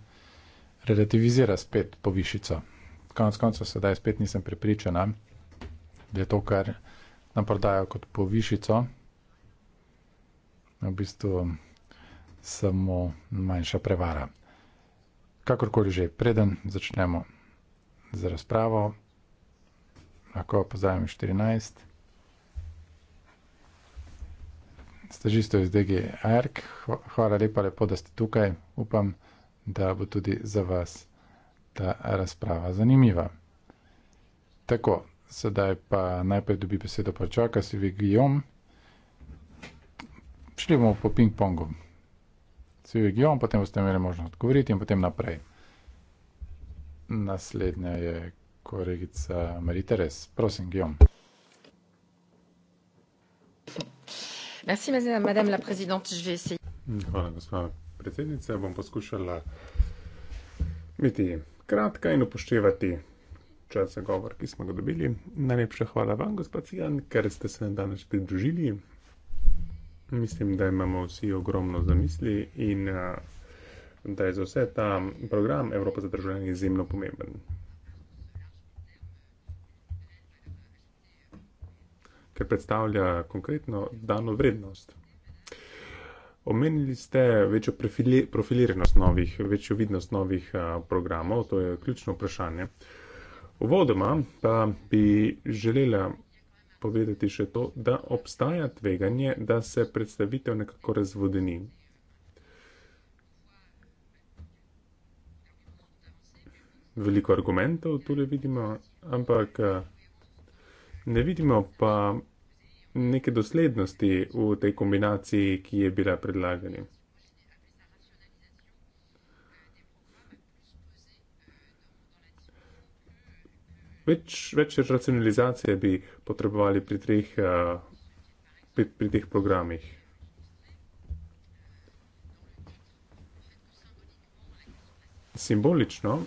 relativizira spet povišico. Konec koncev sedaj spet nisem prepričana, da je to, kar nam prodajo kot povišico, v bistvu samo manjša prevara. Kakorkoli že, preden začnemo z razpravo, lahko pozajem 14. Stažisto iz DG ARK, hvala lepa, lepo, da ste tukaj. Upam, da bo tudi za vas ta razprava zanimiva. Tako, Sedaj pa najprej dobi besedo Pačaka, si vi Gijom. Šli bomo po ping-pongu. Si vi Gijom, potem boste imeli možnost odgovoriti in potem naprej. Naslednja je koregica Mariteres. Prosim, Gijom. Hvala, gospod predsednica. Bom poskušala biti kratka in upoštevati čas za govor, ki smo ga dobili. Najlepša hvala vam, gospod Cijan, ker ste se nam danes pridružili. Mislim, da imamo vsi ogromno zamisli in da je za vse ta program Evropa za državljanje izjemno pomemben. Ker predstavlja konkretno dano vrednost. Omenili ste večjo profiliranost novih, večjo vidnost novih programov, to je ključno vprašanje. Uvodoma pa bi želela povedati še to, da obstaja tveganje, da se predstavitev nekako razvodeni. Veliko argumentov tudi vidimo, ampak eh, ne vidimo pa neke doslednosti v tej kombinaciji, ki je bila predlagana. več, več racionalizacije bi potrebovali pri teh, eh, pri, pri teh programih. Simbolično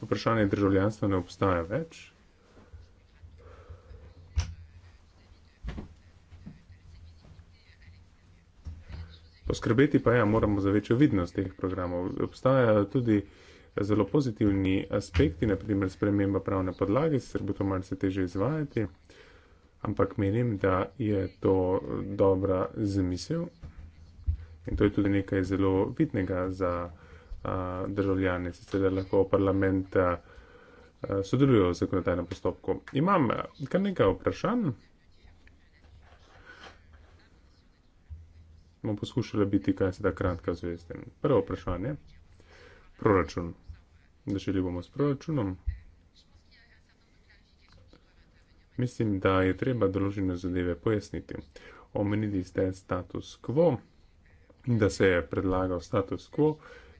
vprašanje državljanstva ne obstaja več. Poskrbeti pa ja, moramo za večjo vidnost teh programov. Obstaja tudi uh, zelo pozitivni aspekti, naprimer sprememba pravne podlage, sicer bo to malce teže izvajati, ampak menim, da je to dobra zamisel in to je tudi nekaj zelo vidnega za a, državljane, sicer da lahko parlament a, sodeluje v zakonodajnem postopku. Imam kar nekaj vprašanj. Bomo poskušali biti kaj se da kratka zvezdem. Prvo vprašanje proračun. Začeli bomo s proračunom. Mislim, da je treba določene zadeve pojasniti. Omeniti ste status quo, da se je predlagal status quo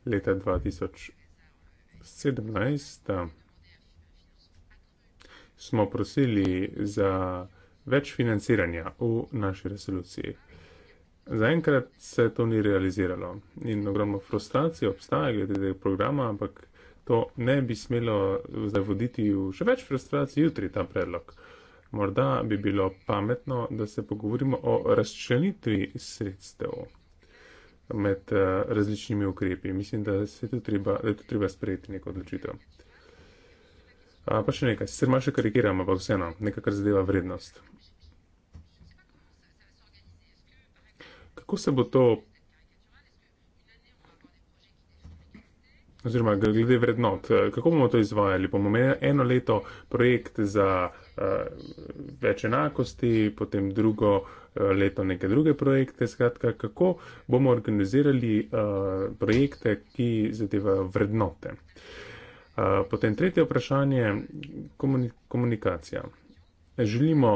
leta 2017. Smo prosili za več financiranja v naši resoluciji. Zaenkrat se to ni realiziralo in ogromno frustracije obstaja glede tega programa, ampak to ne bi smelo zdaj voditi v še več frustracij jutri ta predlog. Morda bi bilo pametno, da se pogovorimo o razčlenitvi sredstev med uh, različnimi ukrepi. Mislim, da, treba, da je tu treba sprejeti neko odločitev. Uh, pa še nekaj, sicer malo še karikiramo, pa vseeno, nekakr zadeva vrednost. kako se bo to, oziroma glede vrednot, eh, kako bomo to izvajali? Bomo imeli eno leto projekt za uh, več enakosti, potem drugo eh, leto neke druge projekte, skratka, kako bomo organizirali uh, projekte, ki zadevajo vrednote. Potem tretje vprašanje, komunikacija. Želimo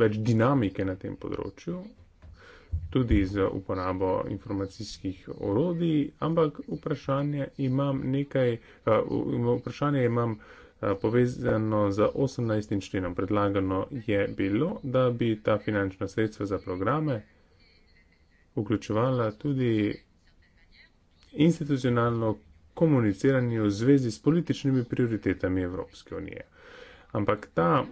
več dinamike na tem področju tudi z uporabo informacijskih orodij, ampak vprašanje imam nekaj, eh, vprašanje imam eh, povezano z 18. členom. Predlagano je bilo, da bi ta finančna sredstva za programe vključevala tudi institucionalno komuniciranje v zvezi s političnimi prioritetami Evropske unije. Ampak ta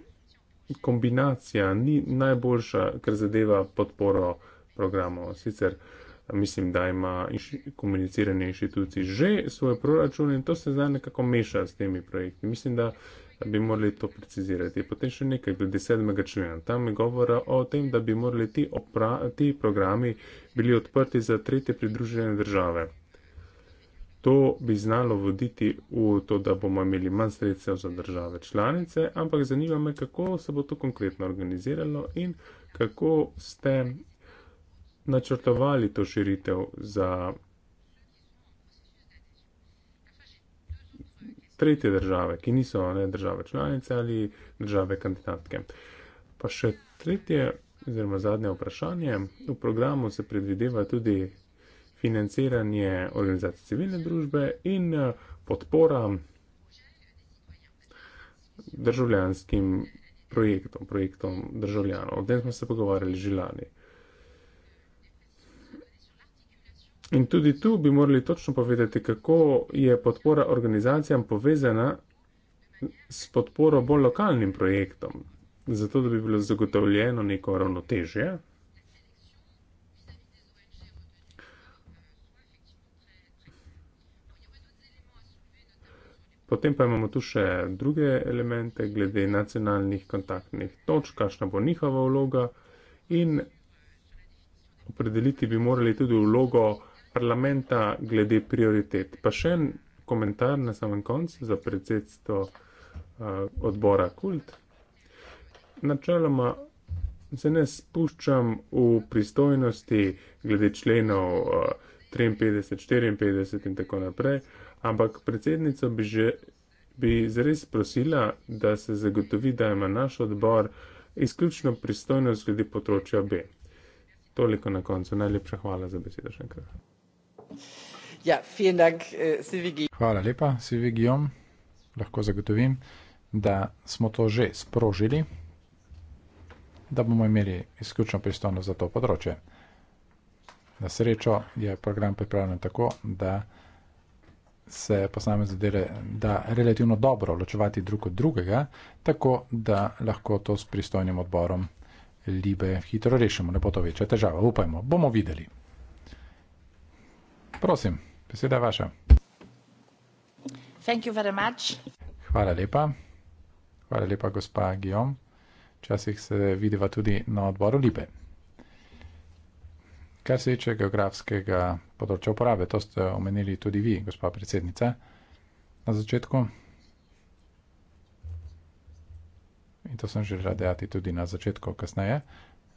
kombinacija ni najboljša, kar zadeva podporo programov. Sicer eh, mislim, da ima inš komunicirane inštitucije že svoje proračune in to se zdaj nekako meša s temi projekti. Mislim, da bi morali to precizirati. Potem še nekaj glede 7. člena. Tam je govora o tem, da bi morali ti, ti programi bili odprti za tretje pridružene države. To bi znalo voditi v to, da bomo imeli manj sredstev za države članice, ampak zanima me, kako se bo to konkretno organiziralo in kako ste načrtovali to širitev za tretje države, ki niso ne, države članice ali države kandidatke. Pa še tretje, oziroma zadnje vprašanje. V programu se predvideva tudi financiranje organizacij civilne družbe in eh, podpora državljanskim projektom, projektom državljanov. O tem smo se pogovarjali že lani. In tudi tu bi morali točno povedati, kako je podpora organizacijam povezana s podporo bolj lokalnim projektom, zato da bi bilo zagotovljeno neko ravnotežje. Potem pa imamo tu še druge elemente glede nacionalnih kontaktnih točk, kakšna bo njihova vloga in opredeliti bi morali tudi vlogo, parlamenta glede prioritet. Pa še en komentar na samem koncu za predsedstvo uh, odbora Kult. Načeloma se ne spuščam v pristojnosti glede členov uh, 53, 54 in tako naprej, ampak predsednico bi že. Bi zares prosila, da se zagotovi, da ima naš odbor izključno pristojnost glede področja B. Toliko na koncu. Najlepša hvala za besedo še enkrat. Ja, dank, eh, Hvala lepa, Sivi Gijom. Lahko zagotovim, da smo to že sprožili, da bomo imeli izključno pristojnost za to področje. Na srečo je program pripravljen tako, da se posamezne dele da relativno dobro ločevati drug od drugega, tako da lahko to s pristojnim odborom Libe hitro rešimo, ne bo to večja težava, upajmo, bomo videli. Prosim. Beseda je vaša. Thank you very much. Hvala lepa. Hvala lepa, gospa Gijom. Včasih se vidiva tudi na odboru Libe. Kar se tiče geografskega področja uporabe, to ste omenili tudi vi, gospa predsednica, na začetku. In to sem želela dejati tudi na začetku, kasneje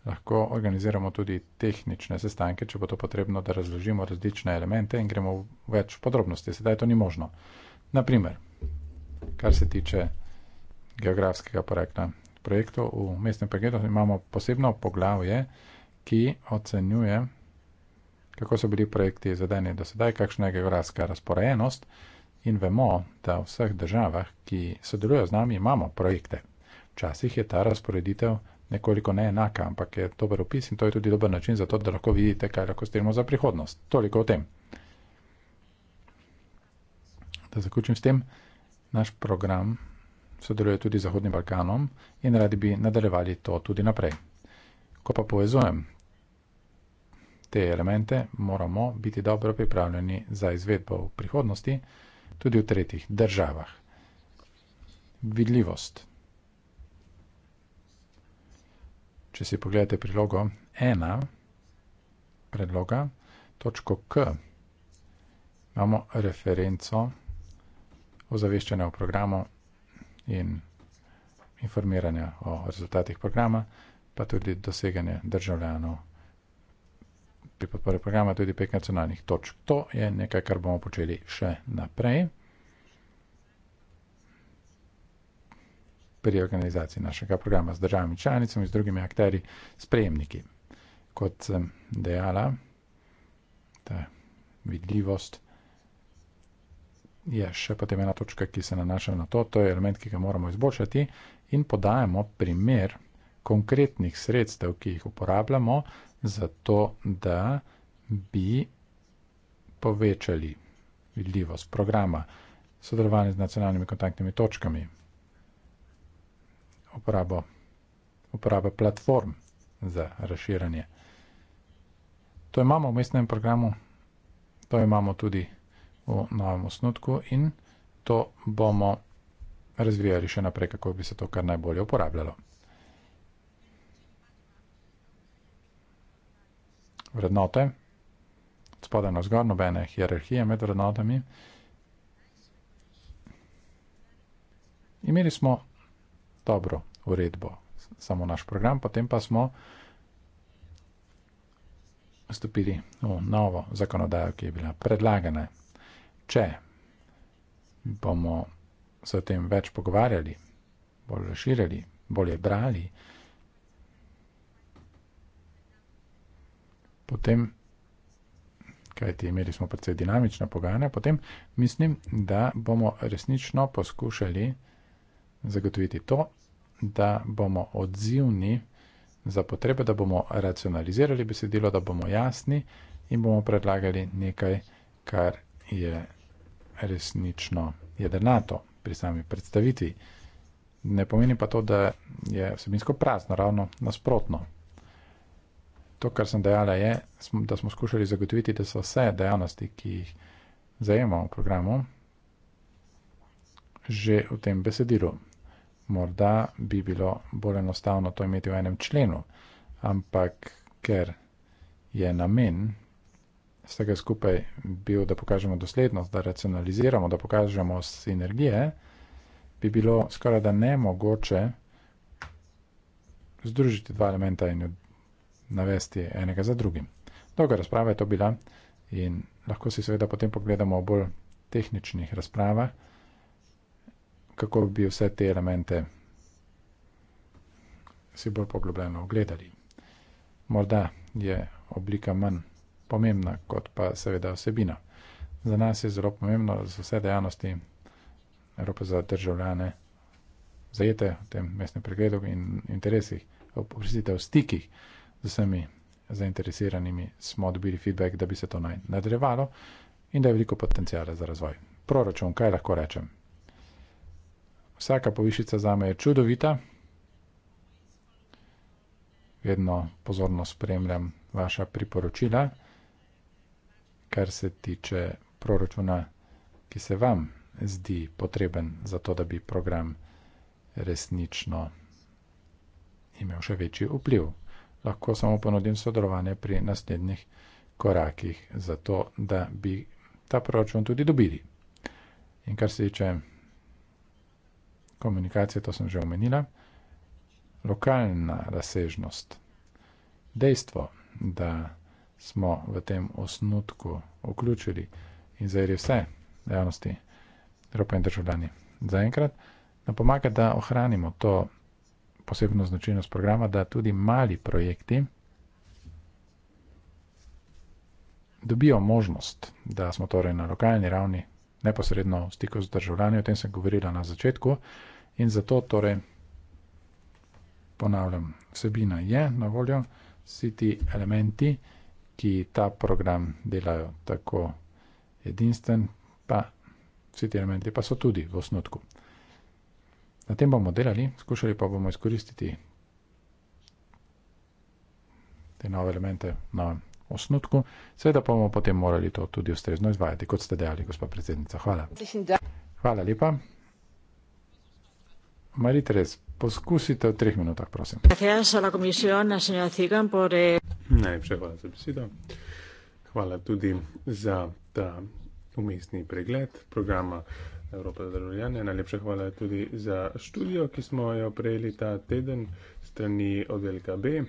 lahko organiziramo tudi tehnične sestanke, če bo to potrebno, da razložimo različne elemente in gremo več v podrobnosti. Sedaj to ni možno. Naprimer, kar se tiče geografskega projekta. Projektu v mestnem pregledu imamo posebno poglavje, ki ocenjuje, kako so bili projekti zadani do sedaj, kakšna je geografska razporejenost in vemo, da v vseh državah, ki sodelujo z nami, imamo projekte. Včasih je ta razporeditev nekoliko neenaka, ampak je dober opis in to je tudi dober način za to, da lahko vidite, kaj lahko stremo za prihodnost. Toliko o tem. Da zaključim s tem, naš program sodeluje tudi z Zahodnim Balkanom in radi bi nadaljevali to tudi naprej. Ko pa povezujem te elemente, moramo biti dobro pripravljeni za izvedbo v prihodnosti, tudi v tretjih državah. Vidljivost. če si pogledate prilogo 1, predloga, točko k, imamo referenco ozaveščanja o programu in informiranja o rezultatih programa, pa tudi doseganje državljanov pri podpore programa, tudi pek nacionalnih točk. To je nekaj, kar bomo počeli še naprej. pri organizaciji našega programa z državami članicami in z drugimi akteri, sprejemniki. Kot sem dejala, ta vidljivost je še potem ena točka, ki se nanaša na to, to je element, ki ga moramo izboljšati in podajamo primer konkretnih sredstev, ki jih uporabljamo, zato da bi povečali vidljivost programa sodelovanje z nacionalnimi kontaktnimi točkami, uporabo, uporabo platform za razširanje. To imamo v mestnem programu, to imamo tudi v novem osnutku in to bomo razvijali še naprej, kako bi se to kar najbolje uporabljalo. Vrednote, spodaj na zgor, nobene hierarhije med vrednotami. Imeli smo dobro uredbo, samo naš program, potem pa smo vstopili v novo zakonodajo, ki je bila predlagana. Če bomo se o tem več pogovarjali, bolj raširjali, bolje brali, potem, kajti imeli smo predvsej dinamična pogajanja, potem mislim, da bomo resnično poskušali vsega, zagotoviti to, da bomo odzivni za potrebe, da bomo racionalizirali besedilo, da bomo jasni in bomo predlagali nekaj, kar je resnično jedrnato pri sami predstavitvi. Ne pomeni pa to, da je vsebinsko prazno, ravno nasprotno. To, kar sem dejala, je, da smo skušali zagotoviti, da so vse dejavnosti, ki jih zajemamo v programu, že v tem besedilu. Morda bi bilo bolj enostavno to imeti v enem členu, ampak ker je namen vsega skupaj bil, da pokažemo doslednost, da racionaliziramo, da pokažemo sinergije, bi bilo skoraj da nemogoče združiti dva elementa in navesti enega za drugim. Dolga razprava je to bila in lahko si seveda potem pogledamo o bolj tehničnih razpravah kako bi vse te elemente si bolj poglobljeno ogledali. Morda je oblika manj pomembna, kot pa seveda osebina. Za nas je zelo pomembno, za vse dejavnosti Evrope za državljane zajete v tem mestnem pregledu in interesih, oprostite v stikih z vsemi zainteresiranimi, smo dobili feedback, da bi se to naj nadrevalo in da je veliko potencijala za razvoj. Proračun, kaj lahko rečem? Vsaka povišica za me je čudovita. Vedno pozorno spremljam vaša priporočila, kar se tiče proračuna, ki se vam zdi potreben za to, da bi program resnično imel še večji vpliv. Lahko samo ponudim sodelovanje pri naslednjih korakih za to, da bi ta proračun tudi dobili. In kar se tiče komunikacije, to sem že omenila. Lokalna razsežnost. Dejstvo, da smo v tem osnutku vključili in zajeli vse javnosti, Evropa in državljani zaenkrat, nam pomaga, da ohranimo to posebno značilnost programa, da tudi mali projekti dobijo možnost, da smo torej na lokalni ravni neposredno v stiku z državljani, o tem sem govorila na začetku, In zato torej ponavljam, vsebina je na voljo, vsi ti elementi, ki ta program delajo tako edinsten, pa vsi ti elementi pa so tudi v osnotku. Na tem bomo delali, skušali pa bomo izkoristiti te nove elemente na osnotku, seveda pa bomo potem morali to tudi ustrezno izvajati, kot ste dejali, gospod predsednica. Hvala. Hvala lepa. María Teres, poskusite v treh minutah, prosim. Eh, Najlepša hvala za besedo. Hvala tudi za ta umestni pregled programa Evropa za državljane. Najlepša hvala tudi za študijo, ki smo jo prejeli ta teden strani oddelka B.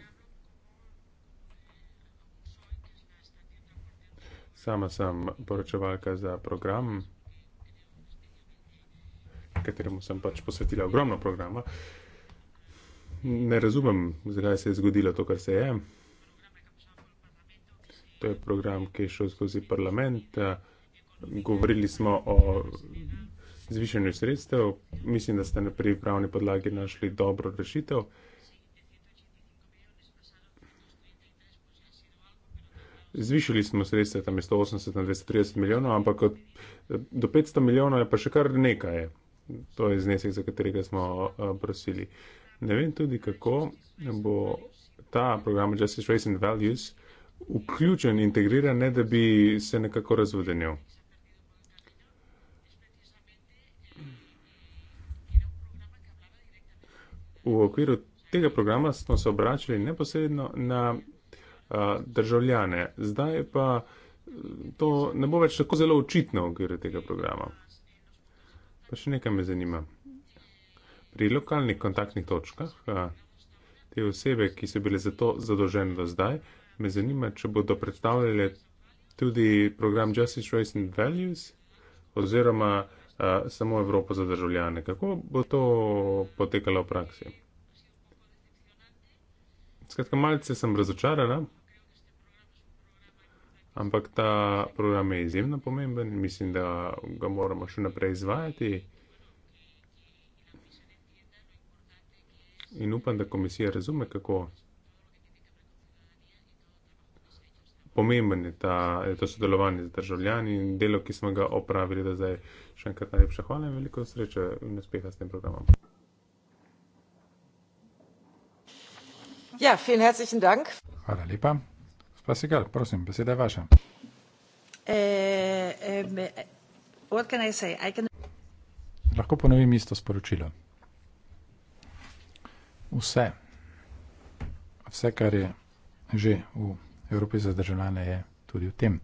Sama sem poročevalka za program kateremu sem pač posvetila ogromno programa. Ne razumem, zakaj se je zgodilo to, kar se je. To je program, ki je šel skozi parlament. Govorili smo o zvišanju sredstev. Mislim, da ste na prvi pravni podlagi našli dobro rešitev. Zvišali smo sredstva, tam je 180 na 230 milijonov, ampak od, do 500 milijonov je pa še kar nekaj to je znesek, za katerega smo uh, prosili. Ne vem tudi, kako bo ta program Justice, Race and Values vključen, integriran, ne da bi se nekako razvodenil. V okviru tega programa smo se obračali neposredno na a, eh, državljane. Zdaj pa eh, to ne bo več tako zelo očitno v okviru tega programa. Pa še nekaj me zanima. Pri lokalnih kontaktnih točkah, te osebe, ki so bile za to zadožene do zdaj, me zanima, če bodo predstavljali tudi program Justice, Race and Values oziroma a, samo Evropo za državljane. Kako bo to potekalo v praksi? Skratka, malce sem razočarana ampak ta program je izjemno pomemben in mislim, da ga moramo še naprej izvajati. In upam, da komisija razume, kako pomemben je, ta, je to sodelovanje z državljani in delo, ki smo ga opravili do zdaj. Še enkrat najlepša hvala in veliko sreče in uspeha s tem programom. Ja, vielen herzlichen Dank. Hvala lepa. Pascal, prosim, beseda je vaša. Uh, um, uh, can... Lahko ponovim isto sporočilo. Vse, vse, kar je že v Evropi za državljane, je tudi v tem.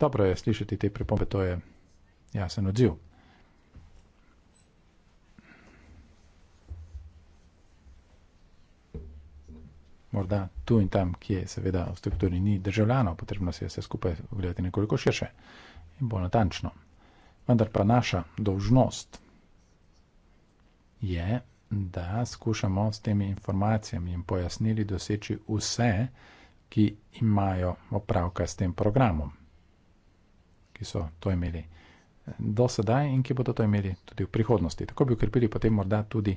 Dobro je slišati te pripombe, to je jasen odziv. morda tu in tam, kje seveda v strukturi ni državljanov, potrebno se je vse skupaj ogledati nekoliko širše in bolj natančno. Vendar pa naša dolžnost je, da skušamo s temi informacijami in pojasnili doseči vse, ki imajo opravka s tem programom, ki so to imeli eh, do sedaj in ki bodo to imeli tudi v prihodnosti. Tako bi ukrepili potem morda tudi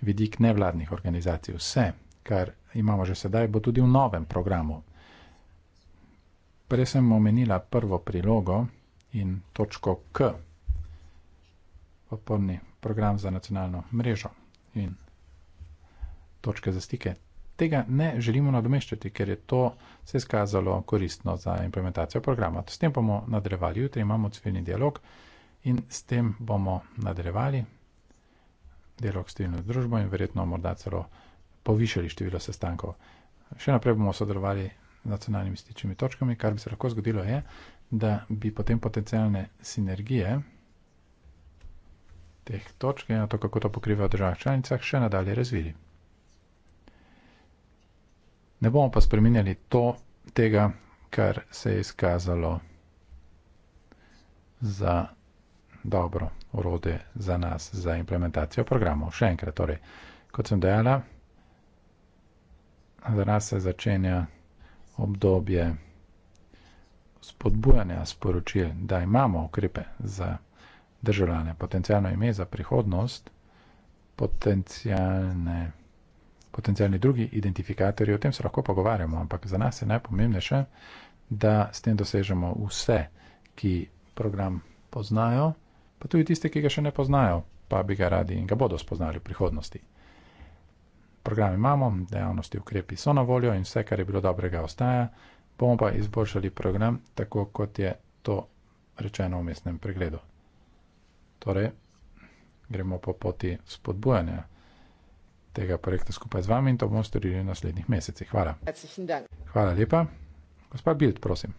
vidik nevladnih organizacij vse, kar imamo že sedaj, bo tudi v novem programu. Prej sem omenila prvo prilogo in točko K, podporni program za nacionalno mrežo in točke za stike. Tega ne želimo nadomeščati, ker je to se skazalo koristno za implementacijo programa. S tem bomo nadaljevali. Jutri imamo civilni dialog in s tem bomo nadaljevali dialog s civilno družbo in verjetno morda celo povišali število sestankov. Še naprej bomo sodelovali z nacionalnimi stičnimi točkami, kar bi se lahko zgodilo, je, da bi potem potencijalne sinergije teh točk in na ja, to, kako to pokrivajo v državah članicah, še nadalje razvili. Ne bomo pa spremenjali to, tega, kar se je izkazalo za dobro urode za nas, za implementacijo programov. Še enkrat, torej, kot sem dejala, zaraz se začenja obdobje spodbujanja sporočil, da imamo ukrepe za državljane, potencijalno ime za prihodnost, potencijalne, potencijalni drugi identifikatorji, o tem se lahko pogovarjamo, ampak za nas je najpomembnejše, da s tem dosežemo vse, ki program poznajo, pa tudi tiste, ki ga še ne poznajo, pa bi ga radi in ga bodo spoznali v prihodnosti. Program imamo, dejavnosti ukrepi so na voljo in vse, kar je bilo dobrega, ostaja. Bomo pa izboljšali program, tako kot je to rečeno v mestnem pregledu. Torej, gremo po poti spodbujanja tega projekta skupaj z vami in to bomo storili v naslednjih mesecih. Hvala. Hvala lepa. Gospa Bild, prosim.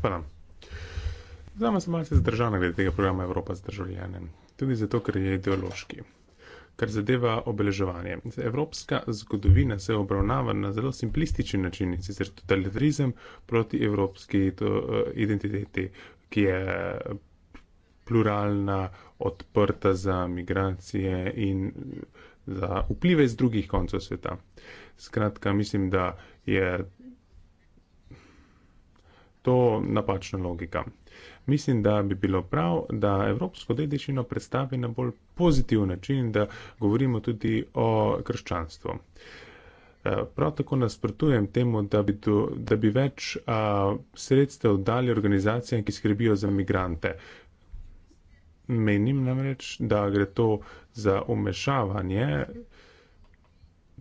Hvala. Zame sem malce zdržan glede tega programa Evropa z državljanem. Tudi zato, ker je ideološki. Kar zadeva obeleževanje. Evropska zgodovina se obravnava na zelo simplističen način, sicer totalitarizem proti evropski to, uh, identiteti, ki je pluralna, odprta za migracije in eh, za vplive iz drugih koncev sveta. Skratka, mislim, da je to napačna logika mislim, da bi bilo prav, da evropsko dediščino predstavi na bolj pozitiv način in da govorimo tudi o krščanstvu. Eh, prav tako nasprotujem temu, da bi, do, da bi več a, sredstev dali organizacijam, ki skrbijo za migrante. Menim namreč, da gre to za umešavanje.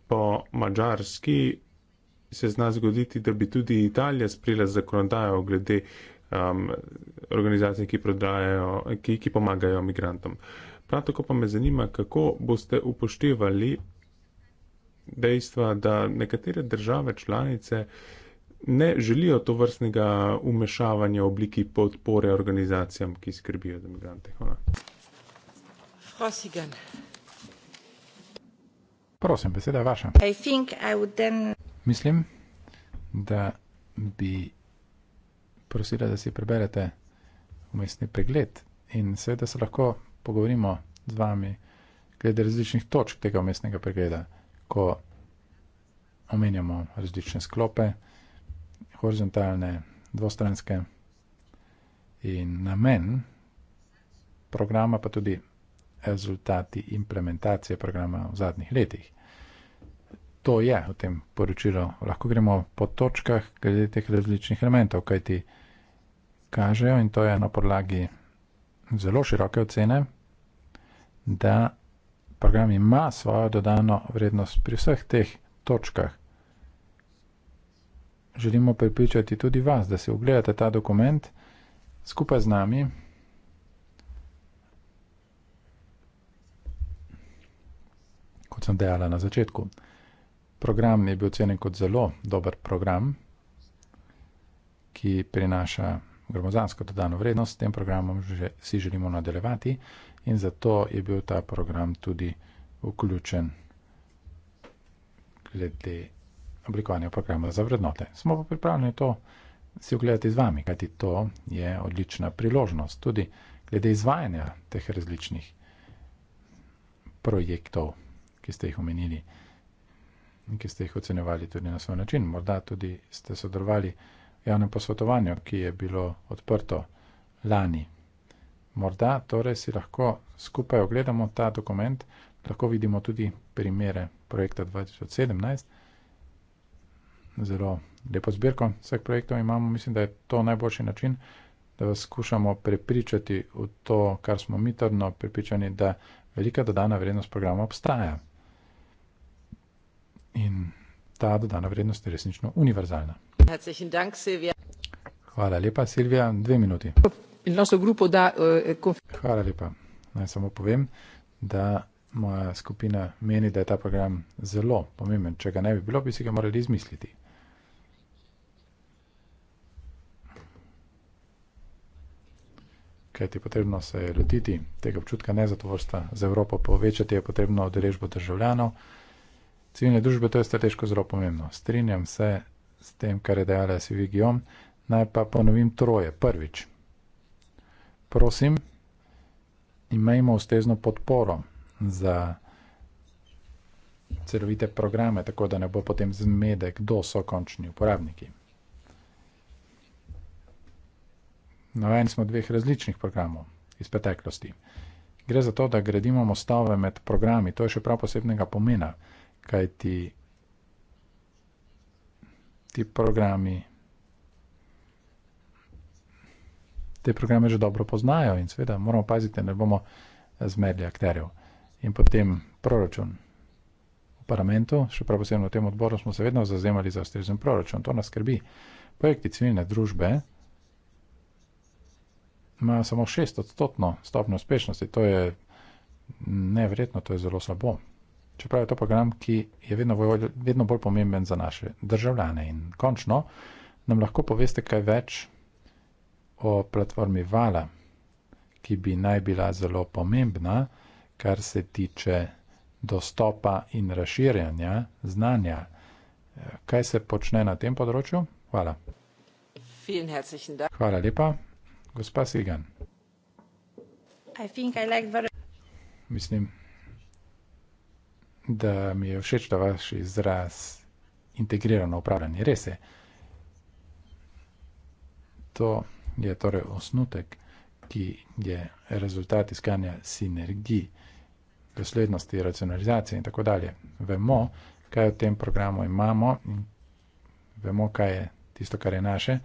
Po mačarski se zna zgoditi, da bi tudi Italija sprila zakonodajo glede um, organizacij, ki, ki, ki pomagajo migrantom. Prav tako pa me zanima, kako boste upoštevali dejstva, da nekatere države članice ne želijo to vrstnega umešavanja v obliki podpore organizacijam, ki skrbijo za migrante. Hvala. Prosigen. Prosim, beseda je vaša. Mislim, da bi prosila, da si preberete umestni pregled in seveda se lahko pogovorimo z vami glede različnih točk tega umestnega pregleda, ko omenjamo različne sklope, horizontalne, dvostranske in namen programa, pa tudi rezultati implementacije programa v zadnjih letih. To je v tem poročilu. Lahko gremo po točkah glede teh različnih elementov, kajti kažejo, in to je na podlagi zelo široke ocene, da program ima svojo dodano vrednost pri vseh teh točkah. Želimo pripričati tudi vas, da si ogledate ta dokument skupaj z nami. Kot sem dejala na začetku, program je bil ocenjen kot zelo dober program, ki prinaša gromozansko dodano vrednost, s tem programom že, si želimo nadaljevati in zato je bil ta program tudi vključen glede oblikovanja programa za vrednote. Smo pa pripravljeni to si ogledati z vami, kajti to je odlična priložnost tudi glede izvajanja teh različnih projektov, ki ste jih omenili in ki ste jih ocenjevali tudi na svoj način. Morda tudi ste sodelovali javnem posvetovanju, ki je bilo odprto lani. Morda torej si lahko skupaj ogledamo ta dokument, lahko vidimo tudi primere projekta 2017. Zelo lepo zbirko vseh projektov imamo. Mislim, da je to najboljši način, da vas skušamo prepričati v to, kar smo mi trdno prepričani, da velika dodana vrednost programa obstaja. In ta dodana vrednost je resnično univerzalna. Hvala lepa, Silvija. Dve minuti. Eh, Hvala lepa. Naj samo povem, da moja skupina meni, da je ta program zelo pomemben. Če ga ne bi bilo, bi si ga morali izmisliti. Kaj ti potrebno se je lotiti tega občutka nezadovoljstva za Evropo, povečati je potrebno odrežbo državljanov. Civilne družbe, to je strateško zelo pomembno. Strinjam se, s tem, kar je dejala Sivigijom, naj pa ponovim troje. Prvič, prosim, imejmo ustezno podporo za celovite programe, tako da ne bo potem zmede, kdo so končni uporabniki. Navajeni smo dveh različnih programov iz preteklosti. Gre za to, da gradimo mostove med programi. To je še prav posebnega pomena, kajti ti programi. Te programe že dobro poznajo in seveda moramo paziti, da ne bomo zmedli akterjev. In potem proračun v parlamentu, še prav posebno v tem odboru, smo se vedno zazemali za ustrezen proračun. To nas skrbi. Projekti civilne družbe imajo samo šest odstotno stopnjo uspešnosti. To je neverjetno, to je zelo slabo čeprav je to program, ki je vedno, bolj, vedno bolj pomemben za naše državljane. In končno, nam lahko poveste kaj več o platformi Vala, ki bi naj bila zelo pomembna, kar se tiče dostopa in razširjanja znanja. Kaj se počne na tem področju? Hvala. Hvala lepa. Gospa Sigan. I think I like very... Mislim, da mi je všeč ta vaš izraz integrirano upravljanje. Res je. To je torej osnutek, ki je rezultat iskanja sinergij, doslednosti, racionalizacije in tako dalje. Vemo, kaj v tem programu imamo in vemo, kaj je tisto, kar je naše.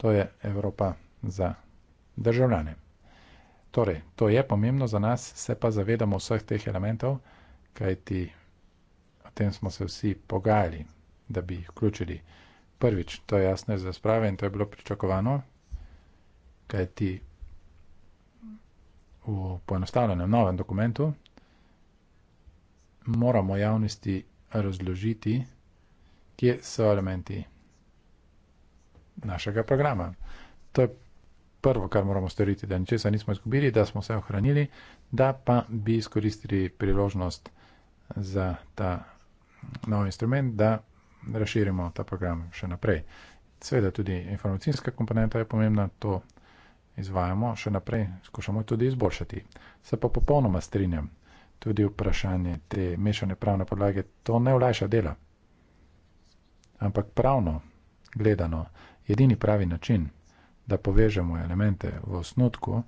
To je Evropa za državljane. Torej, to je pomembno za nas, se pa zavedamo vseh teh elementov, kajti tem smo se vsi pogajali, da bi jih vključili. Prvič, to je jasno iz razprave in to je bilo pričakovano, kajti v poenostavljenem novem dokumentu moramo javnosti razložiti, kje so elementi našega programa. To je prvo, kar moramo storiti, da ničesar nismo izgubili, da smo vse ohranili, da pa bi izkoristili priložnost za ta nov instrument, da razširimo ta program še naprej. Seveda tudi informacijska komponenta je pomembna, to izvajamo še naprej, skušamo tudi izboljšati. Se pa popolnoma strinjam, tudi vprašanje te mešane pravne podlage, to ne vlajša dela. Ampak pravno gledano, edini pravi način, da povežemo elemente v osnutku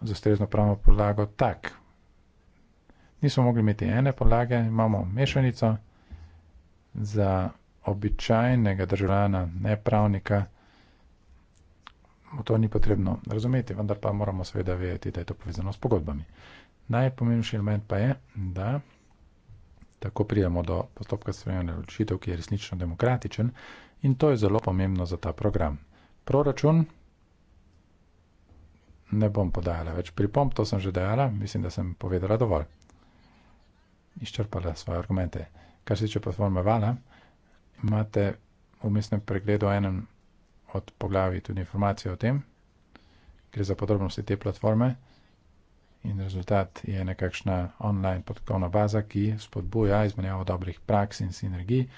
z ustrezno pravno podlago, tak. Nismo mogli imeti ene podlage, imamo mešanico, za običajnega državljana, ne pravnika, mu to ni potrebno razumeti, vendar pa moramo seveda vedeti, da je to povezano s pogodbami. Najpomembnejši element pa je, da tako prijemo do postopka sprejemanja odločitev, ki je resnično demokratičen in to je zelo pomembno za ta program. Proračun ne bom podajala več pripomb, to sem že dejala, mislim, da sem povedala dovolj. Izčrpala svoje argumente. Kar se tiče platforme Vala, imate v umestnem pregledu enem od poglavij tudi informacije o tem, gre za podrobnosti te platforme in rezultat je nekakšna online podkovna baza, ki spodbuja izmenjavo dobrih praks in sinergij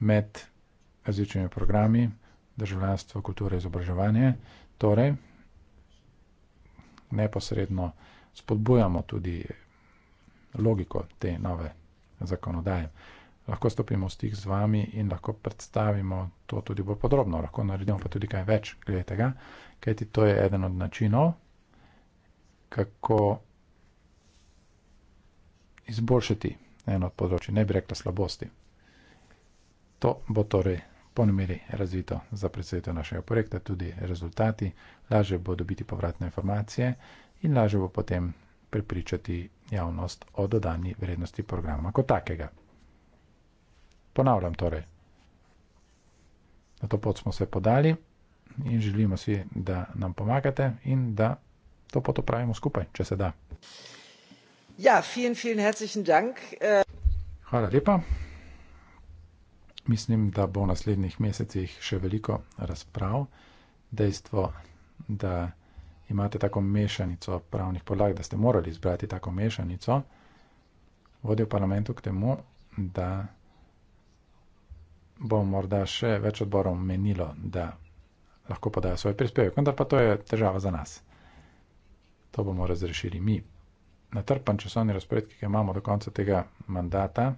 med različnimi programi državljanstvo, kulture, izobraževanje. Torej, neposredno spodbujamo tudi logiko te nove zakonodaje lahko stopimo v stik z vami in lahko predstavimo to tudi bolj podrobno. Lahko naredimo pa tudi kaj več glede tega, kajti to je eden od načinov, kako izboljšati eno od področji, ne bi rekla slabosti. To bo torej ponemeri razvito za predsedstvo našega projekta, tudi rezultati, lažje bo dobiti povratne informacije in lažje bo potem prepričati javnost o dodani vrednosti programa kot takega. Ponavljam torej. Na to pot smo se podali in želimo si, da nam pomagate in da to pot opravimo skupaj, če se da. Ja, vielen, vielen herzlichen Dank. Äh, Hvala lepa. Mislim, da bo v naslednjih mesecih še veliko razprav. Dejstvo, da imate tako mešanico pravnih podlag, da ste morali izbrati tako mešanico, vodi v parlamentu k temu, da bo morda še več odborov menilo, da lahko podajo svoj prispevek, vendar pa to je težava za nas. To bomo razrešili mi. Natrpan časovni razpored, ki ga imamo do konca tega mandata,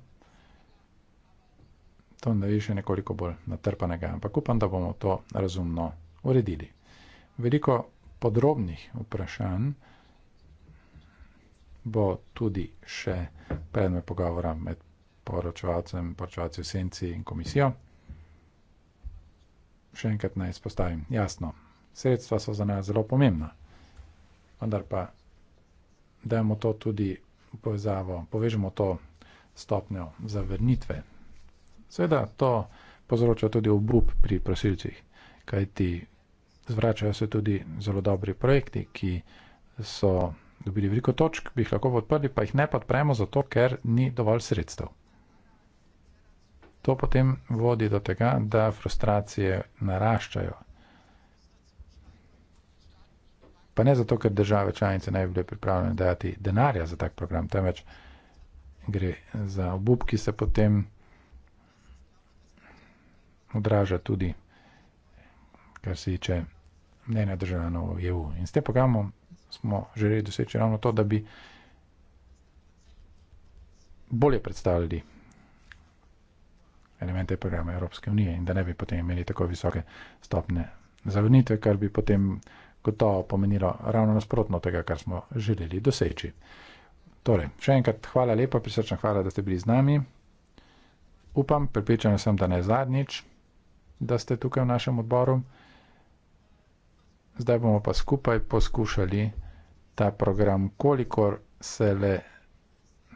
to ne bi še nekoliko bolj natrpanega, ampak upam, da bomo to razumno uredili. Veliko podrobnih vprašanj bo tudi še predme pogovora med poročevalcem, poročevalci v senci in komisijo. Še enkrat naj izpostavim, jasno, sredstva so za nas zelo pomembna, vendar pa dajmo to tudi povezavo, povežemo to stopnjo zavrnitve. Seveda to povzroča tudi obup pri prosilcih, kajti zvračajo se tudi zelo dobri projekti, ki so dobili veliko točk, bi jih lahko podprli, pa jih ne podpremo zato, ker ni dovolj sredstev. To potem vodi do tega, da frustracije naraščajo. Pa ne zato, ker države članice naj bi bile pripravljene dajati denarja za tak program, temveč gre za obup, ki se potem odraža tudi, kar se tiče mnenja državljanov v EU. In s tem programom smo želeli doseči ravno to, da bi bolje predstavljali elemente programa Evropske unije in da ne bi potem imeli tako visoke stopne zavrnitve, kar bi potem gotovo pomenilo ravno nasprotno tega, kar smo želeli doseči. Torej, še enkrat hvala lepa, prisrčna hvala, da ste bili z nami. Upam, pripričana sem, da ne zadnjič, da ste tukaj v našem odboru. Zdaj bomo pa skupaj poskušali ta program, kolikor se le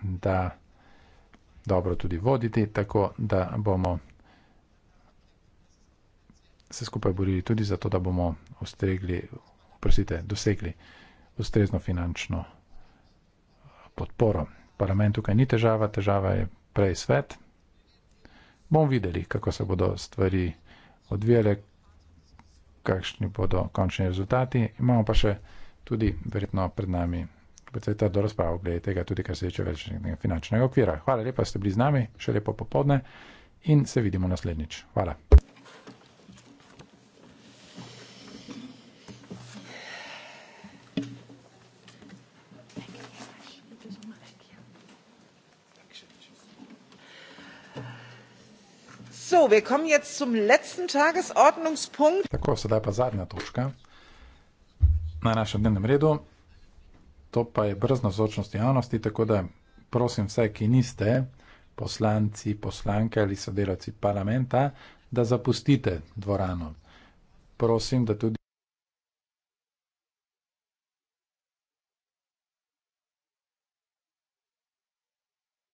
da dobro tudi voditi, tako da bomo se skupaj borili tudi za to, da bomo ustregli, prosite, dosegli ustrezno finančno podporo. Parlament tukaj ni težava, težava je prej svet. Bomo videli, kako se bodo stvari odvijale, kakšni bodo končni rezultati. Imamo pa še tudi verjetno pred nami predvsejta do razprave glede tega, tudi kar se tiče večnega finančnega okvira. Hvala lepa, da ste bili z nami, še lepo popovdne in se vidimo naslednjič. Hvala. So, Tako, sedaj pa zadnja točka na našem dnevnem redu to pa je brez navzočnosti javnosti, tako da prosim vse, ki niste poslanci, poslanke ali sodelavci parlamenta, da zapustite dvorano. Prosim, da tudi.